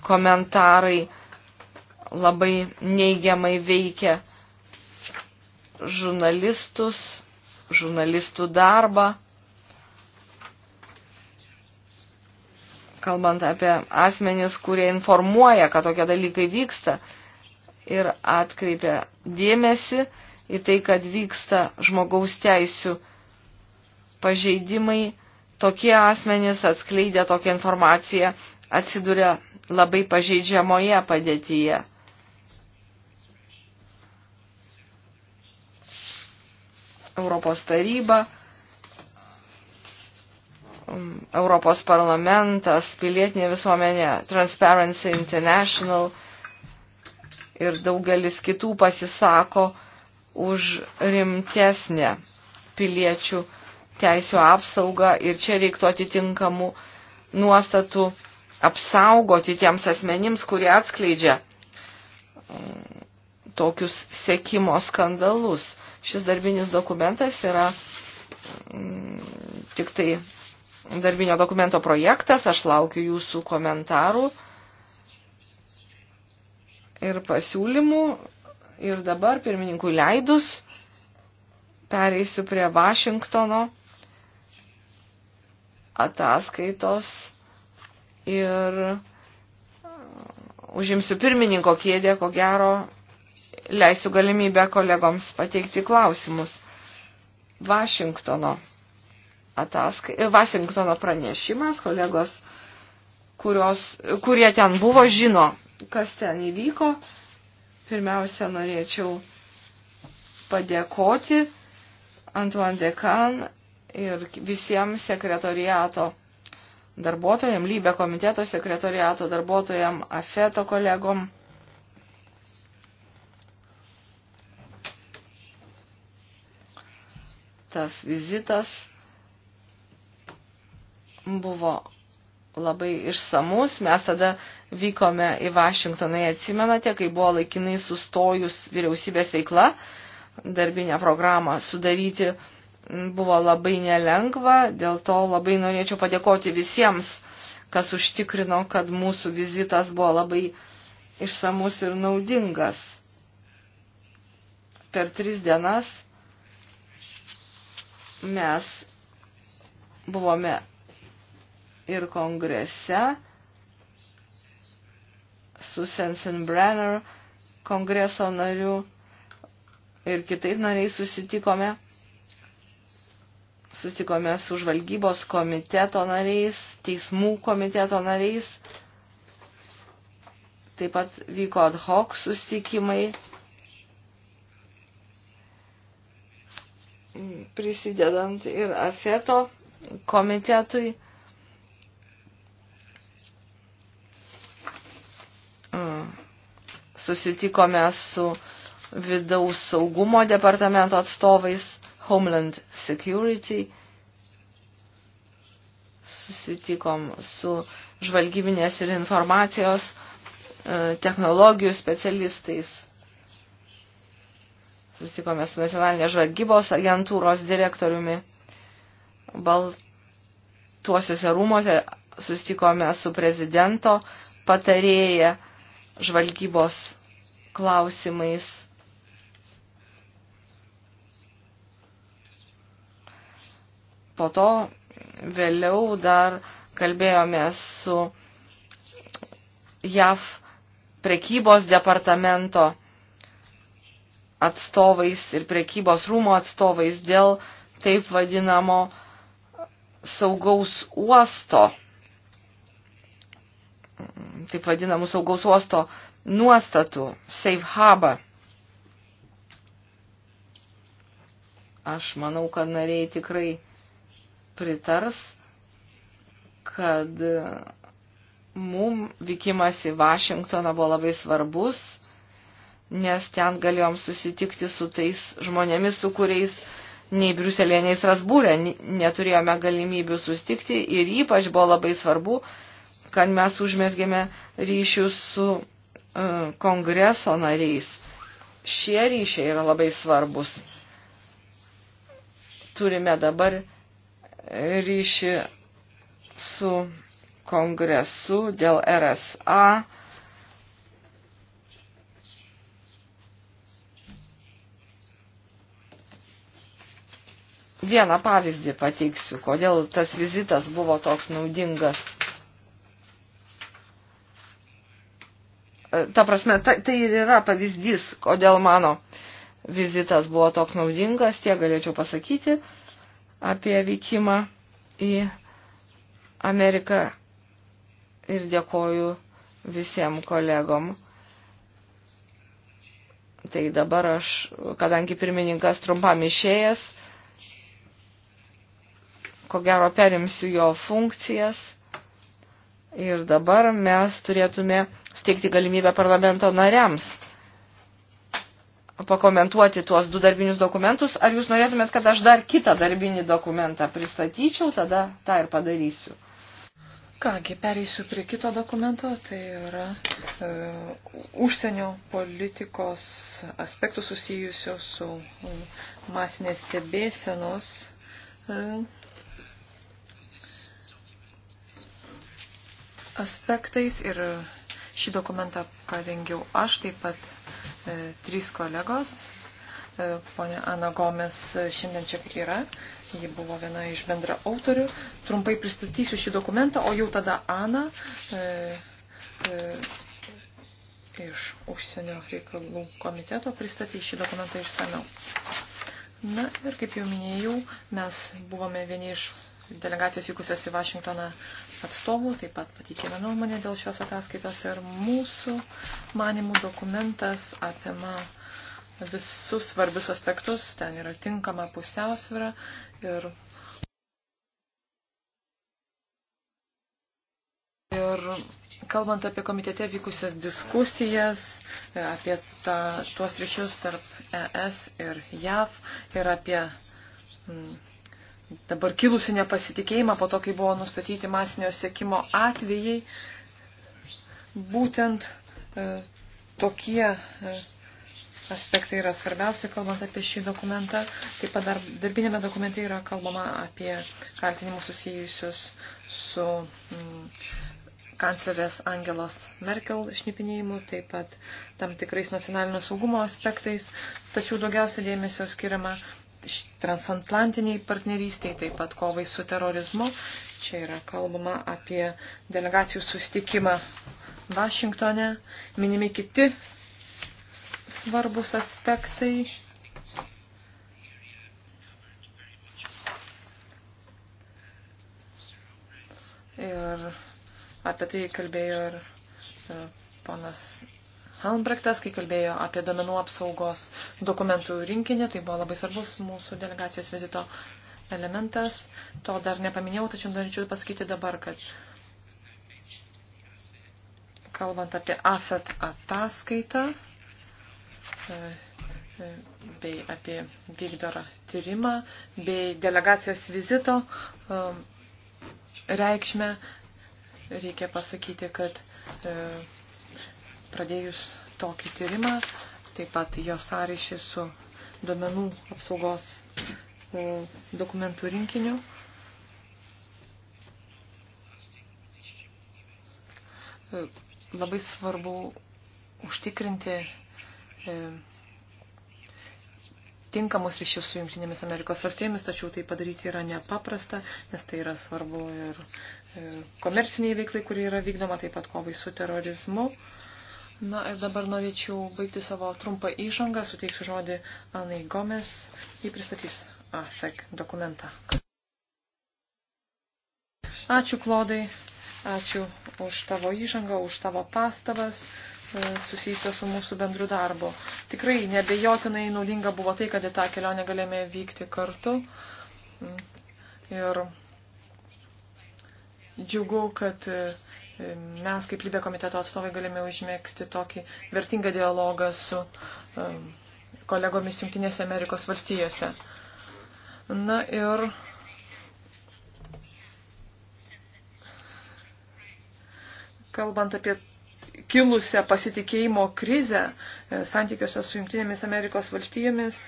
komentarai labai neigiamai veikia žurnalistus, žurnalistų darbą. kalbant apie asmenis, kurie informuoja, kad tokie dalykai vyksta ir atkreipia dėmesį į tai, kad vyksta žmogaus teisių pažeidimai, tokie asmenys atskleidę tokią informaciją atsiduria labai pažeidžiamoje padėtyje. Europos taryba Europos parlamentas, pilietinė visuomenė, Transparency International ir daugelis kitų pasisako už rimtesnę piliečių teisų apsaugą ir čia reiktų atitinkamų nuostatų apsaugoti tiems asmenims, kurie atskleidžia mm, tokius sekimo skandalus. Šis darbinis dokumentas yra mm, tik tai darbinio dokumento projektas, aš laukiu jūsų komentarų ir pasiūlymų. Ir dabar pirmininkui leidus pereisiu prie Vašingtono ataskaitos ir užimsiu pirmininko kėdę, ko gero leisiu galimybę kolegoms pateikti klausimus. Vašingtono atask... Vašingtono pranešimas, kolegos, kurios, kurie ten buvo, žino, kas ten įvyko. Pirmiausia, norėčiau padėkoti Antoine Dekan ir visiems sekretoriato darbuotojams, lybė komiteto sekretoriato darbuotojams, afeto kolegom. Tas vizitas buvo labai išsamus. Mes tada vykome į Vašingtoną, atsimenate, kai buvo laikinai sustojus vyriausybės veikla, darbinę programą sudaryti buvo labai nelengva, dėl to labai norėčiau padėkoti visiems, kas užtikrino, kad mūsų vizitas buvo labai išsamus ir naudingas. Per tris dienas mes buvome ir kongrese su Sensenbrenner kongreso nariu ir kitais nariais susitikome. Susitikome su žvalgybos komiteto nariais, teismų komiteto nariais. Taip pat vyko ad hoc susitikimai. Prisidedant ir afeto komitetui. susitikome su vidaus saugumo departamento atstovais Homeland Security, susitikom su žvalgybinės ir informacijos e, technologijų specialistais, susitikome su nacionalinės žvalgybos agentūros direktoriumi Baltuosiuose rūmose, susitikome su prezidento patarėja, žvalgybos klausimais. Po to vėliau dar kalbėjomės su JAV prekybos departamento atstovais ir prekybos rūmo atstovais dėl taip vadinamo saugaus uosto taip vadinamų saugaus uosto nuostatų, safe hubą. Aš manau, kad nariai tikrai pritars, kad e, mum vykimas į Vašingtoną buvo labai svarbus, nes ten galėjom susitikti su tais žmonėmis, su kuriais nei Briuselėje, nei Strasbūrė neturėjome galimybių sustikti ir ypač buvo labai svarbu, kad mes užmesgėme ryšius su e, kongreso nariais. Šie ryšiai yra labai svarbus. Turime dabar ryšį su kongresu dėl RSA. Vieną pavyzdį pateiksiu, kodėl tas vizitas buvo toks naudingas. Ta prasme, ta, tai ir yra pavyzdys, kodėl mano vizitas buvo toks naudingas, tie galėčiau pasakyti apie vykimą į Ameriką ir dėkoju visiems kolegom. Tai dabar aš, kadangi pirmininkas trumpam išėjęs, ko gero perimsiu jo funkcijas ir dabar mes turėtume steigti galimybę parlamento nariams pakomentuoti tuos du darbinius dokumentus. Ar jūs norėtumėt, kad aš dar kitą darbinį dokumentą pristatyčiau, tada tą ir padarysiu. Kągi, pereisiu prie kito dokumento, tai yra e, užsienio politikos aspektų susijusio su e, masinės stebėsenos e, aspektais ir Šį dokumentą parengiau aš, taip pat e, trys kolegos. E, Pone Ana Gomes šiandien čia yra. Ji buvo viena iš bendra autorių. Trumpai pristatysiu šį dokumentą, o jau tada Ana e, e, iš užsienio reikalų komiteto pristatys šį dokumentą išsameu. Na ir kaip jau minėjau, mes buvome vieni iš delegacijas vykusias į Vašingtoną atstovų, taip pat pateikėme nuomonę dėl šios ataskaitos ir mūsų manimų dokumentas apima visus svarbius aspektus, ten yra tinkama pusiausvyrą ir, ir Kalbant apie komitete vykusias diskusijas, apie ta, tuos ryšius tarp ES ir JAV ir apie mm, dabar kilusi nepasitikėjimą po to, kai buvo nustatyti masinio sėkimo atvejai, būtent e, tokie e, aspektai yra svarbiausia, kalbant apie šį dokumentą. Taip pat dar darbinėme dokumente yra kalbama apie kaltinimus susijusius su mm, kanclerės Angelos Merkel šnipinėjimu, taip pat tam tikrais nacionalinio saugumo aspektais, tačiau daugiausia dėmesio skiriama transatlantiniai partnerystiai, taip pat kovai su terorizmu. Čia yra kalbama apie delegacijų sustikimą Vašingtone. Minimi kiti svarbus aspektai. Ir apie tai kalbėjo ir e, ponas Halmbrektas, kai kalbėjo apie domenų apsaugos dokumentų rinkinį, tai buvo labai svarbus mūsų delegacijos vizito elementas. To dar nepaminėjau, tačiau norėčiau pasakyti dabar, kad kalbant apie AFET ataskaitą e, e, bei apie Vykdorą tyrimą bei delegacijos vizito e, reikšmę, reikia pasakyti, kad pradėjus tokį tyrimą, taip pat jo sąryšį su duomenų apsaugos e, dokumentų rinkiniu. E, labai svarbu užtikrinti e, tinkamus ryšius su Junktinėmis Amerikos valstybėmis, tačiau tai padaryti yra nepaprasta, nes tai yra svarbu ir komerciniai veiklai, kurie yra vykdoma, taip pat kovai su terorizmu. E, Na ir dabar norėčiau baigti savo trumpą įžangą, suteiksiu žodį Anai Gomes, jį pristatys AFEC dokumentą. Ačiū, Klodai, ačiū už tavo įžangą, už tavo pastabas e, susijusios su mūsų bendru darbu. Tikrai nebejotinai naudinga buvo tai, kad į tą kelionę galėjome vykti kartu. Mm. Ir džiugu, kad e, mes kaip lybė komiteto atstovai galime užmėgsti tokį vertingą dialogą su um, kolegomis Junktinėse Amerikos valstijose. Na ir kalbant apie kilusią pasitikėjimo krizę e, santykiuose su Junktinėmis Amerikos valstijomis,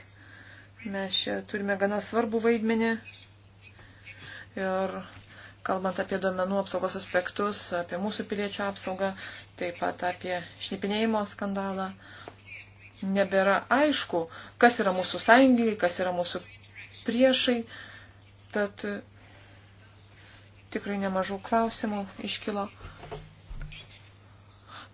mes čia turime gana svarbų vaidmenį. Ir kalbant apie duomenų apsaugos aspektus, apie mūsų piliečių apsaugą, taip pat apie šnipinėjimo skandalą. Nebėra aišku, kas yra mūsų sąjungiai, kas yra mūsų priešai. Tad tikrai nemažų klausimų iškilo.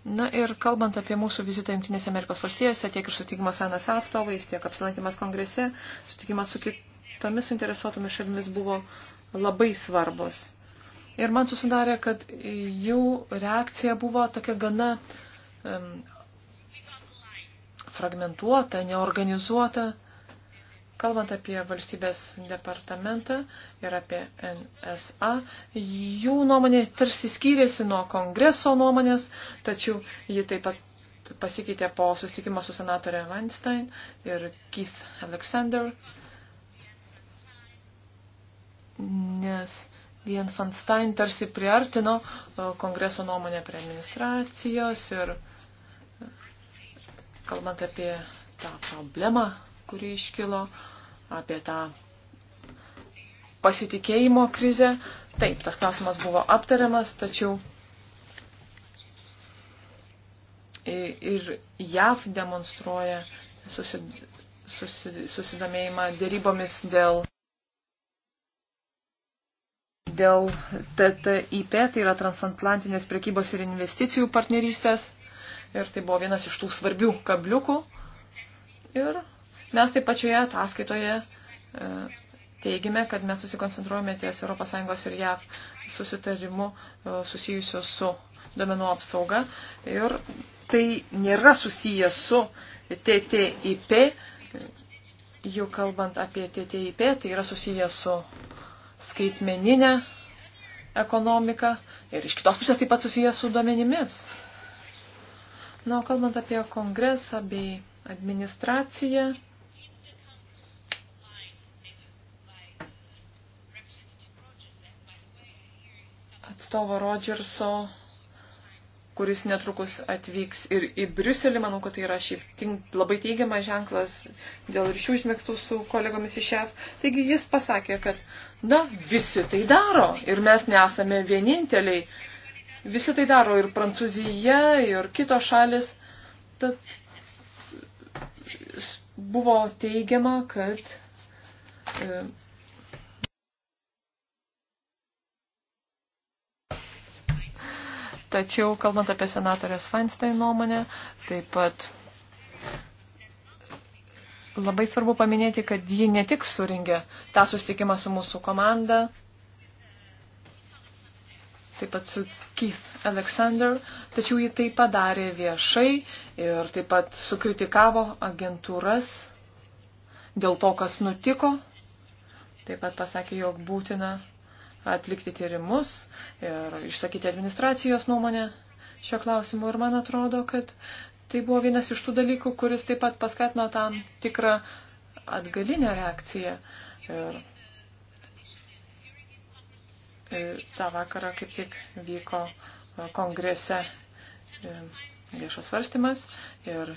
Na ir kalbant apie mūsų vizitą Junktinėse Amerikos valstijose, tiek ir sutikimas su NSA atstovais, tiek apsilankimas kongrese, sutikimas su kitomis suinteresuotomis šalimis buvo labai svarbus. Ir man susidarė, kad jų reakcija buvo tokia gana um, fragmentuota, neorganizuota. Kalbant apie valstybės departamentą ir apie NSA, jų nuomonė tarsi skyrėsi nuo kongreso nuomonės, tačiau ji taip pat pasikeitė po susitikimo su senatorė Weinstein ir Keith Alexander. Uh, nes Dien Fanstein tarsi priartino e, kongreso nuomonę prie administracijos ir e, kalbant apie tą problemą, kuri iškilo, apie tą pasitikėjimo krizę. Taip, tas klausimas buvo aptariamas, tačiau ir JAV demonstruoja susidomėjimą dėrybomis dėl dėl TTIP, tai yra transatlantinės prekybos ir investicijų partnerystės. Ir tai buvo vienas iš tų svarbių kabliukų. Ir mes taip pačioje ataskaitoje e, teigime, kad mes susikoncentruojame ties ES ir JAV susitarimu e, susijusiu su domenų apsauga. Ir tai nėra susiję su TTIP, jau kalbant apie TTIP, tai yra susiję su skaitmeninę ekonomiką ir iš kitos pusės taip pat susijęs su duomenimis. Na, o kalbant apie kongresą bei administraciją, atstovo Rodžerso kuris netrukus atvyks ir į Briuselį. Manau, kad tai yra šiaip tink, labai teigiamas ženklas dėl ryšių užmėgstų su kolegomis iš JAV. Taigi jis pasakė, kad, na, visi tai daro ir mes nesame vieninteliai. Visi tai daro ir Prancūzija, ir kitos šalis. Tad buvo teigiama, kad e, Tačiau, kalbant apie senatorės Feinstein nuomonę, taip pat labai svarbu paminėti, kad ji ne tik suringė tą susitikimą su mūsų komanda, taip pat su Keith Alexander, tačiau ji tai padarė viešai ir taip pat sukritikavo agentūras dėl to, kas nutiko. Taip pat pasakė, jog būtina atlikti tyrimus ir išsakyti administracijos nuomonę šio klausimu. Ir man atrodo, kad tai buvo vienas iš tų dalykų, kuris taip pat paskatino tam tikrą atgalinę reakciją. Ir e, tą vakarą kaip tik vyko kongrese e, viešas svarstymas ir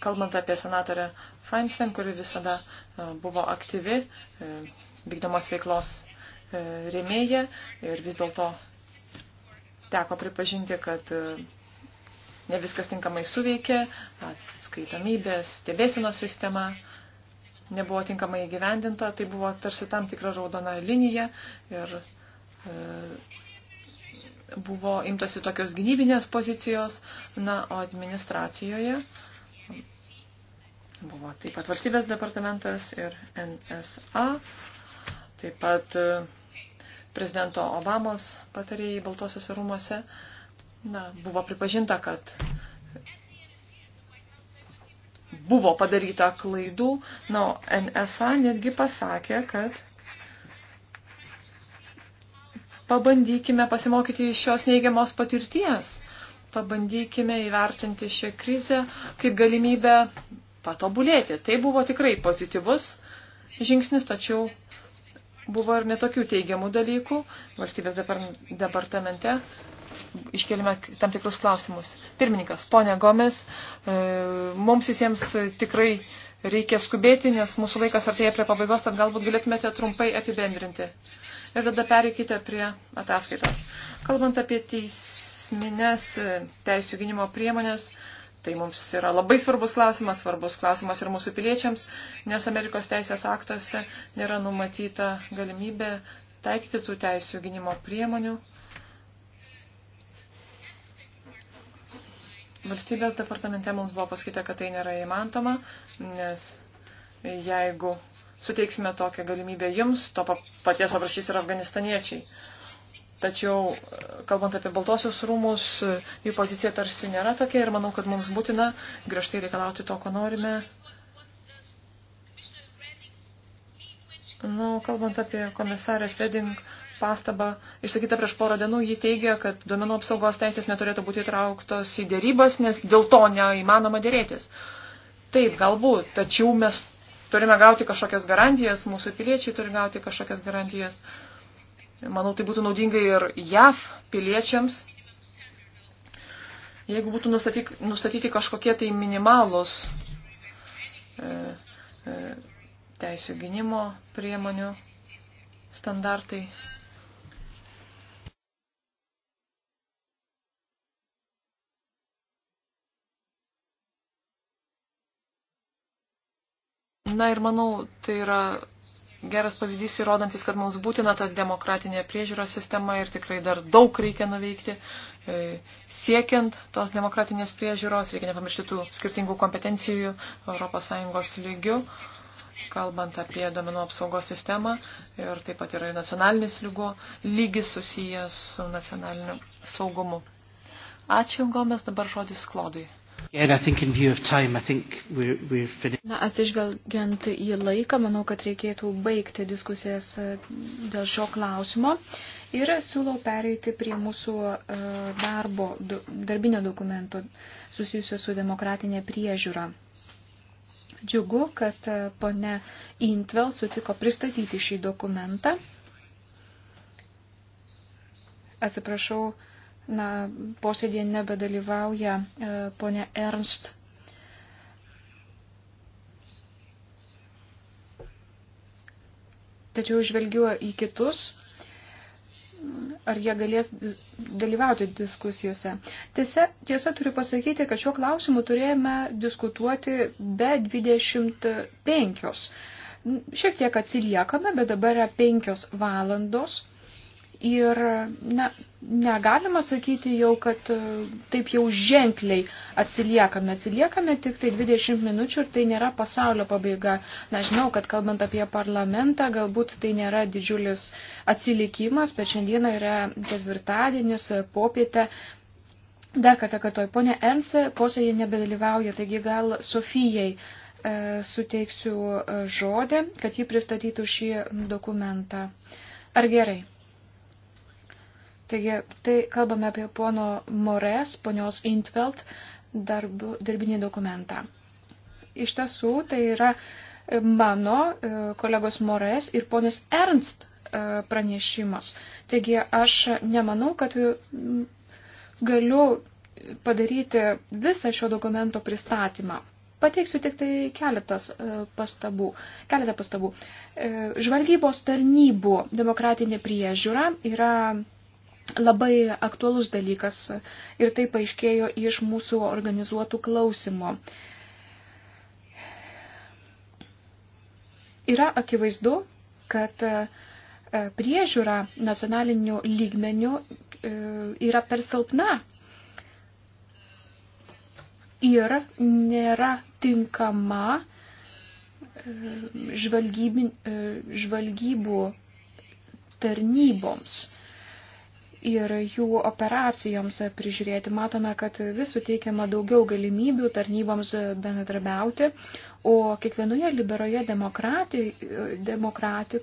kalbant apie senatorę Feinstein, kuri visada e, buvo aktyvi, e, vykdomos veiklos e, rėmėja ir vis dėlto teko pripažinti, kad ne viskas tinkamai suveikė, atskaitomybės, stebėsino sistema nebuvo tinkamai įgyvendinta, tai buvo tarsi tam tikra raudona linija ir buvo imtasi tokios gynybinės pozicijos, na, o administracijoje Buvo taip pat valstybės departamentas ir NSA, taip pat e, prezidento Obamos patarėjai Baltosiuose rūmose. Na, buvo pripažinta, kad buvo padaryta klaidų. Na, NSA netgi pasakė, kad pabandykime pasimokyti iš šios neigiamos patirties pabandykime įvertinti šią krizę kaip galimybę patobulėti. Tai buvo tikrai pozityvus žingsnis, tačiau buvo ir netokių teigiamų dalykų. Valstybės departamente iškelime tam tikrus klausimus. Pirmininkas, ponė Gomes, e, mums visiems tikrai reikia skubėti, nes mūsų laikas artėja prie pabaigos, tad galbūt galėtumėte trumpai apibendrinti. Ir tada pereikite prie ataskaitos. Kalbant apie teis, esminės e, teisų gynimo priemonės. Tai mums yra labai svarbus klausimas, svarbus klausimas ir mūsų piliečiams, nes Amerikos teisės aktuose nėra numatyta galimybė taikyti tų teisų gynimo priemonių. Valstybės departamente mums buvo pasakyta, kad tai nėra įmantoma, nes jeigu suteiksime tokią galimybę jums, to paties paprašys ir afganistaniečiai. Tačiau, kalbant apie Baltosios rūmus, jų pozicija tarsi nėra tokia ir manau, kad mums būtina griežtai reikalauti to, ko norime. Nu, kalbant apie komisarės Reding pastabą, išsakytą prieš porą dienų, ji teigia, kad duomenų apsaugos teisės neturėtų būti įtrauktos į dėrybas, nes dėl to neįmanoma dėrėtis. Taip, galbūt, tačiau mes turime gauti kažkokias garantijas, mūsų piliečiai turi gauti kažkokias garantijas. Uh, Manau, tai būtų naudinga ir JAV piliečiams, jeigu būtų nustatyti, nustatyti kažkokie tai minimalus e, e, teisų gynimo priemonių standartai. Na ir manau, tai yra geras pavyzdys įrodantis, kad mums būtina ta demokratinė priežiūros sistema ir tikrai dar daug reikia nuveikti. E, siekiant tos demokratinės priežiūros, reikia nepamiršti tų skirtingų kompetencijų ES lygių, kalbant apie domenų apsaugos sistemą ir taip pat yra ir nacionalinis lygo, lygis susijęs su nacionaliniu saugumu. Ačiū, Gomes, dabar žodis Klodui. Na, atsižvelgiant į laiką, manau, kad reikėtų baigti diskusijas e, dėl šio klausimo ir siūlau pereiti prie mūsų e, darbo, darbinio dokumento susijusio su demokratinė priežiūra. Džiugu, kad e, pone Intvel sutiko pristatyti šį dokumentą. Atsiprašau, na, posėdėje nebedalyvauja e, ponė Ernst. Tačiau žvelgiu į kitus, ar jie galės dalyvauti diskusijose. Tiesa, tiesa turiu pasakyti, kad šiuo klausimu turėjome diskutuoti be 25. Šiek tiek atsiliekame, bet dabar yra 5 valandos Ir na, negalima sakyti jau, kad e, taip jau ženkliai atsiliekame. Atsiliekame tik tai 20 minučių ir tai nėra pasaulio pabaiga. Na, žinau, kad kalbant apie parlamentą, galbūt tai nėra didžiulis atsilikimas, bet šiandieną yra ketvirtadienis, e, popietė. Dar kartą kartuoju, ponė Ernse posėje nebedalyvauja, taigi gal Sofijai e, suteiksiu žodį, kad ji pristatytų šį dokumentą. Ar gerai? Taigi, tai kalbame apie pono Mores, ponios Intvelt darbu, darbinį dokumentą. Iš tiesų, tai yra e, mano e, kolegos Mores ir ponis Ernst e, pranešimas. Taigi aš nemanau, kad galiu padaryti visą šio dokumento pristatymą. Pateiksiu tik tai keletas pastabų. Keletą pastabų. Žvalgybos tarnybų demokratinė priežiūra yra labai aktuolus dalykas ir tai paaiškėjo iš mūsų organizuotų klausimų. Yra akivaizdu, kad e, priežiūra nacionaliniu lygmeniu e, yra per silpna ir nėra tinkama e, žvalgybų tarnyboms ir jų operacijoms prižiūrėti. Matome, kad vis suteikiama daugiau galimybių tarnyboms bendradarbiauti, o kiekvienoje liberoje demokrati, demokrati,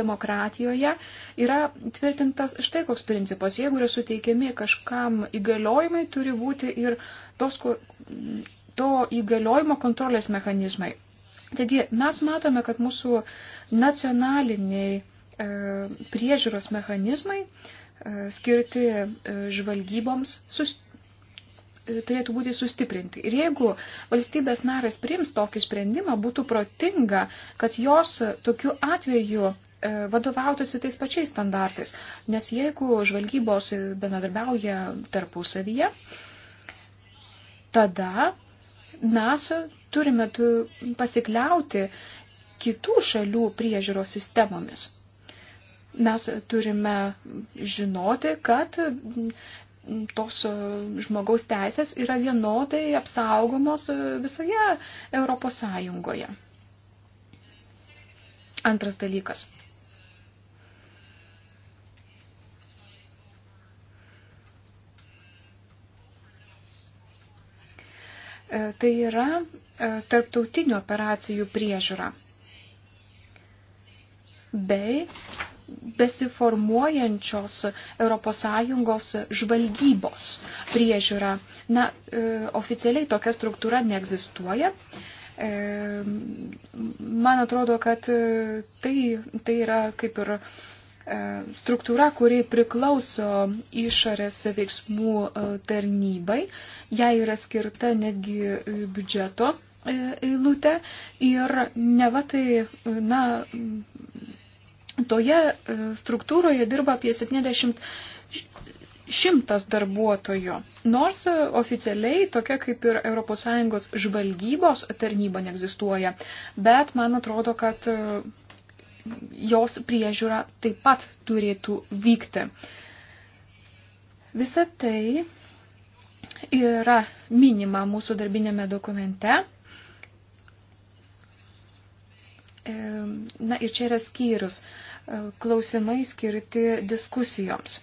demokratijoje yra tvirtintas štai koks principas. Jeigu yra suteikiami kažkam įgaliojimai, turi būti ir tos, to įgaliojimo kontrolės mechanizmai. Taigi mes matome, kad mūsų nacionaliniai e, priežiūros mechanizmai uh, E, skirti e, žvalgyboms sus, e, turėtų būti sustiprinti. Ir jeigu valstybės narės priims tokį sprendimą, būtų protinga, kad jos tokiu atveju vadovautųsi tais pačiais standartais. Nes jeigu žvalgybos bendradarbiauja tarpusavyje, tada mes turime pasikliauti kitų šalių priežiūros sistemomis mes turime žinoti, kad tos žmogaus teisės yra vienodai apsaugomos visoje Europos Sąjungoje. Antras dalykas. Tai yra e, tarptautinių operacijų priežiūra bei besiformuojančios ES žvalgybos priežiūra. Na, e, oficialiai tokia struktūra neegzistuoja. E, man atrodo, kad e, tai, tai yra kaip ir struktūra, kuri priklauso išorės veiksmų tarnybai. Jai yra skirta netgi biudžeto eilutė ir neva tai, na, Toje e, struktūroje dirba apie 70 šimtas darbuotojų. Nors e, oficialiai tokia kaip ir ES žvalgybos tarnyba neegzistuoja, bet man atrodo, kad e, jos priežiūra taip pat turėtų vykti. Visa tai yra minima mūsų darbinėme dokumente. Na ir čia yra skyrius klausimai skirti diskusijoms.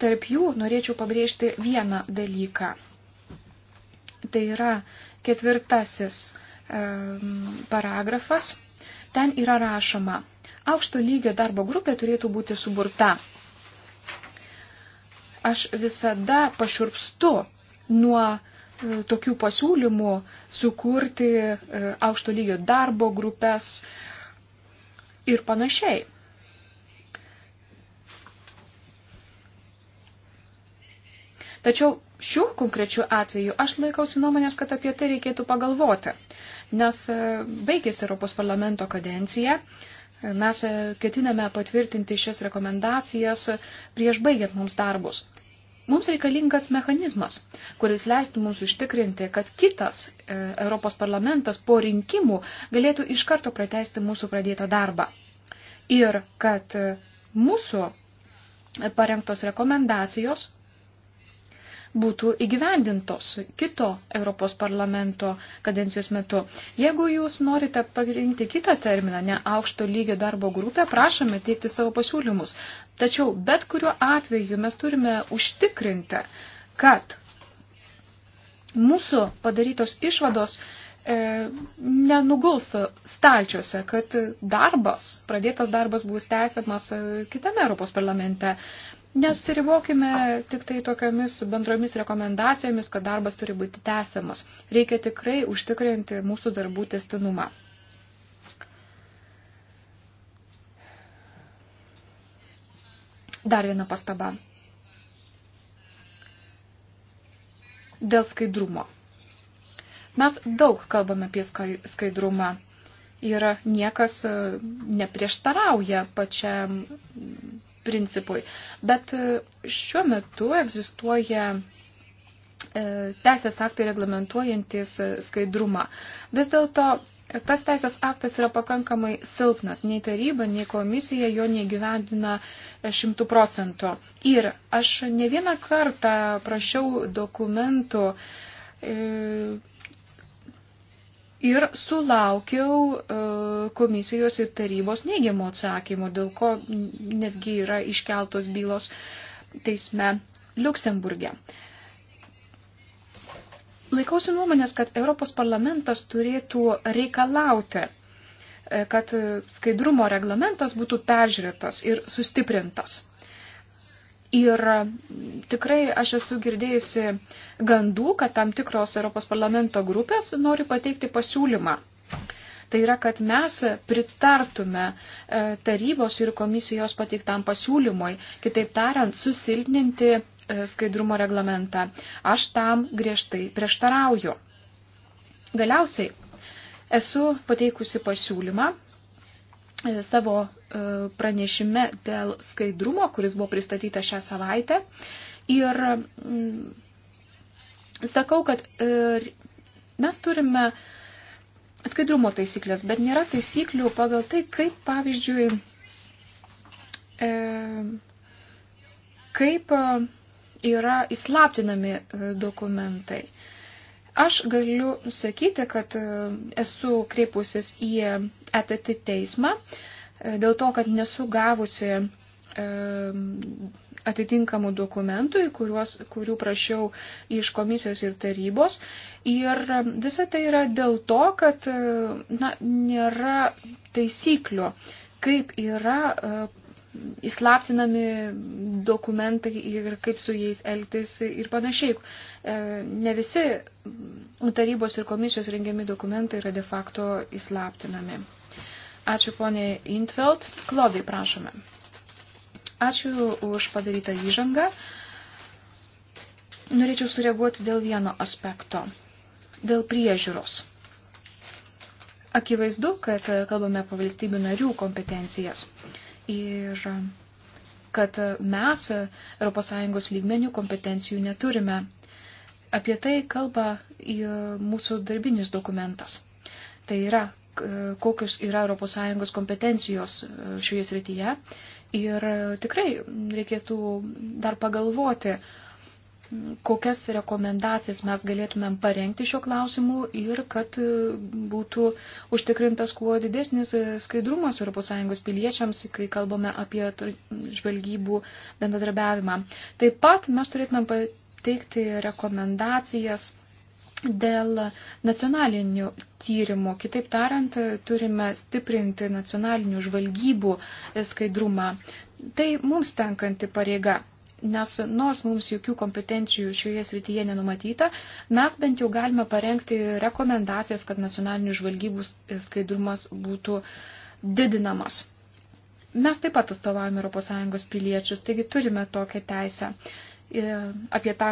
Tarp jų norėčiau pabrėžti vieną dalyką. Tai yra ketvirtasis paragrafas. Ten yra rašoma, aukšto lygio darbo grupė turėtų būti suburta. Aš visada pašurpstu nuo e, tokių pasiūlymų sukurti e, aukšto lygio darbo grupės ir panašiai. Tačiau šiuo konkrečiu atveju aš laikausi nuomonės, kad apie tai reikėtų pagalvoti, nes e, baigėsi Europos parlamento kadencija. E, mes e, ketiname patvirtinti šias rekomendacijas prieš baigiant mums darbus. Mums reikalingas mechanizmas, kuris leistų mums užtikrinti, kad kitas e, Europos parlamentas po rinkimų galėtų iš karto pratesti mūsų pradėtą darbą. Ir kad mūsų parengtos rekomendacijos būtų įgyvendintos kito Europos parlamento kadencijos metu. Jeigu jūs norite pagrinti kitą terminą, ne aukšto lygio darbo grupę, prašome teikti savo pasiūlymus. Tačiau bet kuriuo atveju mes turime užtikrinti, kad mūsų padarytos išvados e, nenuguls stalčiuose, kad darbas, pradėtas darbas bus tęsiamas e, kitame Europos parlamente. Neapsiribokime tik tai tokiamis bendromis rekomendacijomis, kad darbas turi būti tęsiamas. Reikia tikrai užtikrinti mūsų darbų testinumą. Dar viena pastaba. Dėl skaidrumo. Mes daug kalbame apie skaidrumą ir niekas e, neprieštarauja pačiam principui. Bet e, šiuo metu egzistuoja e, teisės aktai reglamentuojantis e, skaidrumą. Vis dėlto tas teisės aktas yra pakankamai silpnas. Nei taryba, nei komisija jo negyvendina šimtų procentų. Ir aš ne vieną kartą prašiau dokumentų ir sulaukiau e, komisijos ir tarybos neigiamų atsakymų, dėl ko netgi yra iškeltos bylos teisme Luksemburgė. Laikausi nuomonės, kad Europos parlamentas turėtų reikalauti, e, kad skaidrumo reglamentas būtų peržiūrėtas ir sustiprintas. Ir mm, tikrai aš esu girdėjusi gandų, kad tam tikros Europos parlamento grupės nori pateikti pasiūlymą. Tai yra, kad mes pritartume e, tarybos ir komisijos pateiktam pasiūlymui, kitaip tariant, susilpninti e, skaidrumo reglamentą. Aš tam griežtai prieštarauju. Galiausiai esu pateikusi pasiūlymą savo e, pranešime dėl skaidrumo, kuris buvo pristatyta šią savaitę. Ir mm, sakau, kad e, mes turime skaidrumo taisyklės, bet nėra taisyklių pagal tai, kaip, pavyzdžiui, e, kaip yra įslaptinami dokumentai. Aš galiu sakyti, kad e, esu kreipusis į ETT teismą e, dėl to, kad nesu gavusi e, atitinkamų dokumentų, kuriuos, kurių prašiau iš komisijos ir tarybos. Ir visa tai yra dėl to, kad na, nėra taisyklių, kaip yra įslaptinami dokumentai ir kaip su jais elgtis ir panašiai. E, ne visi tarybos ir komisijos rengiami dokumentai yra de facto įslaptinami. Ačiū ponė Intveld. Klodai, prašome. Ačiū už padarytą įžangą. Norėčiau sureaguoti dėl vieno aspekto. Dėl priežiūros. Akivaizdu, kad kalbame apie valstybių narių kompetencijas ir kad mes ES lygmenių kompetencijų neturime. Apie tai kalba mūsų darbinis dokumentas. Tai yra, kokius yra ES kompetencijos šioje srityje. Ir tikrai reikėtų dar pagalvoti, kokias rekomendacijas mes galėtumėm parengti šiuo klausimu ir kad e, būtų užtikrintas kuo didesnis e, skaidrumas ES piliečiams, kai kalbame apie žvalgybų bendradarbiavimą. Taip pat mes turėtumėm pateikti rekomendacijas dėl nacionalinių tyrimų. Kitaip tariant, turime stiprinti nacionalinių žvalgybų e, skaidrumą. Tai mums tenkanti pareiga nes nors mums jokių kompetencijų šioje srityje nenumatyta, mes bent jau galime parengti rekomendacijas, kad nacionalinių žvalgybų skaidrumas būtų didinamas. Mes taip pat atstovavome ES piliečius, taigi turime tokią teisę. E, apie, tą,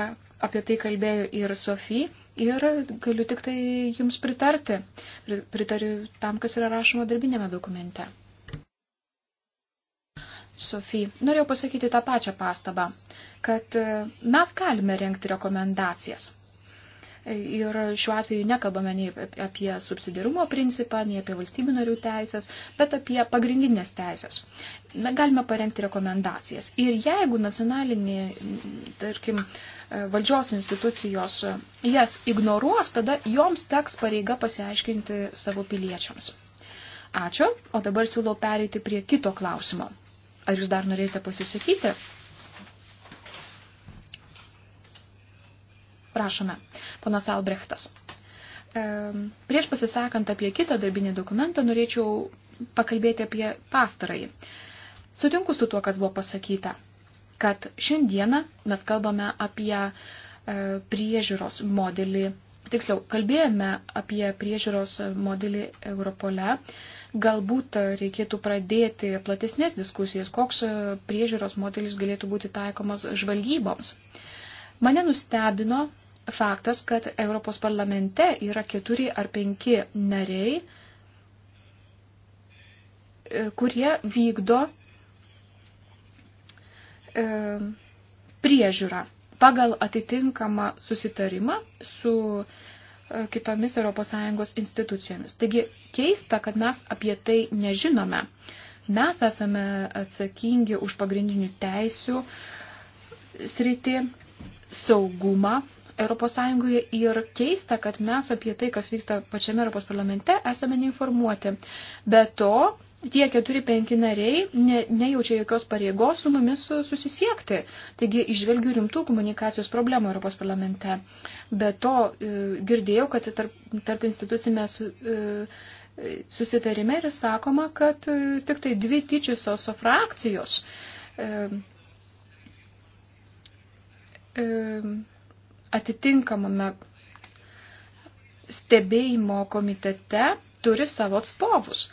apie tai kalbėjo ir Sofija ir galiu tik tai jums pritarti. Pritariu tam, kas yra rašoma darbinėme dokumente. Sofija, norėjau pasakyti tą pačią pastabą, kad e, mes galime renkti rekomendacijas. E, ir šiuo atveju nekalbame nei apie subsidirumo principą, nei apie valstybių narių teisės, bet apie pagrindinės teisės. Galime parengti rekomendacijas. Ir jeigu nacionalinė, tarkim, e, valdžios institucijos jas ignoruos, tada joms teks pareiga pasiaiškinti savo piliečiams. Ačiū, o dabar siūlau pereiti prie kito klausimo. Ar jūs dar norėjote pasisakyti? Prašome, ponas Albrechtas. E, prieš pasisakant apie kitą darbinį dokumentą, norėčiau pakalbėti apie pastarąjį. Sutinku su tuo, kas buvo pasakyta, kad šiandieną mes kalbame apie e, priežiūros modelį, tiksliau, kalbėjome apie priežiūros modelį Europole, Galbūt e, reikėtų pradėti platesnės diskusijas, koks e, priežiūros modelis galėtų būti taikomas žvalgyboms. Mane nustebino faktas, kad Europos parlamente yra keturi ar penki nariai, e, kurie vykdo priežiūrą pagal atitinkamą susitarimą su E, kitomis ES institucijomis. Taigi keista, kad mes apie tai nežinome. Mes esame atsakingi už pagrindinių teisių sritį, saugumą ES ir keista, kad mes apie tai, kas vyksta pačiame Europos parlamente, esame neinformuoti. Be to, tie keturi penki nariai ne, nejaučia jokios pareigos su mumis susisiekti. Taigi išvelgiu rimtų komunikacijos problemų Europos parlamente. Be to e, girdėjau, kad tarp, tarp institucinė su, e, susitarime yra sakoma, kad e, tik tai dvi tyčiosios frakcijos atitinkamame stebėjimo komitete turi savo atstovus.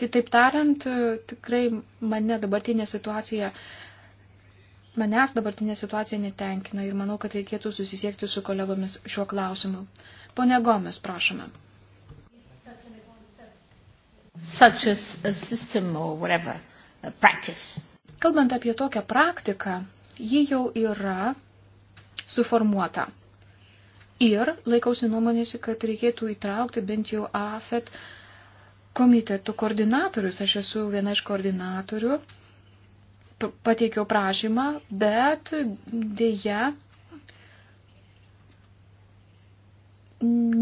Kitaip tariant, tikrai mane dabartinė situacija, manęs dabartinė situacija netenkina ir manau, kad reikėtų susisiekti su kolegomis šiuo klausimu. Pone Gomes, prašome. Such a system or whatever, a practice. Kalbant apie tokią praktiką, ji jau yra suformuota. Ir laikausi nuomonėsi, kad reikėtų įtraukti bent jau AFET uh, komitetų koordinatorius. Aš esu viena iš koordinatorių, pateikiau prašymą, bet dėja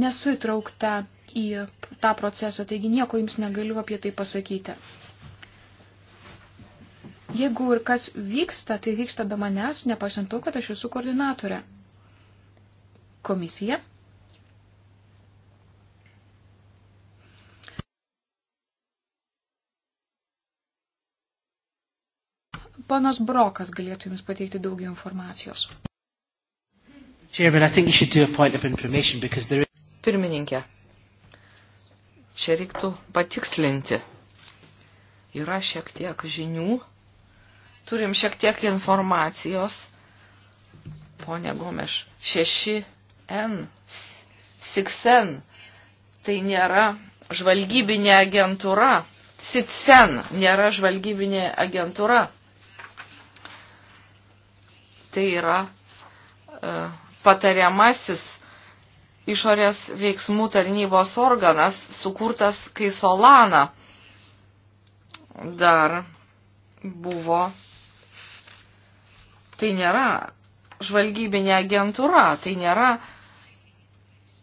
nesu įtraukta į tą procesą, taigi nieko jums negaliu apie tai pasakyti. Jeigu ir kas vyksta, tai vyksta be manęs, nepaisant to, kad aš esu koordinatorė. Komisija Panas Brokas galėtų Jums pateikti daugiau informacijos. Pirmininkė, čia reiktų patikslinti. Yra šiek tiek žinių, turim šiek tiek informacijos. Pone Gomeš, 6N, 6N, tai nėra žvalgybinė agentūra. SITSEN nėra žvalgybinė agentūra tai yra e, patariamasis išorės veiksmų tarnybos organas, sukurtas kai Solana dar buvo. Tai nėra žvalgybinė agentūra, tai nėra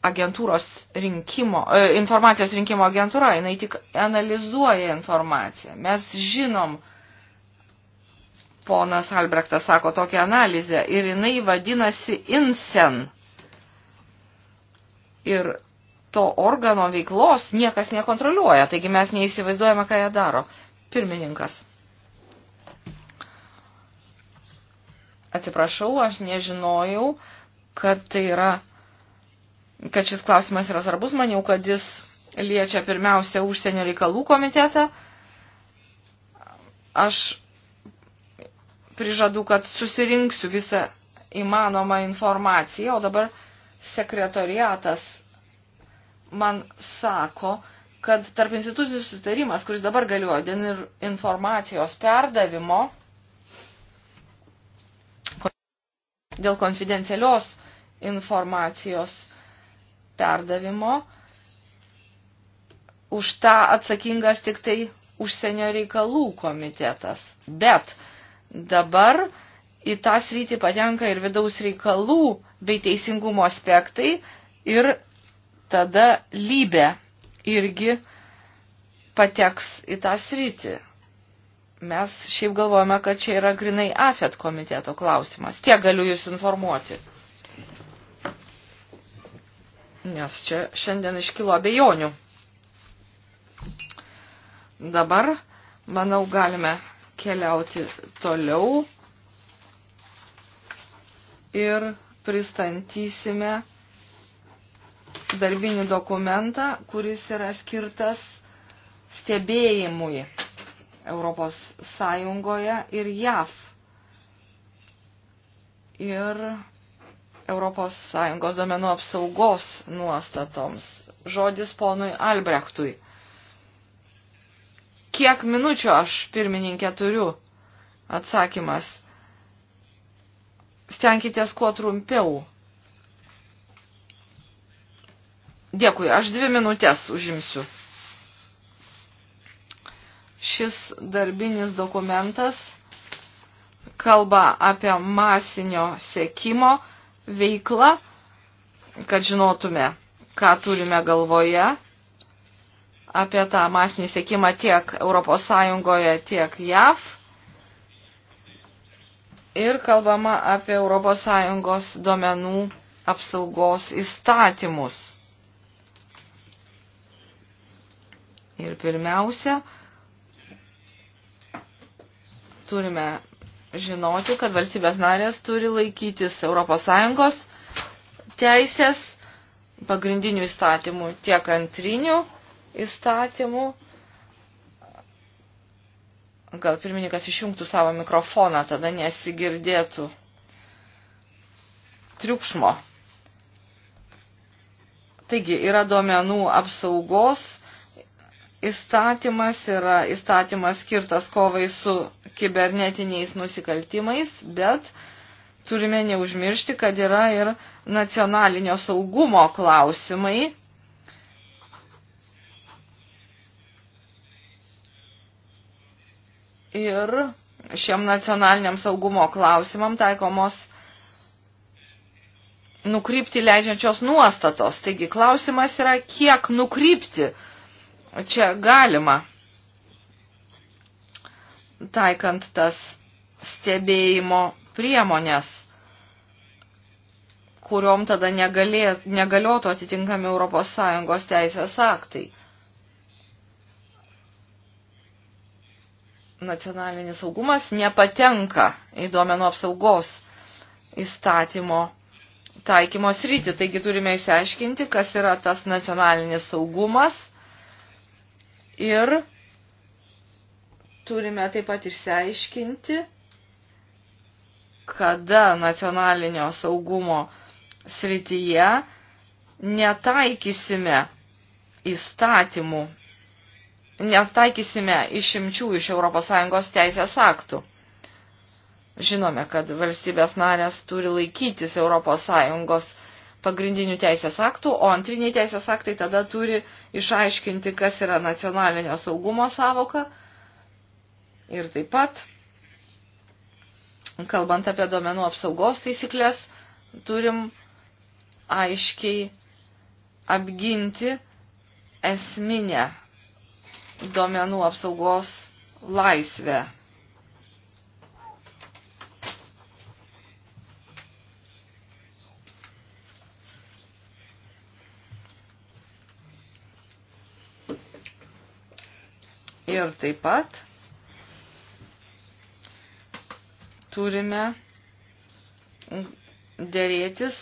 agentūros rinkimo, e, informacijos rinkimo agentūra, jinai tik analizuoja informaciją. Mes žinom, ponas Albrektas sako tokią analizę ir jinai vadinasi INSEN. Ir to organo veiklos niekas nekontroliuoja, taigi mes neįsivaizduojame, ką jie daro. Pirmininkas. Atsiprašau, aš nežinojau, kad tai yra, kad šis klausimas yra svarbus, maniau, kad jis liečia pirmiausia užsienio reikalų komitetą. Aš prižadu, kad susirinksiu visą įmanomą informaciją, o dabar sekretoriatas man sako, kad tarp institucijų sustarimas, kuris dabar galioja dėl informacijos perdavimo, dėl konfidencialios informacijos perdavimo, už tą atsakingas tik tai užsienio reikalų komitetas. Bet Dabar į tą sritį patenka ir vidaus reikalų bei teisingumo aspektai ir tada lybė irgi pateks į tą sritį. Mes šiaip galvojame, kad čia yra grinai AFET komiteto klausimas. Tiek galiu jūs informuoti. Nes čia šiandien iškilo abejonių. Dabar, manau, galime keliauti toliau ir pristatysime darbinį dokumentą, kuris yra skirtas stebėjimui Europos Sąjungoje ir JAV. Ir Europos Sąjungos domenų apsaugos nuostatoms. Žodis ponui Albrechtui kiek minučių aš pirmininkė turiu? Atsakymas. Stenkitės kuo trumpiau. Dėkui, aš dvi minutės užimsiu. Šis darbinis dokumentas kalba apie masinio sekimo veiklą, kad žinotume, ką turime galvoje apie tą masinį sėkimą tiek ES, tiek JAV. Ir kalbama apie ES duomenų apsaugos įstatymus. Ir pirmiausia, turime žinoti, kad valstybės narės turi laikytis ES teisės pagrindinių įstatymų tiek antrinių įstatymų. Gal pirmininkas išjungtų savo mikrofoną, tada nesigirdėtų triukšmo. Taigi yra duomenų apsaugos įstatymas, yra įstatymas skirtas kovai su kibernetiniais nusikaltimais, bet turime neužmiršti, kad yra ir nacionalinio saugumo klausimai ir šiem nacionaliniam saugumo klausimam taikomos nukrypti leidžiančios nuostatos. Taigi klausimas yra, kiek nukrypti čia galima taikant tas stebėjimo priemonės, kuriom tada negalė, negaliotų atitinkami ES teisės aktai. nacionalinis saugumas nepatenka į duomenų apsaugos įstatymo taikymo sritį. Taigi turime išsiaiškinti, kas yra tas nacionalinis saugumas ir turime taip pat išsiaiškinti, kada nacionalinio saugumo srityje netaikysime įstatymų netaikysime išimčių iš ES teisės aktų. Žinome, kad valstybės narės turi laikytis ES pagrindinių teisės aktų, o antriniai teisės aktai tada turi išaiškinti, kas yra nacionalinio saugumo savoka. Ir taip pat, kalbant apie domenų apsaugos taisyklės, turim aiškiai apginti esminę duomenų apsaugos laisvę. Ir taip pat turime dėrėtis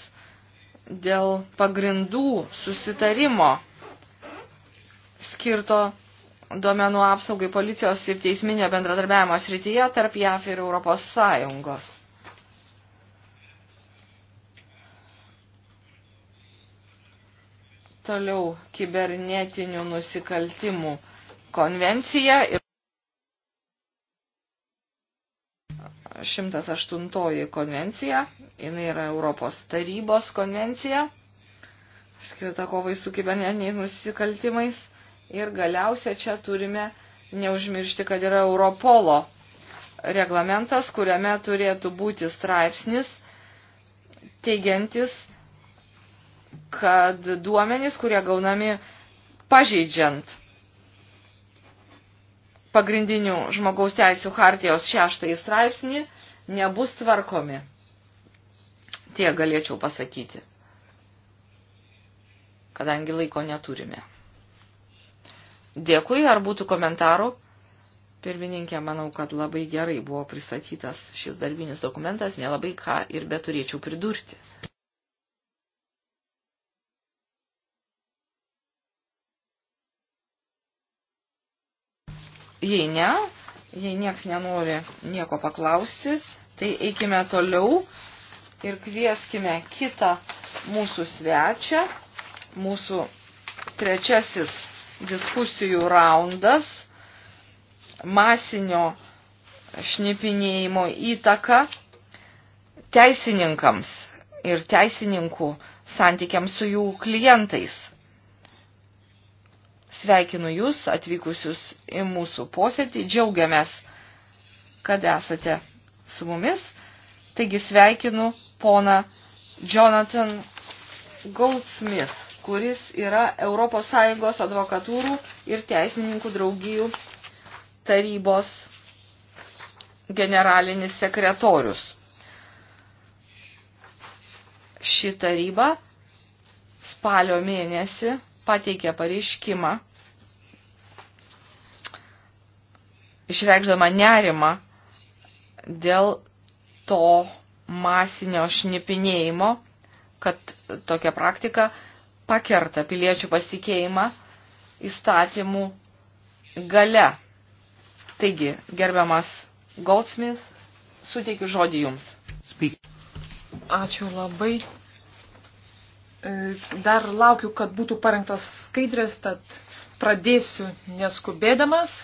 dėl pagrindų susitarimo skirto duomenų apsaugai policijos ir teisminio bendradarbiavimo srityje tarp JAF ir Europos Sąjungos. Toliau kibernetinių nusikaltimų konvencija ir 108 konvencija, jinai yra Europos tarybos konvencija, skirta kovai su kibernetiniais nusikaltimais. Ir galiausia čia turime neužmiršti, kad yra Europolo reglamentas, kuriame turėtų būti straipsnis teigiantis, kad duomenys, kurie gaunami pažeidžiant pagrindinių žmogaus teisų hartijos šeštąjį straipsnį, nebus tvarkomi. Tie galėčiau pasakyti, kadangi laiko neturime. Dėkui, ar būtų komentarų? Pirmininkė, manau, kad labai gerai buvo pristatytas šis darbinis dokumentas, nelabai ką ir beturėčiau pridurti. Jei ne, jei nieks nenori nieko paklausti, tai eikime toliau ir kvieskime kitą mūsų svečią, mūsų trečiasis diskusijų raundas, masinio šnipinėjimo įtaka teisininkams ir teisininkų santykiams su jų klientais. Sveikinu Jūs atvykusius į mūsų posėdį, džiaugiamės, kad esate su mumis. Taigi sveikinu pona Jonathan Goldsmith kuris yra ES advokatūrų ir teisininkų draugijų tarybos generalinis sekretorius. Ši taryba spalio mėnesį pateikė pareiškimą, išreikšdama nerimą dėl to masinio šnipinėjimo, kad tokia praktika pakerta piliečių pasitikėjimą įstatymų gale. Taigi, gerbiamas Goldsmith, suteikiu žodį Jums. Speak. Ačiū labai. E, dar laukiu, kad būtų parengtos skaidrės, tad pradėsiu neskubėdamas.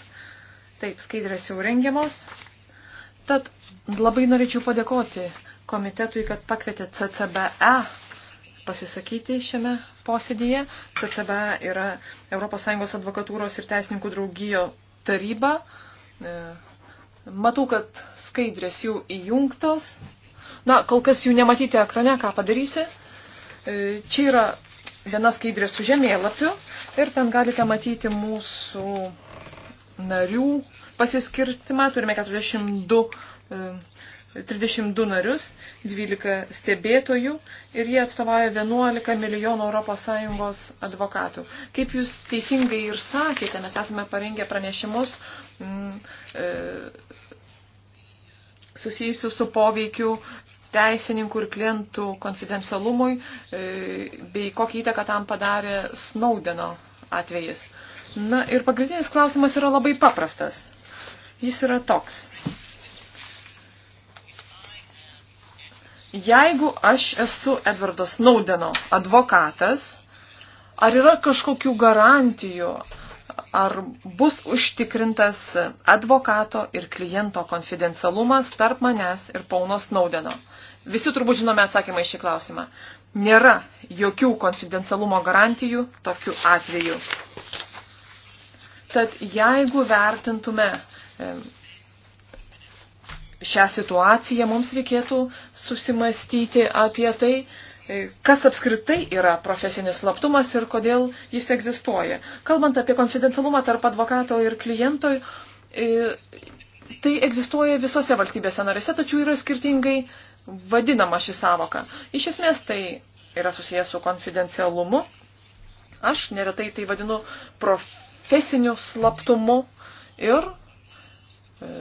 Taip, skaidrės jau rengiamos. Tad labai norėčiau padėkoti komitetui, kad pakvietė CCBE pasisakyti šiame posėdėje. CCB yra ES advokatūros ir teisininkų draugijo taryba. E, matau, kad skaidrės jau įjungtos. Na, kol kas jų nematyti ekrane, ką padarysi. E, čia yra viena skaidrė su žemėlapiu ir ten galite matyti mūsų narių pasiskirstimą. Turime 42 32 narius, 12 stebėtojų ir jie atstovauja 11 milijonų ES advokatų. Kaip jūs teisingai ir sakėte, mes esame parengę pranešimus mm, e, susijusius su poveikiu teisininkų ir klientų konfidencialumui e, bei kokį įtaką tam padarė Snaudeno atvejis. Na ir pagrindinis klausimas yra labai paprastas. Jis yra toks. jeigu aš esu Edvardas Naudeno advokatas, ar yra kažkokių garantijų, ar bus užtikrintas advokato ir kliento konfidencialumas tarp manęs ir Paunos Naudeno? Visi turbūt žinome atsakymą į šį klausimą. Nėra jokių konfidencialumo garantijų tokiu atveju. Tad jeigu vertintume šią situaciją, mums reikėtų susimastyti apie tai, e, kas apskritai yra profesinis slaptumas ir kodėl jis egzistuoja. Kalbant apie konfidencialumą tarp advokato ir kliento, e, tai egzistuoja visose valstybėse narėse, tačiau yra skirtingai vadinama ši savoka. Iš esmės tai yra susijęs su konfidencialumu. Aš neretai tai vadinu profesiniu slaptumu ir e,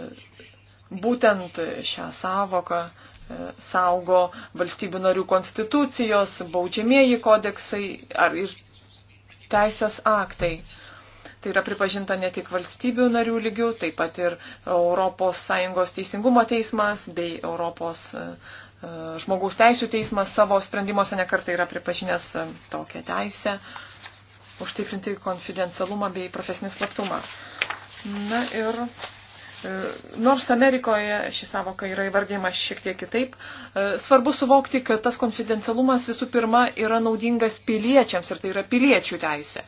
Būtent šią savoką e, saugo valstybių narių konstitucijos, baudžiamieji kodeksai ar ir teisės aktai. Tai yra pripažinta ne tik valstybių narių lygių, taip pat ir ES teisingumo teismas bei ES e, e, žmogaus teisų teismas savo sprendimuose nekartai yra pripažinęs tokią teisę užtikrinti konfidencialumą bei profesinį slaptumą. Na ir E, nors Amerikoje ši savoka yra įvardyma šiek tiek kitaip, e, svarbu suvokti, kad tas konfidencialumas visų pirma yra naudingas piliečiams ir tai yra piliečių teisė.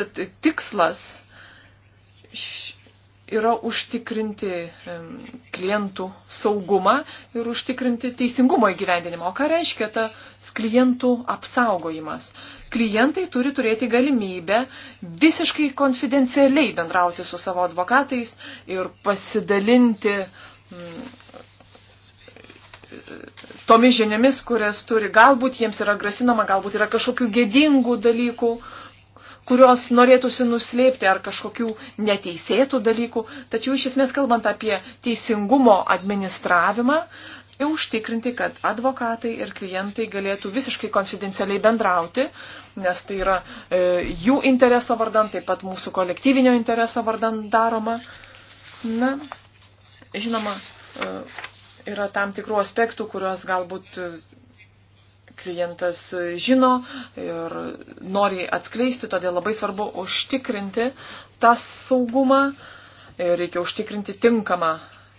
Tad tikslas yra užtikrinti klientų saugumą ir užtikrinti teisingumo įgyvendinimą. O ką reiškia tas klientų apsaugojimas? Klientai turi turėti galimybę visiškai konfidencialiai bendrauti su savo advokatais ir pasidalinti mm, tomis žiniomis, kurias turi. Galbūt jiems yra grasinama, galbūt yra kažkokių gėdingų dalykų kuriuos norėtųsi nuslėpti ar kažkokių neteisėtų dalykų, tačiau iš esmės kalbant apie teisingumo administravimą, tai užtikrinti, kad advokatai ir klientai galėtų visiškai konfidencialiai bendrauti, nes tai yra e, jų intereso vardan, taip pat mūsų kolektyvinio intereso vardan daroma. Na, žinoma, e, yra tam tikrų aspektų, kuriuos galbūt klientas žino ir nori atskleisti, todėl labai svarbu užtikrinti tą saugumą ir reikia užtikrinti tinkamą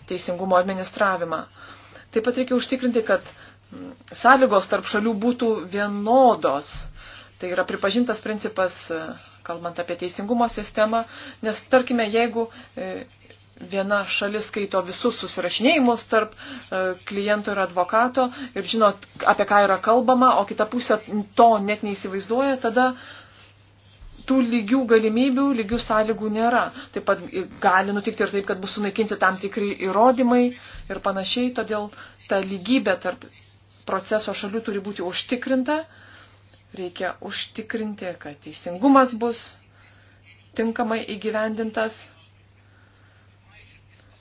teisingumo administravimą. Taip pat reikia užtikrinti, kad mm, sąlygos tarp šalių būtų vienodos. Tai yra pripažintas principas, kalbant apie teisingumo sistemą, nes tarkime, jeigu e, viena šalis skaito visus susirašinėjimus tarp e, kliento ir advokato ir žino, apie ką yra kalbama, o kita pusė to net neįsivaizduoja, tada tų lygių galimybių, lygių sąlygų nėra. Taip pat gali nutikti ir taip, kad bus sunaikinti tam tikri įrodymai ir panašiai, todėl ta lygybė tarp proceso šalių turi būti užtikrinta. Reikia užtikrinti, kad teisingumas bus tinkamai įgyvendintas.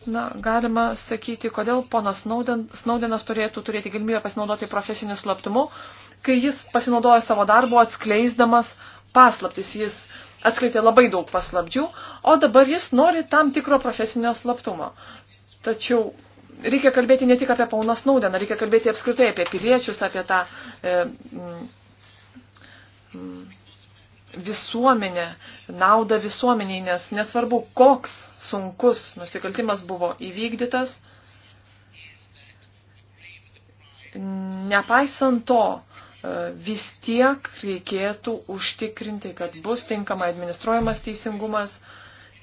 Na, galima sakyti, kodėl ponas Snowden, Snowdenas turėtų turėti galimybę pasinaudoti profesiniu slaptumu, kai jis pasinaudojo savo darbo atskleisdamas paslaptis. Jis atskleidė labai daug paslapdžių, o dabar jis nori tam tikro profesinio slaptumo. Tačiau reikia kalbėti ne tik apie poną Snowdeną, reikia kalbėti apskritai apie piliečius, apie tą. E, mm, mm, visuomenę, naudą visuomeniai, nes nesvarbu, koks sunkus nusikaltimas buvo įvykdytas, nepaisant to, e, vis tiek reikėtų užtikrinti, kad bus tinkamai administruojamas teisingumas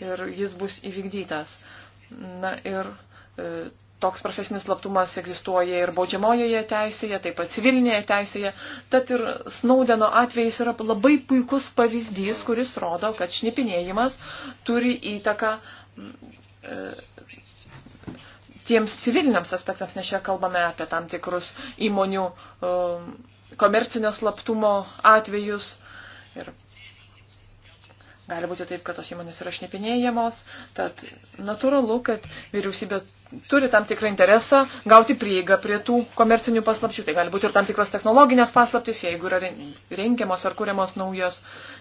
ir jis bus įvykdytas. Na ir e, toks profesinis slaptumas egzistuoja ir baudžiamojoje teisėje, taip pat civilinėje teisėje. Tad ir Snaudeno atvejis yra labai puikus pavyzdys, kuris rodo, kad šnipinėjimas turi įtaką e, tiems civiliniams aspektams, nes čia kalbame apie tam tikrus įmonių e, komercinio slaptumo atvejus ir Gali būti taip, kad tos įmonės yra šnipinėjamos, tad natūralu, kad vyriausybė turi tam tikrą interesą gauti prieigą prie tų komercinių paslapčių. Tai gali būti ir tam tikros technologinės paslaptys, jeigu yra rengiamos ar kuriamos naujos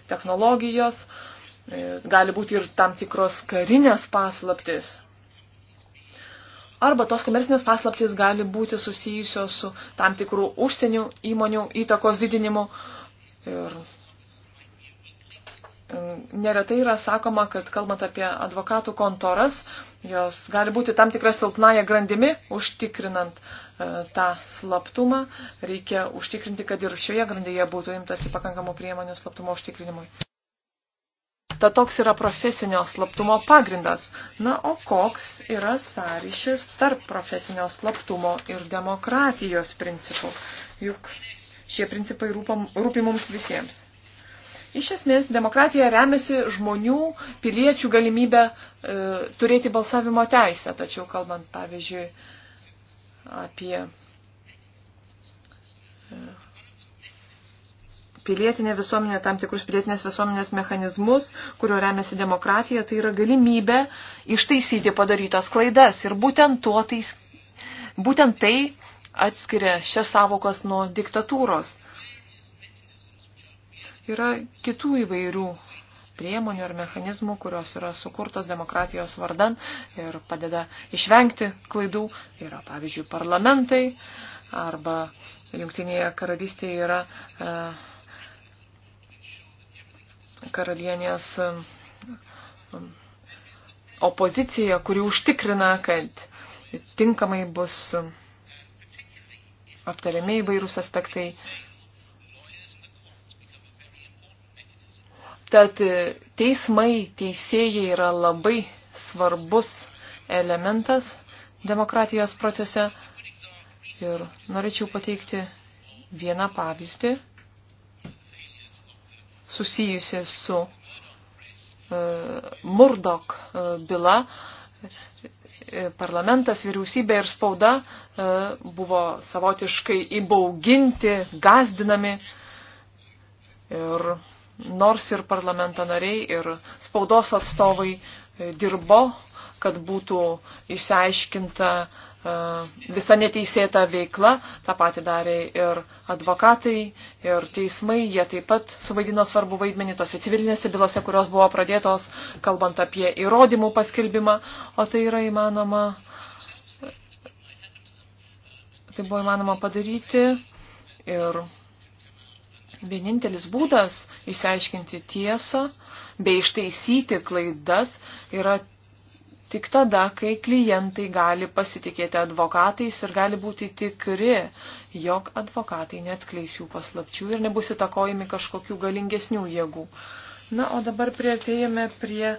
technologijos. E, gali būti ir tam tikros karinės paslaptis. Arba tos komercinės paslaptys gali būti susijusios su tam tikrų užsienio įmonių įtakos didinimu. Ir neretai yra sakoma, kad kalbant apie advokatų kontoras, jos gali būti tam tikra silpnaja grandimi, užtikrinant e, tą slaptumą. Reikia užtikrinti, kad ir šioje grandyje būtų imtasi pakankamų priemonių slaptumo užtikrinimui. Ta toks yra profesinio slaptumo pagrindas. Na, o koks yra sąryšis tarp profesinio slaptumo ir demokratijos principų? Juk šie principai rūpam, rūpi mums visiems. Iš esmės, demokratija remiasi žmonių, piliečių galimybę e, turėti balsavimo teisę. Tačiau kalbant, pavyzdžiui, apie e, pilietinę visuomenę, tam tikrus pilietinės visuomenės mechanizmus, kurio remiasi demokratija, tai yra galimybė ištaisyti padarytas klaidas. Ir būtent, tuo, tai, būtent tai atskiria šias savokas nuo diktatūros. Yra kitų įvairių priemonių ir mechanizmų, kurios yra sukurtos demokratijos vardan ir padeda išvengti klaidų. Yra, pavyzdžiui, parlamentai arba Junktinėje karalystėje yra e, karalienės e, opozicija, kuri užtikrina, kad tinkamai bus e, aptariami įvairūs aspektai Tad teismai, teisėjai yra labai svarbus elementas demokratijos procese. Ir norėčiau pateikti vieną pavyzdį susijusi su e, Murdok e, byla. E, parlamentas, vyriausybė ir spauda buvo savotiškai įbauginti, gazdinami ir nors ir parlamento nariai, ir spaudos atstovai e, dirbo, kad būtų išsiaiškinta e, visa neteisėta veikla. Ta pati darė ir advokatai, ir teismai. Jie taip pat suvaidino svarbu vaidmenį tose civilinėse bylose, kurios buvo pradėtos, kalbant apie įrodymų paskelbimą. O tai yra įmanoma. Tai buvo įmanoma padaryti. Ir Vienintelis būdas išsiaiškinti tiesą bei ištaisyti klaidas yra tik tada, kai klientai gali pasitikėti advokatais ir gali būti tikri, jog advokatai neatskleis jų paslapčių ir nebus įtakojami kažkokių galingesnių jėgų. Na, o dabar prieartėjame prie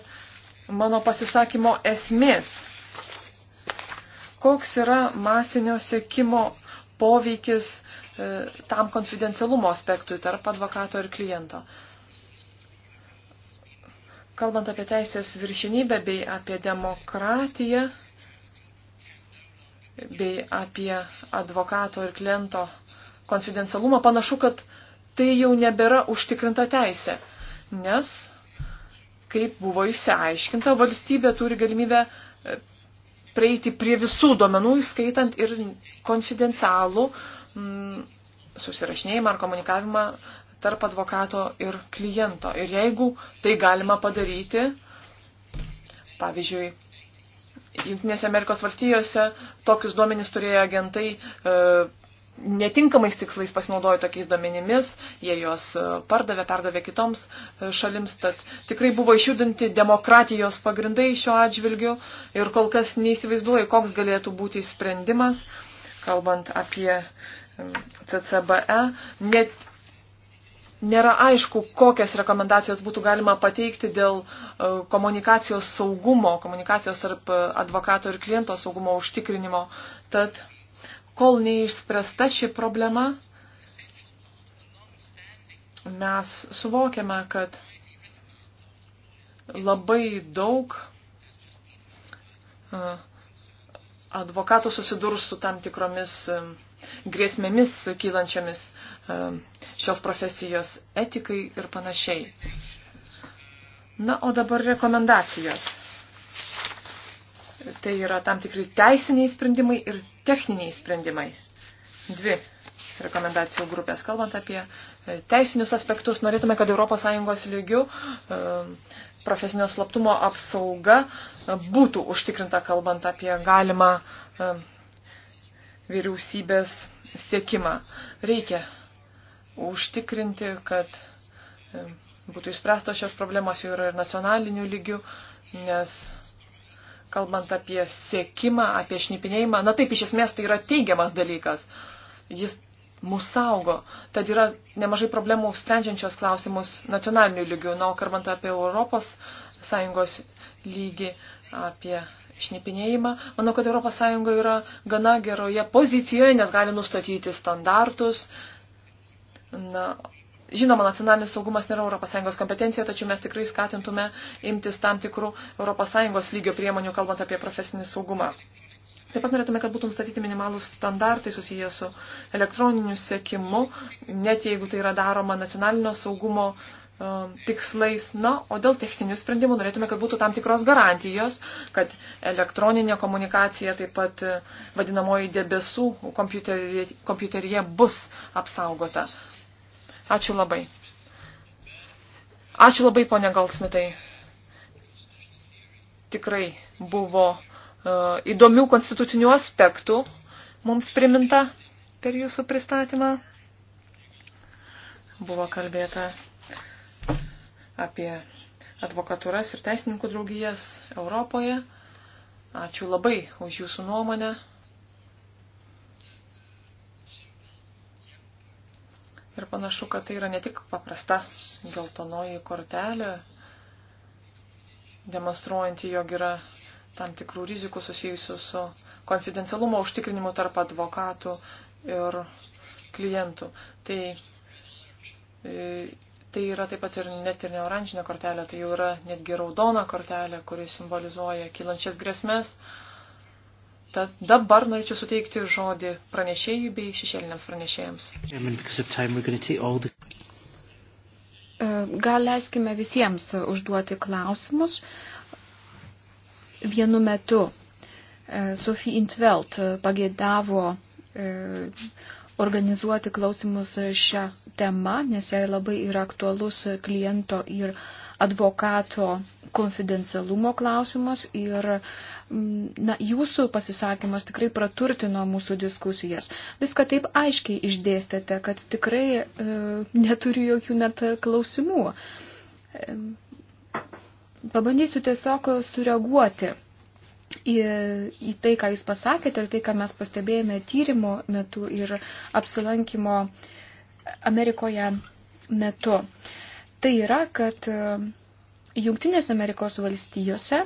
mano pasisakymo esmės. Koks yra masinio sekimo poveikis e, tam konfidencialumo aspektui tarp advokato ir kliento. Kalbant apie teisės viršinybę bei apie demokratiją bei apie advokato ir kliento konfidencialumą, panašu, kad tai jau nebėra užtikrinta teisė, nes, kaip buvo išsiaiškinta, valstybė turi galimybę prieiti prie visų duomenų, įskaitant ir konfidencialų mm, susirašinėjimą ar komunikavimą tarp advokato ir kliento. Ir jeigu tai galima padaryti, pavyzdžiui, Junktinėse Amerikos valstijose tokius duomenys turėjo agentai e, netinkamais tikslais pasinaudojo tokiais duomenimis, jie juos e, pardavė, perdavė kitoms e, šalims, tad tikrai buvo išjudinti demokratijos pagrindai šiuo atžvilgiu ir kol kas neįsivaizduoju, koks galėtų būti sprendimas, kalbant apie CCBE. E. Net nėra aišku, kokias rekomendacijas būtų galima pateikti dėl komunikacijos saugumo, komunikacijos tarp advokato ir kliento saugumo užtikrinimo. Tad kol neišspręsta ši problema, mes suvokiame, kad labai daug advokatų susidurs su tam tikromis grėsmėmis kylančiamis šios profesijos etikai ir panašiai. Na, o dabar rekomendacijos. Tai yra tam tikri teisiniai sprendimai ir techniniai sprendimai. Dvi rekomendacijų grupės. Kalbant apie e, teisinius aspektus, norėtume, kad ES lygių e, profesinio slaptumo apsauga e, būtų užtikrinta, kalbant apie galimą vyriausybės siekimą. Reikia užtikrinti, kad būtų išspręstos šios problemos jau ir nacionaliniu lygiu, nes kalbant apie sėkimą, apie šnipinėjimą, na taip, iš esmės tai yra teigiamas dalykas. Jis mūsų saugo. Tad yra nemažai problemų sprendžiančios klausimus nacionaliniu lygiu. Na, o kalbant apie Europos Sąjungos lygį, apie šnipinėjimą, manau, kad Europos Sąjunga yra gana geroje pozicijoje, nes gali nustatyti standartus. Na, Žinoma, nacionalinis saugumas nėra ES kompetencija, tačiau mes tikrai skatintume imtis tam tikrų ES lygio priemonių, kalbant apie profesinį saugumą. Taip pat norėtume, kad būtų nustatyti minimalūs standartai susiję su elektroniniu sekimu, net jeigu tai yra daroma nacionalinio saugumo e, tikslais. Na, o dėl techninių sprendimų norėtume, kad būtų tam tikros garantijos, kad elektroninė komunikacija, taip pat e, vadinamoji debesų kompiuteryje, kompiuteryje bus apsaugota. Ačiū labai. Ačiū labai, ponė Galsmitai. Tikrai buvo uh, įdomių konstitucinių aspektų mums priminta per jūsų pristatymą. Buvo kalbėta apie advokatūras ir teisininkų draugijas Europoje. Ačiū labai už jūsų nuomonę. Ir panašu, kad tai yra ne tik paprasta geltonoji kortelė, demonstruojanti, jog yra tam tikrų rizikų susijusių su konfidencialumo užtikrinimu tarp advokatų ir klientų. Tai, e, tai yra taip pat ir net ir ne oranžinė kortelė, tai jau yra netgi raudona kortelė, kuri simbolizuoja kylančias grėsmės. Uh, Tad dabar norėčiau suteikti žodį pranešėjui bei šešėliniams pranešėjams. E, gal leiskime visiems užduoti klausimus vienu metu. E, Sophie Intvelt pagėdavo e, organizuoti klausimus šią temą, nes jai labai yra aktualus kliento ir uh, advokato konfidencialumo klausimas ir mm, na, jūsų pasisakymas tikrai praturtino mūsų diskusijas. Viską taip aiškiai išdėstėte, kad tikrai e, neturiu jokių net klausimų. E, pabandysiu tiesiog sureaguoti į, į tai, ką jūs pasakėte ir tai, ką mes pastebėjome tyrimo metu ir apsilankimo Amerikoje metu. Tai yra, kad e, Junktinės Amerikos valstijose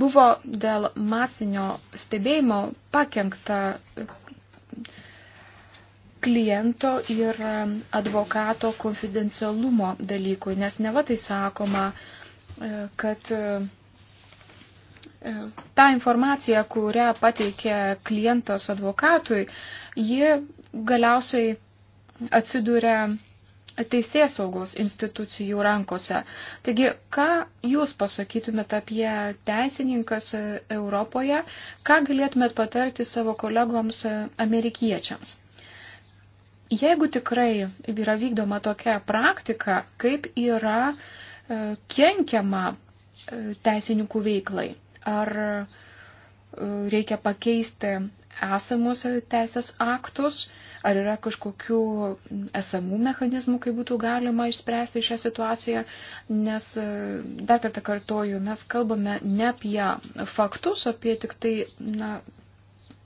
buvo dėl masinio stebėjimo pakengta e, kliento ir e, advokato konfidencialumo dalykui, nes neva tai sakoma, kad ta informacija, kurią pateikė klientas advokatui, ji galiausiai atsiduria teisės saugos institucijų rankose. Taigi, ką Jūs pasakytumėt apie teisininkas Europoje, ką galėtumėt patarti savo kolegoms amerikiečiams? Jeigu tikrai yra vykdoma tokia praktika, kaip yra e, kenkiama e, teisininkų veiklai, ar e, reikia pakeisti esamus teisės aktus, ar yra kažkokių esamų mechanizmų, kaip būtų galima išspręsti šią situaciją, nes e, dar kartą kartoju, mes kalbame ne apie faktus, apie tik tai na,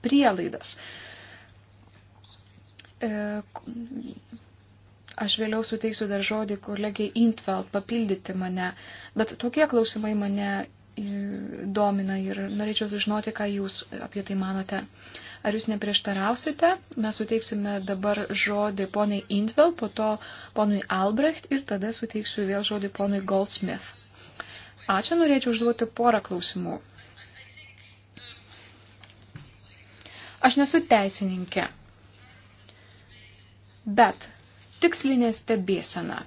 prielaidas. E, aš vėliau suteiksiu dar žodį kolegiai Intveld papildyti mane, bet tokie klausimai mane domina ir norėčiau sužinoti, ką jūs apie tai manote. Ar jūs neprieštarausite? Mes suteiksime dabar žodį poniai Intvel, po to ponui Albrecht ir tada suteiksiu vėl žodį ponui Goldsmith. Ačiū, norėčiau užduoti porą klausimų. Aš nesu teisininkė, bet tikslinė stebėsena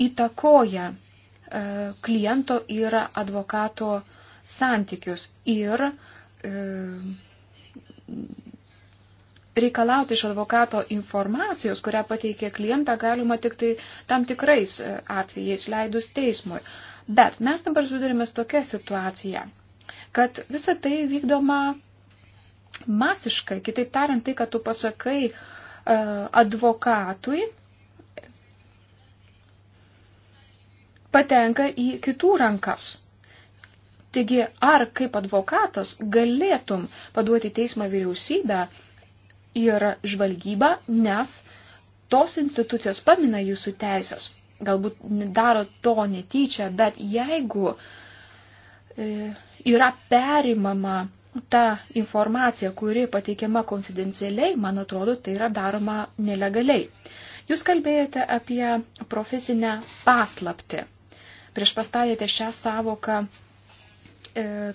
įtakoja E, kliento ir advokato santykius ir e, reikalauti iš advokato informacijos, kurią pateikė klientą, galima tik tai tam tikrais e, atvejais leidus teismui. Bet mes dabar sudarėme tokią situaciją, kad visa tai vykdoma masiškai, kitaip tariant, tai, kad tu pasakai advokatui, patenka į kitų rankas. Taigi, ar kaip advokatas galėtum paduoti teismą vyriausybę ir žvalgybą, nes tos institucijos pamina jūsų teisės. Galbūt daro to netyčia, bet jeigu e, yra perimama ta informacija, kuri pateikiama konfidencialiai, man atrodo, tai yra daroma nelegaliai. Jūs kalbėjote apie profesinę paslaptį prieš pastatėte šią savoką e,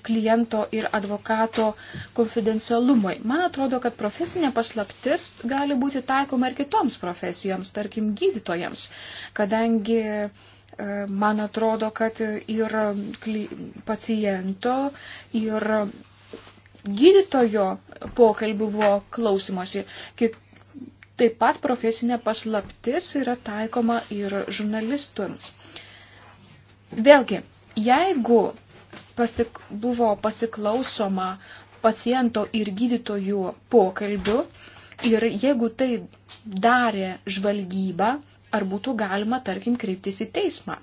kliento ir advokato konfidencialumui. Man atrodo, kad profesinė paslaptis gali būti taikoma ir kitoms profesijoms, tarkim gydytojams, kadangi e, man atrodo, kad ir paciento, ir gydytojo pokalbių buvo klausimosi. Taip pat profesinė paslaptis yra taikoma ir žurnalistams. Vėlgi, jeigu pasik buvo pasiklausoma paciento ir gydytojų pokalbių ir jeigu tai darė žvalgyba, ar būtų galima, tarkim, kreiptis į teismą.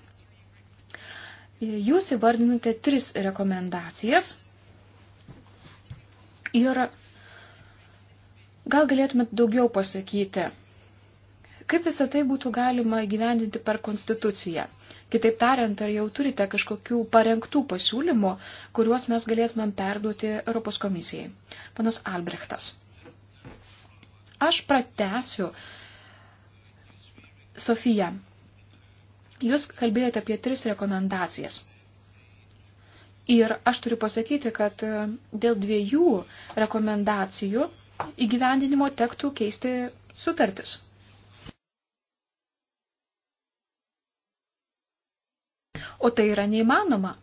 Jūs įvardinate tris rekomendacijas ir gal galėtumėt daugiau pasakyti, kaip visą tai būtų galima gyvendinti per konstituciją. Kitaip tariant, ar jau turite kažkokių parengtų pasiūlymų, kuriuos mes galėtumėm perduoti Europos komisijai? Panas Albrechtas. Aš pratesiu. Sofija, jūs kalbėjote apie tris rekomendacijas. Ir aš turiu pasakyti, kad e, dėl dviejų rekomendacijų įgyvendinimo tektų keisti sutartis. o tai yra neįmanoma.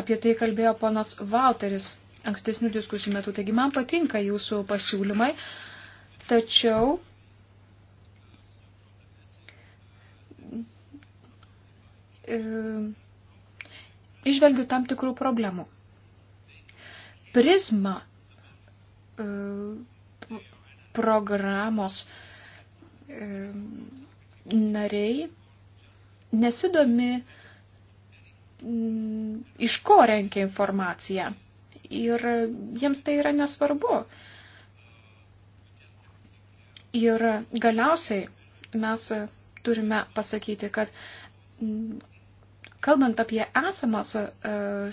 Apie tai kalbėjo ponas Valteris ankstesnių diskusijų metu. Taigi man patinka jūsų pasiūlymai, tačiau e, išvelgiu tam tikrų problemų. Prisma e, programos e, E, nariai nesidomi, mm, iš ko renkia informaciją. Ir jiems tai yra nesvarbu. Ir galiausiai mes turime pasakyti, kad mm, kalbant apie esamas e,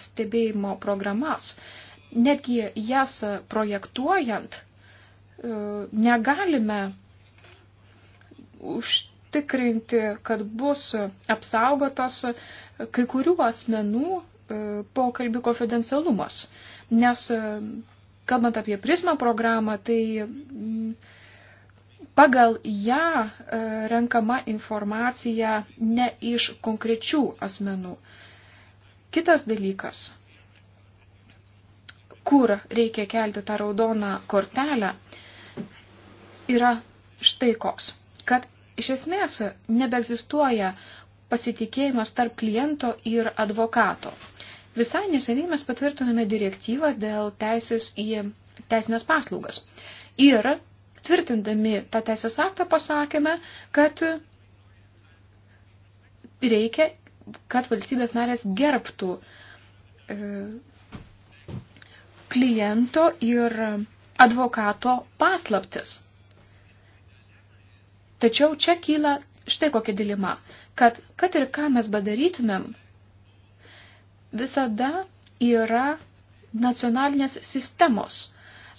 stebėjimo programas, netgi jas projektuojant, e, negalime užtikrinti, kad bus apsaugotas kai kurių asmenų e, pokalbių konfidencialumas. Nes, e, kalbant apie prismą programą, tai pagal ją e, renkama informacija ne iš konkrečių asmenų. Kitas dalykas, kur reikia kelti tą raudoną kortelę, yra štai koks iš esmės nebeegzistuoja pasitikėjimas tarp kliento ir advokato. Visai neseniai mes patvirtinome direktyvą dėl teisės į teisinės paslaugas. Ir tvirtindami tą teisės aktą pasakėme, kad reikia, kad valstybės narės gerbtų e, kliento ir advokato paslaptis. Tačiau čia kyla štai kokia dilema, kad kad ir ką mes padarytumėm, visada yra nacionalinės sistemos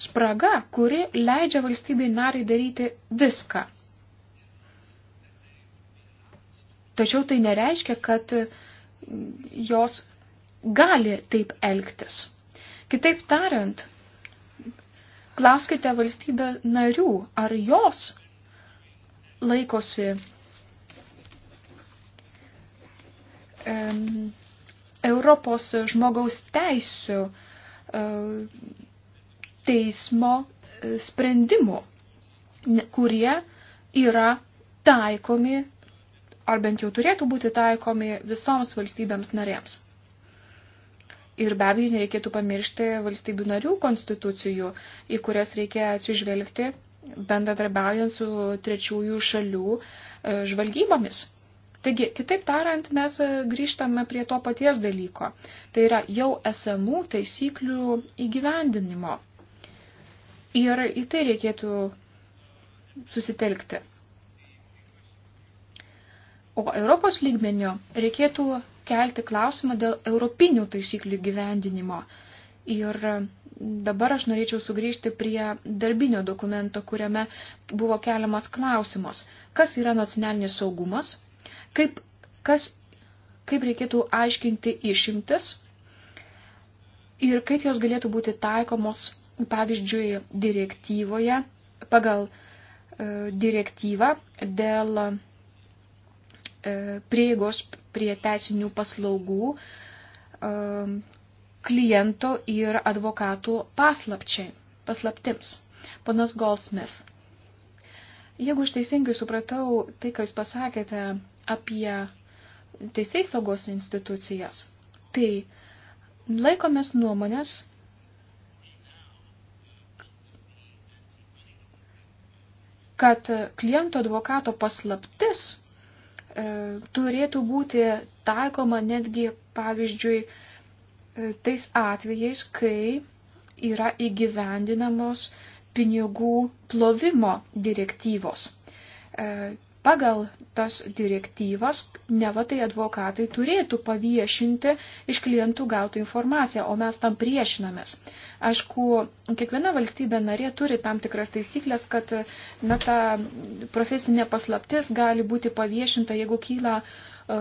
spraga, kuri leidžia valstybei nariai daryti viską. Tačiau tai nereiškia, kad jos gali taip elgtis. Kitaip tariant, klauskite valstybę narių, ar jos laikosi Europos žmogaus teisų teismo e, sprendimų, kurie yra taikomi, ar bent jau turėtų būti taikomi visoms valstybėms narėms. Ir be abejo, nereikėtų pamiršti valstybių narių konstitucijų, į kurias reikia atsižvelgti bendradarbiaujant su trečiųjų šalių e, žvalgybomis. Taigi, kitaip tariant, mes e, grįžtame prie to paties dalyko. Tai yra jau esamų taisyklių įgyvendinimo. Ir į tai reikėtų susitelkti. O Europos lygmenio reikėtų kelti klausimą dėl europinių taisyklių gyvendinimo. Ir dabar aš norėčiau sugrįžti prie darbinio dokumento, kuriame buvo keliamas klausimas, kas yra nacionalinis saugumas, kaip, kas, kaip reikėtų aiškinti išimtis ir kaip jos galėtų būti taikomos, pavyzdžiui, direktyvoje, pagal e, direktyvą dėl e, prieigos prie teisinių paslaugų e, kliento ir advokatų paslapčiai, paslaptims. Panas Goldsmith. Jeigu aš teisingai supratau tai, ką jūs pasakėte apie teisėjai saugos institucijas, tai laikomės nuomonės, kad kliento advokato paslaptis e, turėtų būti taikoma netgi, pavyzdžiui, e, tais atvejais, kai yra įgyvendinamos pinigų plovimo direktyvos. E, pagal tas direktyvas neva tai advokatai turėtų paviešinti iš klientų gautą informaciją, o mes tam priešinamės. Aišku, kiekviena valstybė narė turi tam tikras taisyklės, kad na, ta profesinė paslaptis gali būti paviešinta, jeigu kyla uh, E,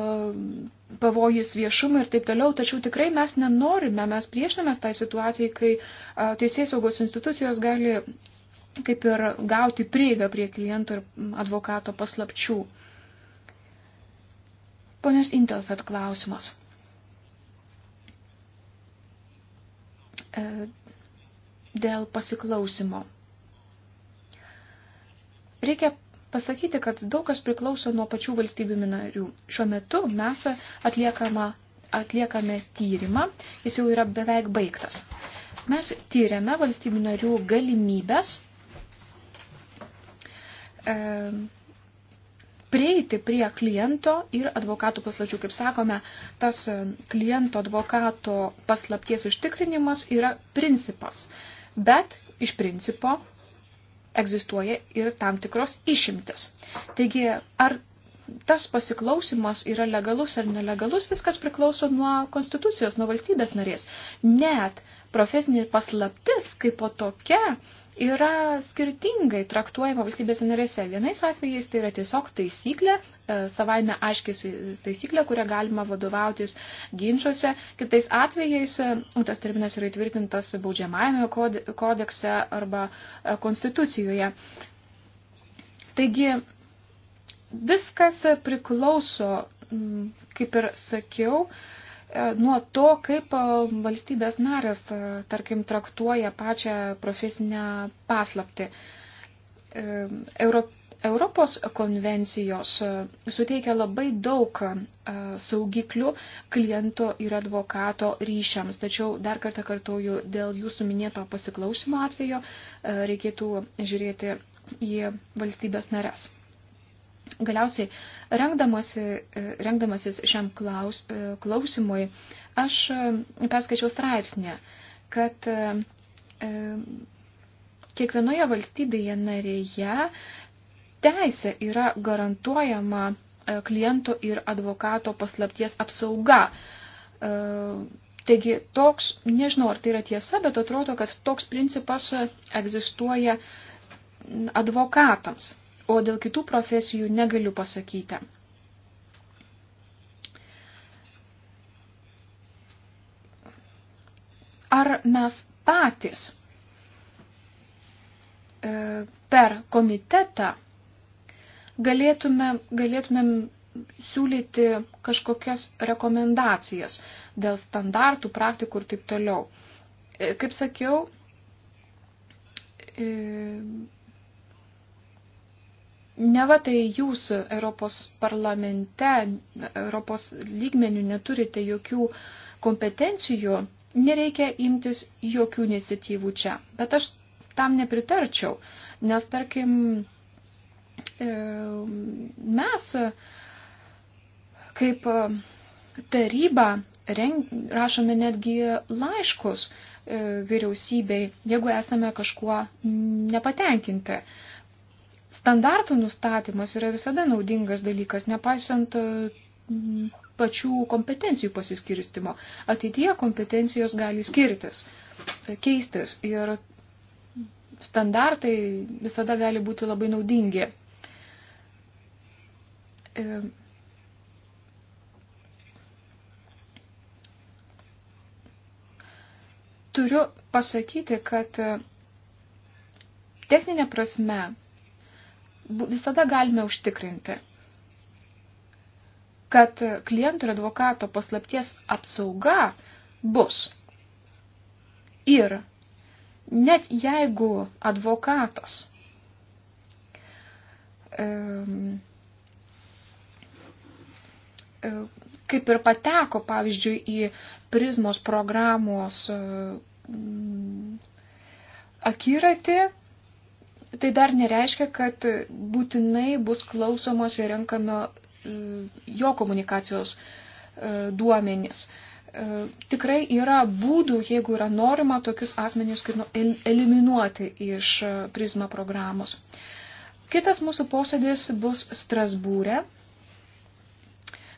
pavojus viešumui ir taip toliau, tačiau tikrai mes nenorime, mes priešinamės tai situacijai, kai e, teisės saugos institucijos gali kaip ir gauti prieigą prie klientų ir advokato paslapčių. Ponios Intelfet klausimas. E, dėl pasiklausimo. Reikia pasakyti, kad daug kas priklauso nuo pačių valstybių minarių. Šiuo metu mes atliekama, atliekame tyrimą, jis jau yra beveik baigtas. Mes tyriame valstybių narių galimybės e, prieiti prie kliento ir advokatų paslačių. Kaip sakome, tas kliento advokato paslapties užtikrinimas yra principas. Bet iš principo egzistuoja ir tam tikros išimtis. Taigi, ar tas pasiklausimas yra legalus ar nelegalus, viskas priklauso nuo konstitucijos, nuo valstybės narės. Net profesinė paslaptis kaip po tokia yra skirtingai traktuojama valstybėse narėse. Vienais atvejais tai yra tiesiog taisyklė, e, savaime aiškiai taisyklė, kurią galima vadovautis ginčiuose. Kitais atvejais e, tas terminas yra įtvirtintas baudžiamajame kodekse arba e, konstitucijoje. Taigi viskas priklauso, kaip ir sakiau, E, nuo to, kaip e, valstybės narės, e, tarkim, traktuoja pačią profesinę paslapti. Europos konvencijos suteikia labai daug saugiklių kliento ir advokato ryšiams, tačiau dar kartą kartuoju, dėl jūsų minėto pasiklausimo atvejo reikėtų žiūrėti į valstybės nares. Galiausiai, rengdamasi, rengdamasis šiam klaus, klausimui, aš e, perskaičiau straipsnį, kad e, e, kiekvienoje valstybėje narėje teisė yra garantuojama kliento ir advokato paslapties apsauga. Taigi toks, nežinau ar tai yra tiesa, bet atrodo, kad toks principas egzistuoja advokatams o dėl kitų profesijų negaliu pasakyti. Ar mes patys e, per komitetą galėtume, galėtumėm siūlyti kažkokias rekomendacijas dėl standartų, praktikų ir taip toliau. E, kaip sakiau, e, Neva tai jūs Europos parlamente, Europos lygmenių neturite jokių kompetencijų, nereikia imtis jokių iniciatyvų čia. Bet aš tam nepritarčiau, nes tarkim e, mes kaip taryba rašome netgi laiškus e, vyriausybei, jeigu esame kažkuo nepatenkinti. Standartų nustatymas yra visada naudingas dalykas, nepaisant e, pačių kompetencijų pasiskirstimo. Ateityje kompetencijos gali skirtis, e, keistis ir standartai visada gali būti labai naudingi. E, turiu pasakyti, kad techninė prasme visada galime užtikrinti, kad klientų ir advokato paslapties apsauga bus. Ir net jeigu advokatas kaip ir pateko, pavyzdžiui, į prizmos programos akiratį, Tai dar nereiškia, kad būtinai bus klausomos ir renkama e, jo komunikacijos e, duomenys. E, tikrai yra būdų, jeigu yra norima, tokius asmenys nu, eliminuoti iš prizma programos. Kitas mūsų posėdis bus Strasbūre,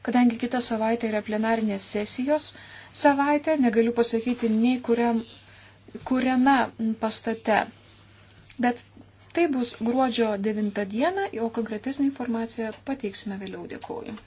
kadangi kitą savaitę yra plenarinės sesijos savaitė, negaliu pasakyti nei kuriam, kuriame pastate. Bet Tai bus gruodžio 9 dieną, o konkretesnį informaciją pateiksime vėliau. Dėkuoju.